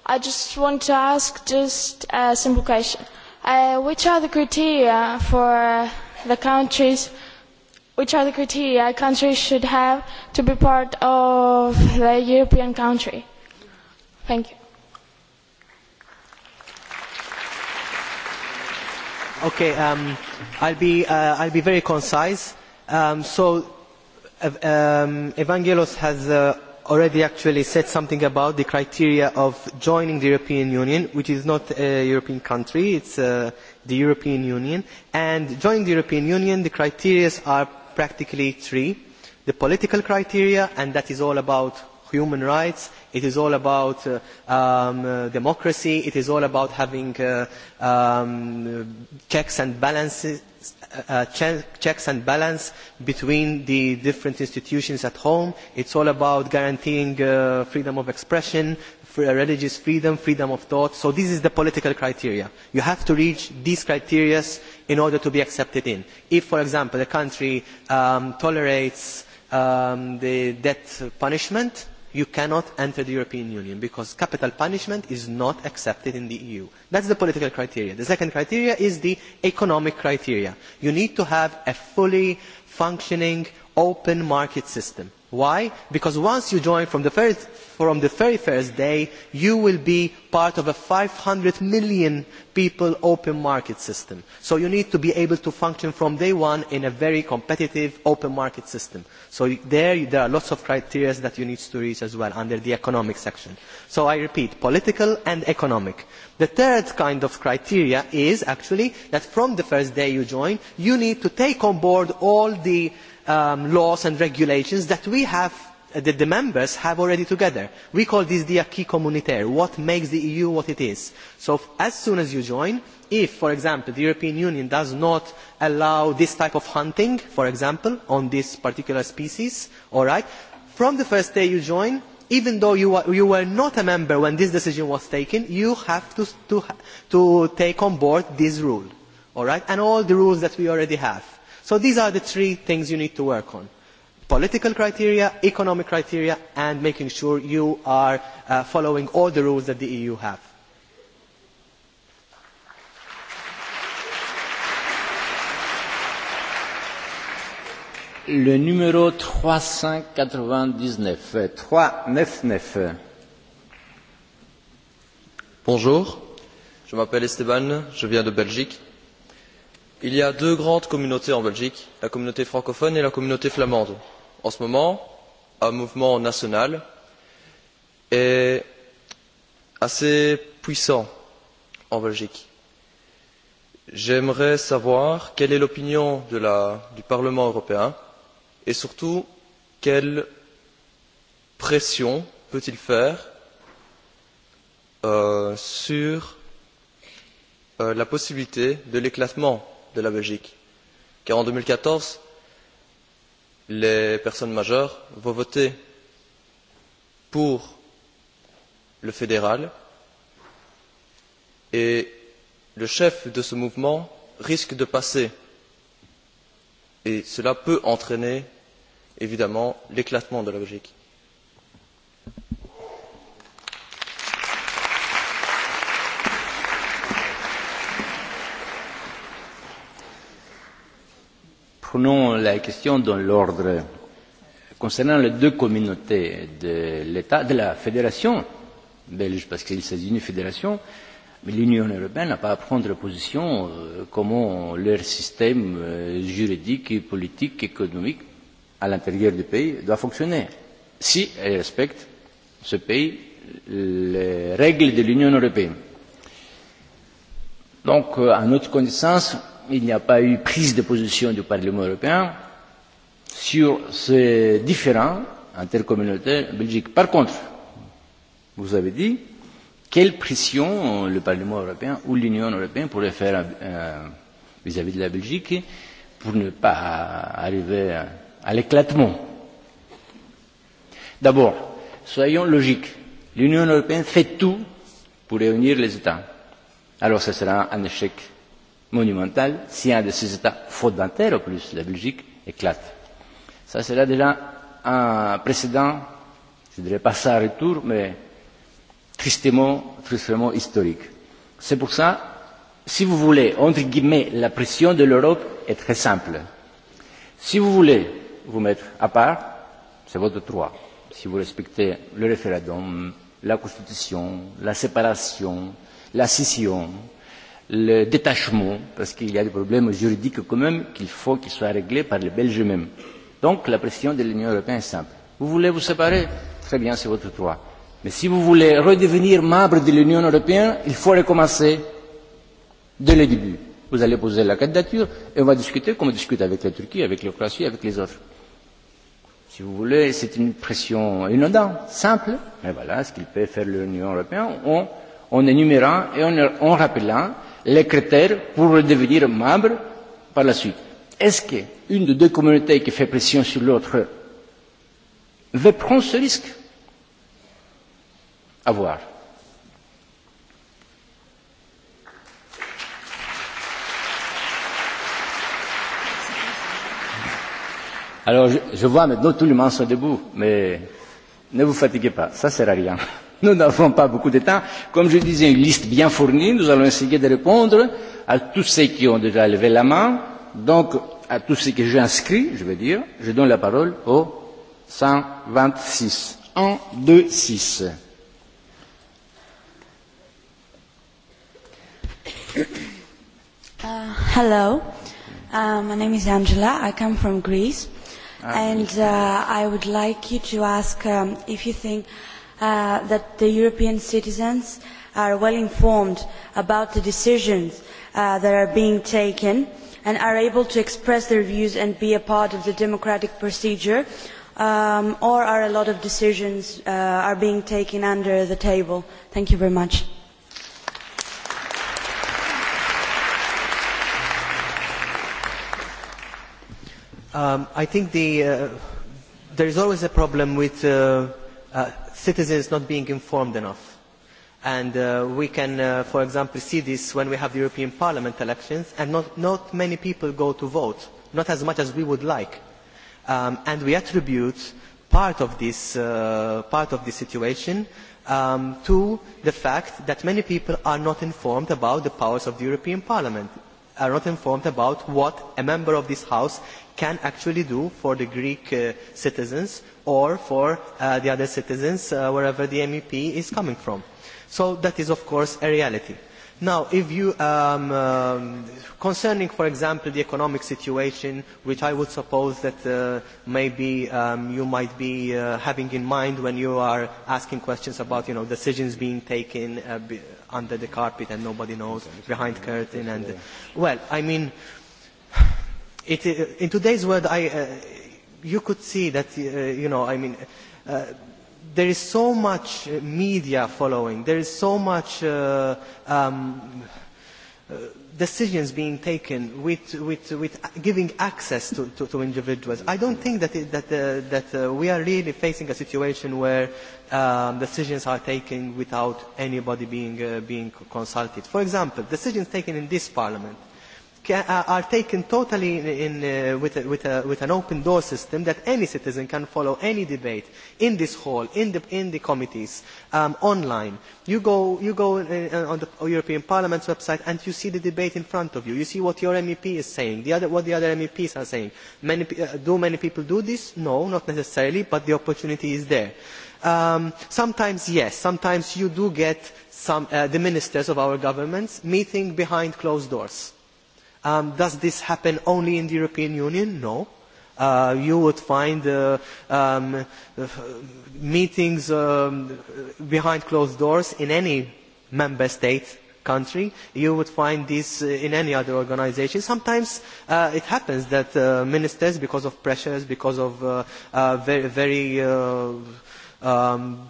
I just want to ask just a simple question which are the criteria for the countries which are the criteria countries should have to be part of the European country? Thank you. Okay, um, I'll be uh, I'll be very concise. Um, so, um, Evangelos has uh, already actually said something about the criteria of joining the European Union, which is not a European country, it's uh, the European Union. And joining the European Union, the criteria are practically three. The political criteria, and that is all about human rights, it is all about uh, um, uh, democracy, it is all about having uh, um, checks and balances, uh, checks and balance between the different institutions at home. It's all about guaranteeing uh, freedom of expression, religious freedom, freedom of thought. So this is the political criteria. You have to reach these criteria in order to be accepted in. If, for example, a country um, tolerates um, the death punishment, you cannot enter the European Union because capital punishment is not accepted in the EU. That is the political criteria. The second criteria is the economic criteria. You need to have a fully functioning open market system Why? Because once you join from the, very, from the very first day, you will be part of a five hundred million people open market system. So you need to be able to function from day one in a very competitive open market system. So there, there are lots of criteria that you need to reach as well under the economic section. So I repeat, political and economic. The third kind of criteria is actually that from the first day you join, you need to take on board all the laws and regulations that we have that the members have already together. We call this the acquis communautaire, what makes the EU what it is. So as soon as you join, if, for example, the European Union does not allow this type of hunting, for example, on this particular species, from the first day you join, even though you, were not a member when this decision was taken, you have to, take on board this rule, and all the rules that we already have So these are the three things you need to work on. Political criteria, economic criteria, and making sure you are following all the rules that the EU has Le numéro 399, 399. Bonjour, je m'appelle Esteban, je viens de Belgique il y a deux grandes communautés en belgique la communauté francophone et la communauté flamande. en ce moment un mouvement national est assez puissant en belgique. j'aimerais savoir quelle est l'opinion du parlement européen et surtout quelle pression peut il faire sur la possibilité de l'éclatement de la belgique car en deux mille quatorze les personnes majeures vont voter pour le fédéral et le chef de ce mouvement risque de passer et cela peut entraîner évidemment l'éclatement de la belgique. Prenons la question dans l'ordre. Concernant les deux communautés de l'État, de la fédération belge, parce qu'il s'agit d'une fédération, mais l'Union européenne n'a pas à prendre position comment leur système juridique, politique, économique à l'intérieur du pays doit fonctionner, si elle respecte ce pays les règles de l'Union européenne. Donc, à notre connaissance, il n'y a pas eu prise de position du Parlement européen sur ces différends intercommunautaires en Belgique. Par contre, vous avez dit quelle pression le Parlement européen ou l'Union européenne pourrait faire vis-à-vis de la Belgique pour ne pas arriver à l'éclatement. D'abord, soyons logiques. L'Union européenne fait tout pour réunir les États. Alors ce sera un échec monumental si un de ces États faudataires en plus, la Belgique, éclate. Ça serait déjà un précédent, je ne dirais pas ça à retour, mais tristement, tristement historique. C'est pour ça, si vous voulez, entre guillemets, la pression de l'Europe est très simple. Si vous voulez vous mettre à part, c'est votre droit. Si vous respectez le référendum, la constitution, la séparation, la scission, le détachement, parce qu'il y a des problèmes juridiques quand même qu'il faut qu'ils soient réglés par les Belges eux-mêmes. Donc la pression de l'Union européenne est simple. Vous voulez vous séparer Très bien, c'est votre droit. Mais si vous voulez redevenir membre de l'Union européenne, il faut recommencer dès le début. Vous allez poser la candidature et on va discuter comme on discute avec la Turquie, avec la Croatie, avec les autres. Si vous voulez, c'est une pression inondante, simple, mais voilà ce qu'il peut faire l'Union européenne en, en énumérant et en, en rappelant les critères pour redevenir membre par la suite. Est-ce qu'une des deux communautés qui fait pression sur l'autre veut prendre ce risque À voir. Alors, je, je vois maintenant tout le monde sont debout, mais ne vous fatiguez pas, ça ne sert à rien. Nous n'avons pas beaucoup de temps. Comme je disais, une liste bien fournie. Nous allons essayer de répondre à tous ceux qui ont déjà levé la main. Donc, à tous ceux que j'ai inscrits, je veux dire, je donne la parole au 126. 1, 2, 6. Uh, hello, uh, my name is Angela. I come from Greece, and uh, I would like you to ask um, if you think uh, that the European citizens are well informed about the decisions uh, that are being taken and are able to express their views and be a part of the democratic procedure um, or are a lot of decisions uh, are being taken under the table. Thank you very much. Um, I think the, uh, there is always a problem with uh, uh, citizens not being informed enough. And uh, we can, uh, for example, see this when we have the European Parliament elections and not, not many people go to vote, not as much as we would like. Um, and we attribute part of this, uh, part of this situation um, to the fact that many people are not informed about the powers of the European Parliament, are not informed about what a member of this House can actually do for the Greek uh, citizens or for uh, the other citizens uh, wherever the MEP is coming from. So that is of course a reality. Now, if you, um, um, concerning, for example, the economic situation, which I would suppose that uh, maybe um, you might be uh, having in mind when you are asking questions about, you know, decisions being taken uh, be under the carpet and nobody knows, behind curtain, and well, I mean It, uh, in today's world, I, uh, you could see that, uh, you know, I mean, uh, there is so much media following, there is so much uh, um, uh, decisions being taken with, with, with giving access to, to, to individuals. I don't think that, it, that, uh, that uh, we are really facing a situation where um, decisions are taken without anybody being, uh, being consulted. For example, decisions taken in this parliament are taken totally in, uh, with, a, with, a, with an open door system that any citizen can follow any debate in this hall, in the, in the committees, um, online. You go, you go uh, on the European Parliament's website and you see the debate in front of you. You see what your MEP is saying, the other, what the other MEPs are saying. Many, uh, do many people do this? No, not necessarily, but the opportunity is there. Um, sometimes, yes, sometimes you do get some, uh, the ministers of our governments meeting behind closed doors Um, does this happen only in the European Union? No. Uh, you would find uh, um, meetings um, behind closed doors in any member state country. You would find this in any other organisation. Sometimes uh, it happens that uh, ministers, because of pressures, because of uh, uh, very, very uh, um,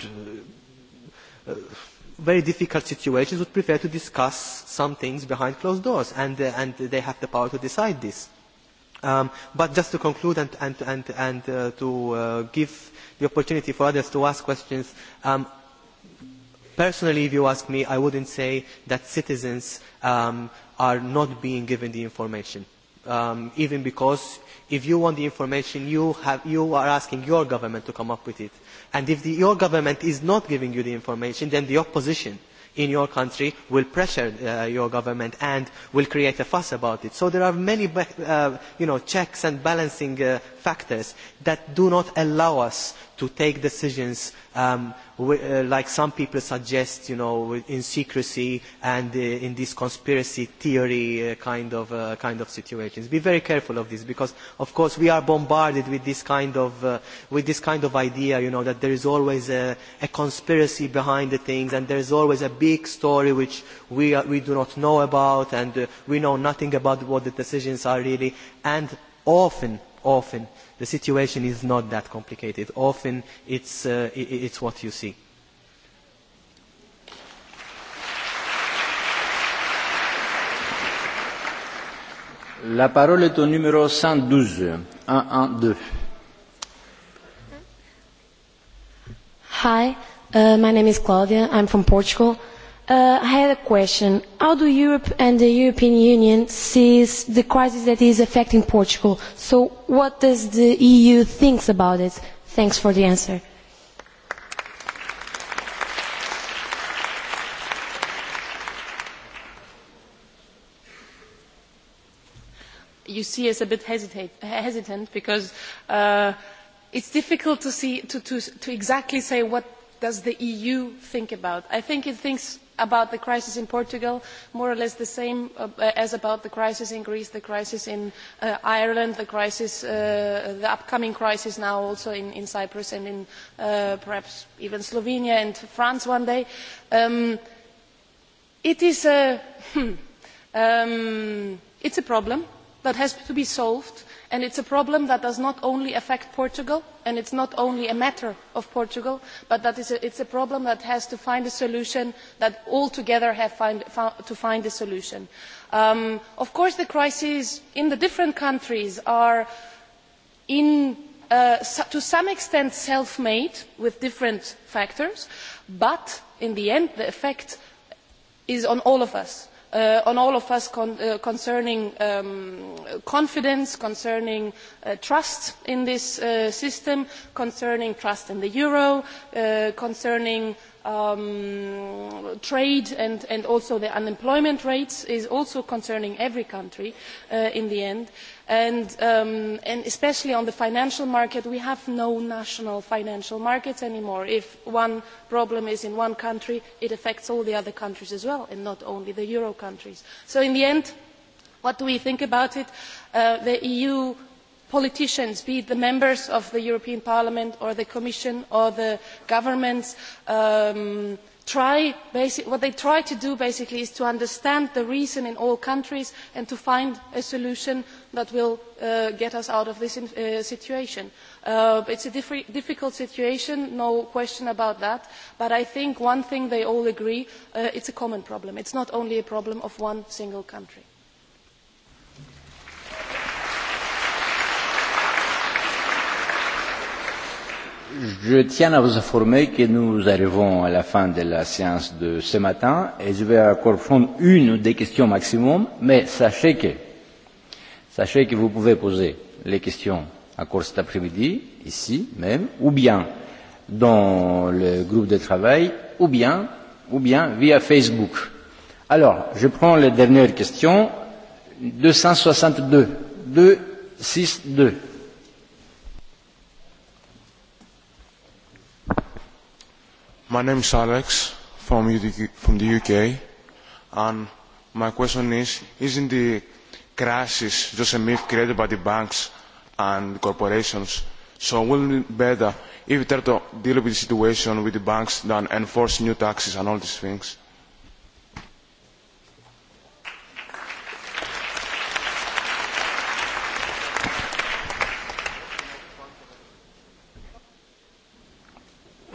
very difficult situations would prefer to discuss some things behind closed doors, and, uh, and they have the power to decide this. Um, but just to conclude and, and, and, and uh, to uh, give the opportunity for others to ask questions, um, personally, if you ask me, I wouldn't say that citizens um, are not being given the information um, even because if you want the information, you, have, you are asking your government to come up with it. And if the, your government is not giving you the information, then the opposition in your country will pressure uh, your government and will create a fuss about it. So there are many uh, you know, checks and balancing uh, factors that do not allow us to take decisions like some people suggest, in secrecy and in these conspiracy theory kind, of, kind of situations. Be very careful of this because, of course, we are bombarded with this kind of, with this kind of idea, you know, that there is always a, a conspiracy behind the things and there is always a big story which we, are, we do not know about and we know nothing about what the decisions are really. And often often the situation is not that complicated. Often it's, uh, it's what you see. La parole est au numéro 112. 112. Hi, uh, my name is Claudia. I'm from Portugal I have a question. How do Europe and the European Union see the crisis that is affecting Portugal? So what does the EU think about it? Thanks for the answer. You see us a bit hesitant because uh, it's difficult to, see, to, to, to exactly say what does the EU think about. I think it thinks about the crisis in Portugal, more or less the same as about the crisis in Greece, the crisis in Ireland, the crisis, the upcoming crisis now also in, Cyprus and in perhaps even Slovenia and France one day. it is a, problem that has to be solved and it is a problem that does not only affect portugal and it is not only a matter of portugal but it is a problem that has to find a solution that all together have to find a solution. of course the crises in the different countries are to some extent self made with different factors but in the end the effect is on all of us on all of us concerning confidence concerning trust in this system concerning trust in the euro concerning trade and also the unemployment rates is also concerning every country in the end and especially on the financial market we have no national financial markets anymore. if one problem is in one country it affects all the other countries as well and not only the euro countries. so in the end what do we think about it? the eu politicians be it the members of the european parliament or the commission or the governments try what they try to do basically is to understand the reason in all countries and to find a solution that will get us out of this situation. It is a difficult situation, no question about that, but I think one thing they all agree, it is a common problem. It is not only a problem of one single country. Je tiens à vous informer que nous arrivons à la fin de la séance de ce matin et je vais encore prendre une ou deux questions maximum, mais sachez que, sachez que vous pouvez poser les questions encore cet après-midi, ici même, ou bien dans le groupe de travail, ou bien, ou bien via Facebook. Alors, je prends les dernières questions. 262. 262. My name is Alex from, UD, from the UK, and my question is, isn't the crisis just a myth created by the banks and corporations? So wouldn't it be better if we try to deal with the situation with the banks than enforce new taxes and all these things?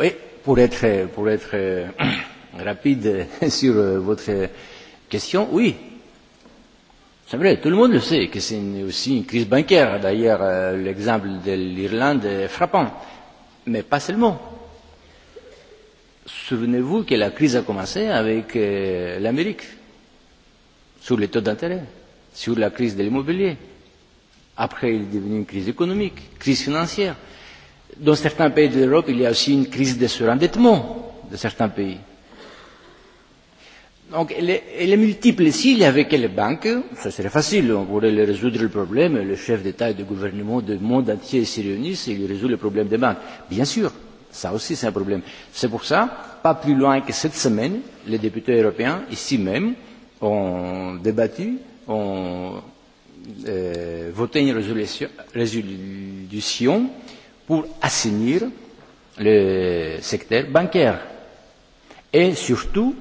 Oui, pour être, pour être rapide sur votre question, oui, c'est vrai, tout le monde le sait que c'est aussi une crise bancaire. D'ailleurs, l'exemple de l'Irlande est frappant. Mais pas seulement. Souvenez-vous que la crise a commencé avec l'Amérique, sur les taux d'intérêt, sur la crise de l'immobilier. Après, il est devenu une crise économique, crise financière. Dans certains pays de l'Europe, il y a aussi une crise de surendettement de certains pays. Donc, elle est, elle est multiple. S'il n'y avait que les banques, ce serait facile. On pourrait résoudre le problème. le chef d'État et de gouvernement du monde entier s'y réunissent et ils résout le problème des banques. Bien sûr, ça aussi c'est un problème. C'est pour ça, pas plus loin que cette semaine, les députés européens, ici même, ont débattu, ont euh, voté une résolution, résolution pour assainir le secteur bancaire. Et surtout,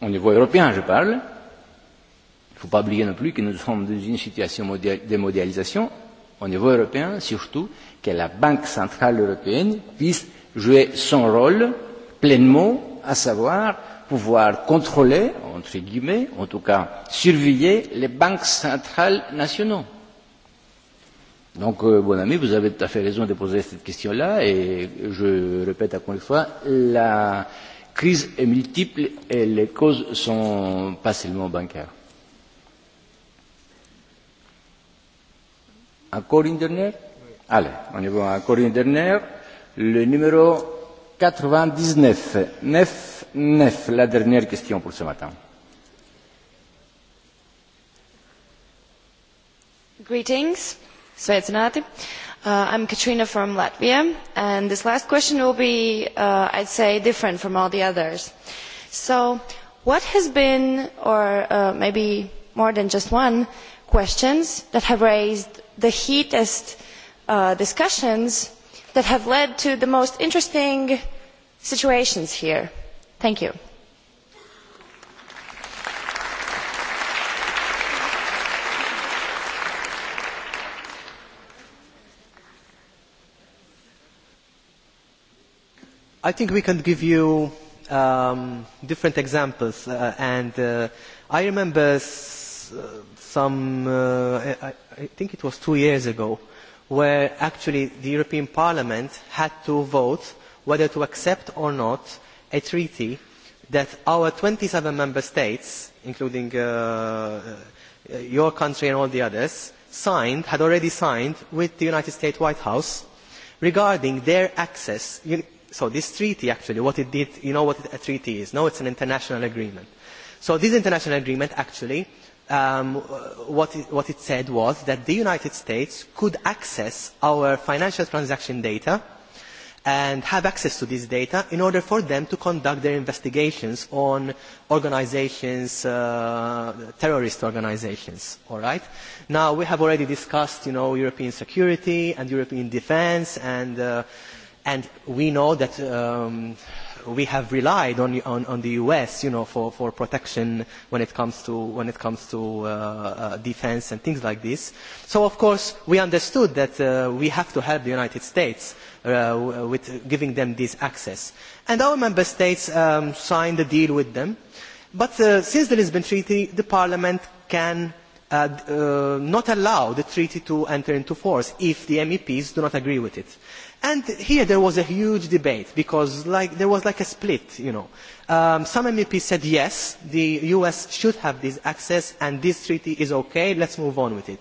au niveau européen, je parle, il ne faut pas oublier non plus que nous sommes dans une situation de mondialisation, au niveau européen, surtout, que la Banque centrale européenne puisse jouer son rôle pleinement, à savoir pouvoir contrôler, entre guillemets, en tout cas surveiller les banques centrales nationales Donc, euh, bon ami, vous avez tout à fait raison de poser cette question-là, et je répète encore une fois, la crise est multiple et les causes sont pas seulement bancaires. Encore une dernière Allez, on y va, encore une dernière. Le numéro 99, 9, 9, la dernière question pour ce matin. Greetings. Sveicināti. Uh, I'm Katrina from Latvia, and this last question will be, uh, I'd say, different from all the others. So, what has been, or uh, maybe more than just one, questions that have raised the heatest uh, discussions that have led to the most interesting situations here? Thank you. I think we can give you um, different examples, uh, and uh, I remember s some, uh, I, I think it was two years ago, where actually the European Parliament had to vote whether to accept or not a treaty that our twenty seven member states, including uh, your country and all the others, signed, had already signed with the United States White House regarding their access. So this treaty, actually, what it did, you know what a treaty is? No, it's an international agreement. So this international agreement, actually, um, what, it, what it said was that the United States could access our financial transaction data and have access to this data in order for them to conduct their investigations on organizations, uh, terrorist organizations, all right? Now, we have already discussed, you know, European security and European defense and uh, And we know that um, we have relied on, on, on the US, you know, for, for protection when it comes to, when it comes to uh, uh, defense and things like this. So, of course, we understood that uh, we have to help the United States uh, with giving them this access. And our member states um, signed a deal with them. But uh, since the Lisbon Treaty, the Parliament can uh, not allow the treaty to enter into force if the MEPs do not agree with it. And here there was a huge debate because like, there was like a split, you know. Um, some MEPs said yes, the US should have this access and this treaty is okay, let's move on with it.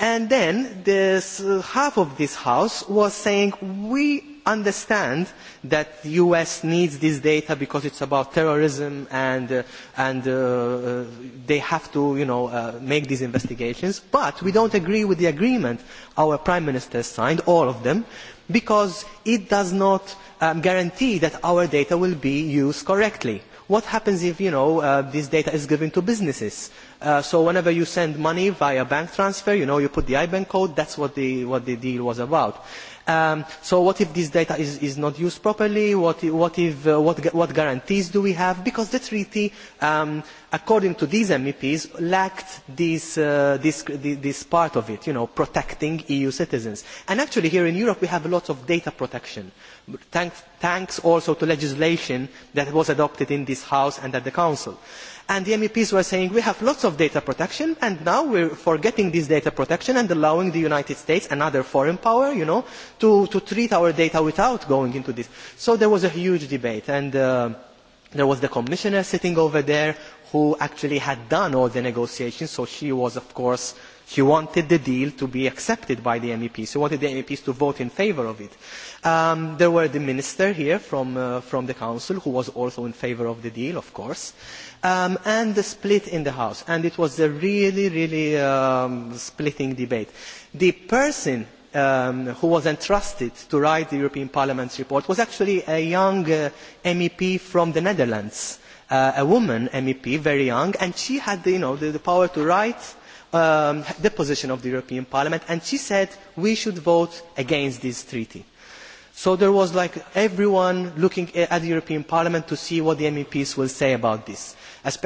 And then this, uh, half of this house was saying we understand that the US needs this data because it's about terrorism and, uh, and uh, they have to you know, uh, make these investigations, but we don't agree with the agreement our prime minister signed, all of them, because it does not guarantee that our data will be used correctly. What happens if this data is given to businesses? so whenever you send money via bank transfer, you put the IBAN code. That's what the, what the deal was about so what if this data is, is not used properly? What, what, if, uh, what, what guarantees do we have? Because the treaty, um, according to these MEPs, lacked this, uh, this, this part of it, you know, protecting EU citizens. And actually here in Europe we have a lot of data protection, thanks, thanks also to legislation that was adopted in this House and at the Council and the meps were saying we have lots of data protection and now we are forgetting this data protection and allowing the united states another foreign power to treat our data without going into this. so there was a huge debate and there was the commissioner sitting over there who actually had done all the negotiations so she was of course she wanted the deal to be accepted by the meps she wanted the meps to vote in favour of it. there were the minister here from the council who was also in favour of the deal of course um, and the split in the House. And it was a really, really um, splitting debate. The person um, who was entrusted to write the European Parliament's report was actually a young uh, MEP from the Netherlands, uh, a woman MEP, very young, and she had the, you know, the, the power to write um, the position of the European Parliament, and she said we should vote against this treaty. So there was like everyone looking at the European Parliament to see what the MEPs will say about this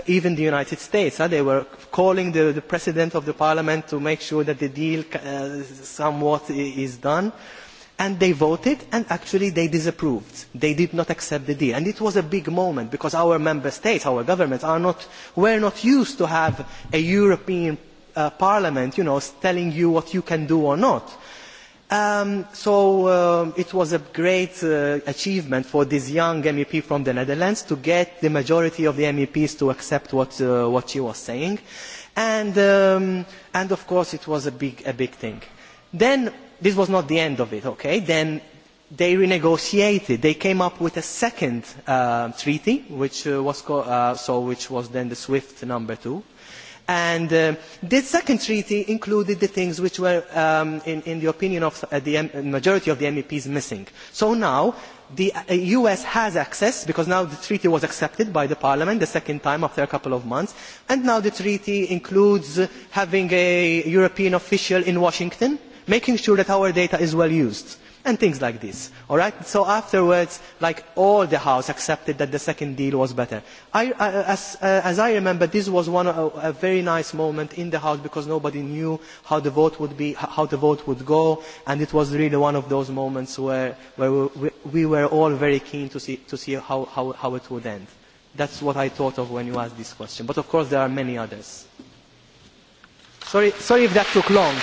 even the United States, they were calling the, the president of the parliament to make sure that the deal is somewhat is done. And they voted, and actually they disapproved. They did not accept the deal. And it was a big moment because our member states, our governments, were not used to having a European parliament, telling you what you can do or not so it was a great achievement for this young MEP from the Netherlands to get the majority of the MEPs to accept what, she was saying. And, of course it was a big, thing. Then this was not the end of it, okay? Then they renegotiated. They came up with a second treaty, which, was, uh, which was then the SWIFT number two And this second treaty included the things which were, in, the opinion of the majority of the MEPs, missing. So now the us has access because now the treaty was accepted by parliament the second time after a couple of months and now the treaty includes having a european official in washington making sure that our data is well used and things like this. All right? So afterwards, like all the House accepted that the second deal was better. I, as, uh, as I remember, this was one a, a very nice moment in the House because nobody knew how the vote would be, how the vote would go, and it was really one of those moments where, where we, we were all very keen to see, to see how, how, how it would end. That's what I thought of when you asked this question. But of course, there are many others. Sorry, sorry if that took long.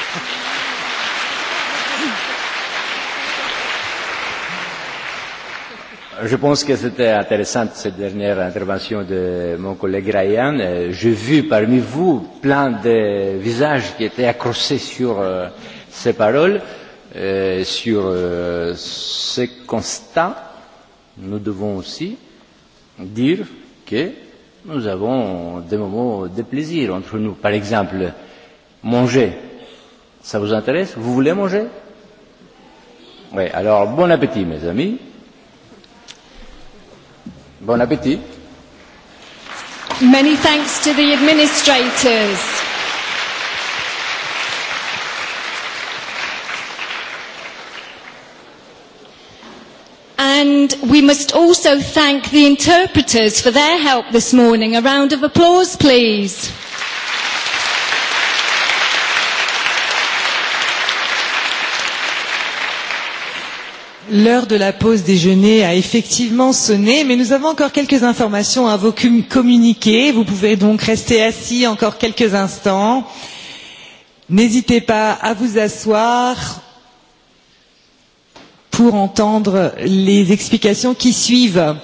Je pense que c'était intéressant cette dernière intervention de mon collègue Ryan. J'ai vu parmi vous plein de visages qui étaient accrochés sur ces paroles, sur ce constat. Nous devons aussi dire que nous avons des moments de plaisir entre nous. Par exemple, manger, ça vous intéresse Vous voulez manger Oui, alors bon appétit mes amis Bon appétit. Many thanks to the administrators. And we must also thank the interpreters for their help this morning. A round of applause, please. L'heure de la pause déjeuner a effectivement sonné, mais nous avons encore quelques informations à vous communiquer. Vous pouvez donc rester assis encore quelques instants. N'hésitez pas à vous asseoir pour entendre les explications qui suivent.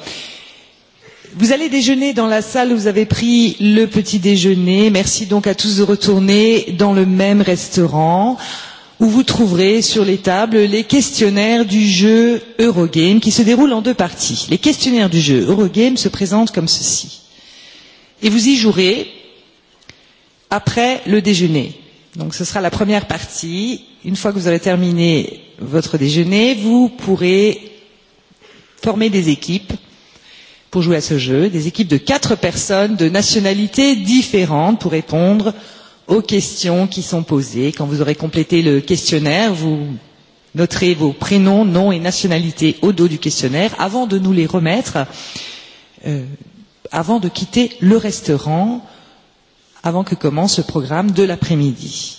Vous allez déjeuner dans la salle où vous avez pris le petit déjeuner. Merci donc à tous de retourner dans le même restaurant où vous trouverez sur les tables les questionnaires du jeu Eurogame qui se déroule en deux parties. Les questionnaires du jeu Eurogame se présentent comme ceci. Et vous y jouerez après le déjeuner. Donc ce sera la première partie. Une fois que vous aurez terminé votre déjeuner, vous pourrez former des équipes pour jouer à ce jeu, des équipes de quatre personnes de nationalités différentes pour répondre aux questions qui sont posées. Quand vous aurez complété le questionnaire, vous noterez vos prénoms, noms et nationalités au dos du questionnaire avant de nous les remettre, euh, avant de quitter le restaurant, avant que commence le programme de l'après-midi.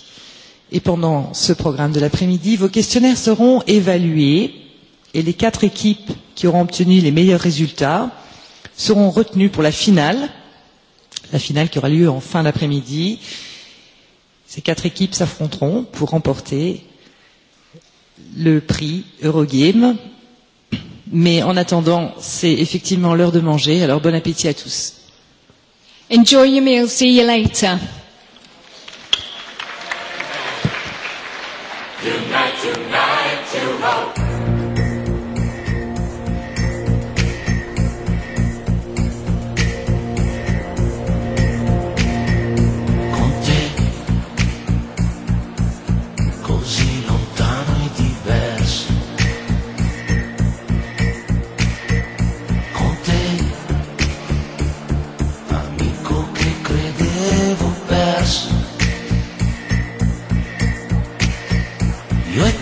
Et pendant ce programme de l'après-midi, vos questionnaires seront évalués et les quatre équipes qui auront obtenu les meilleurs résultats seront retenues pour la finale, la finale qui aura lieu en fin d'après-midi. Euh, Ces quatre équipes s'affronteront pour remporter le prix Eurogame. Mais en attendant, c'est effectivement l'heure de manger, alors bon appétit à tous. Enjoy your meal, see you later. Tonight, tonight, tomorrow.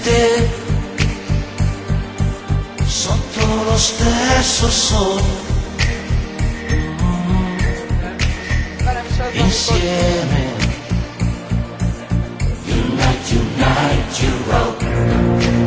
te sotto lo stesso sole insieme Unite, unite all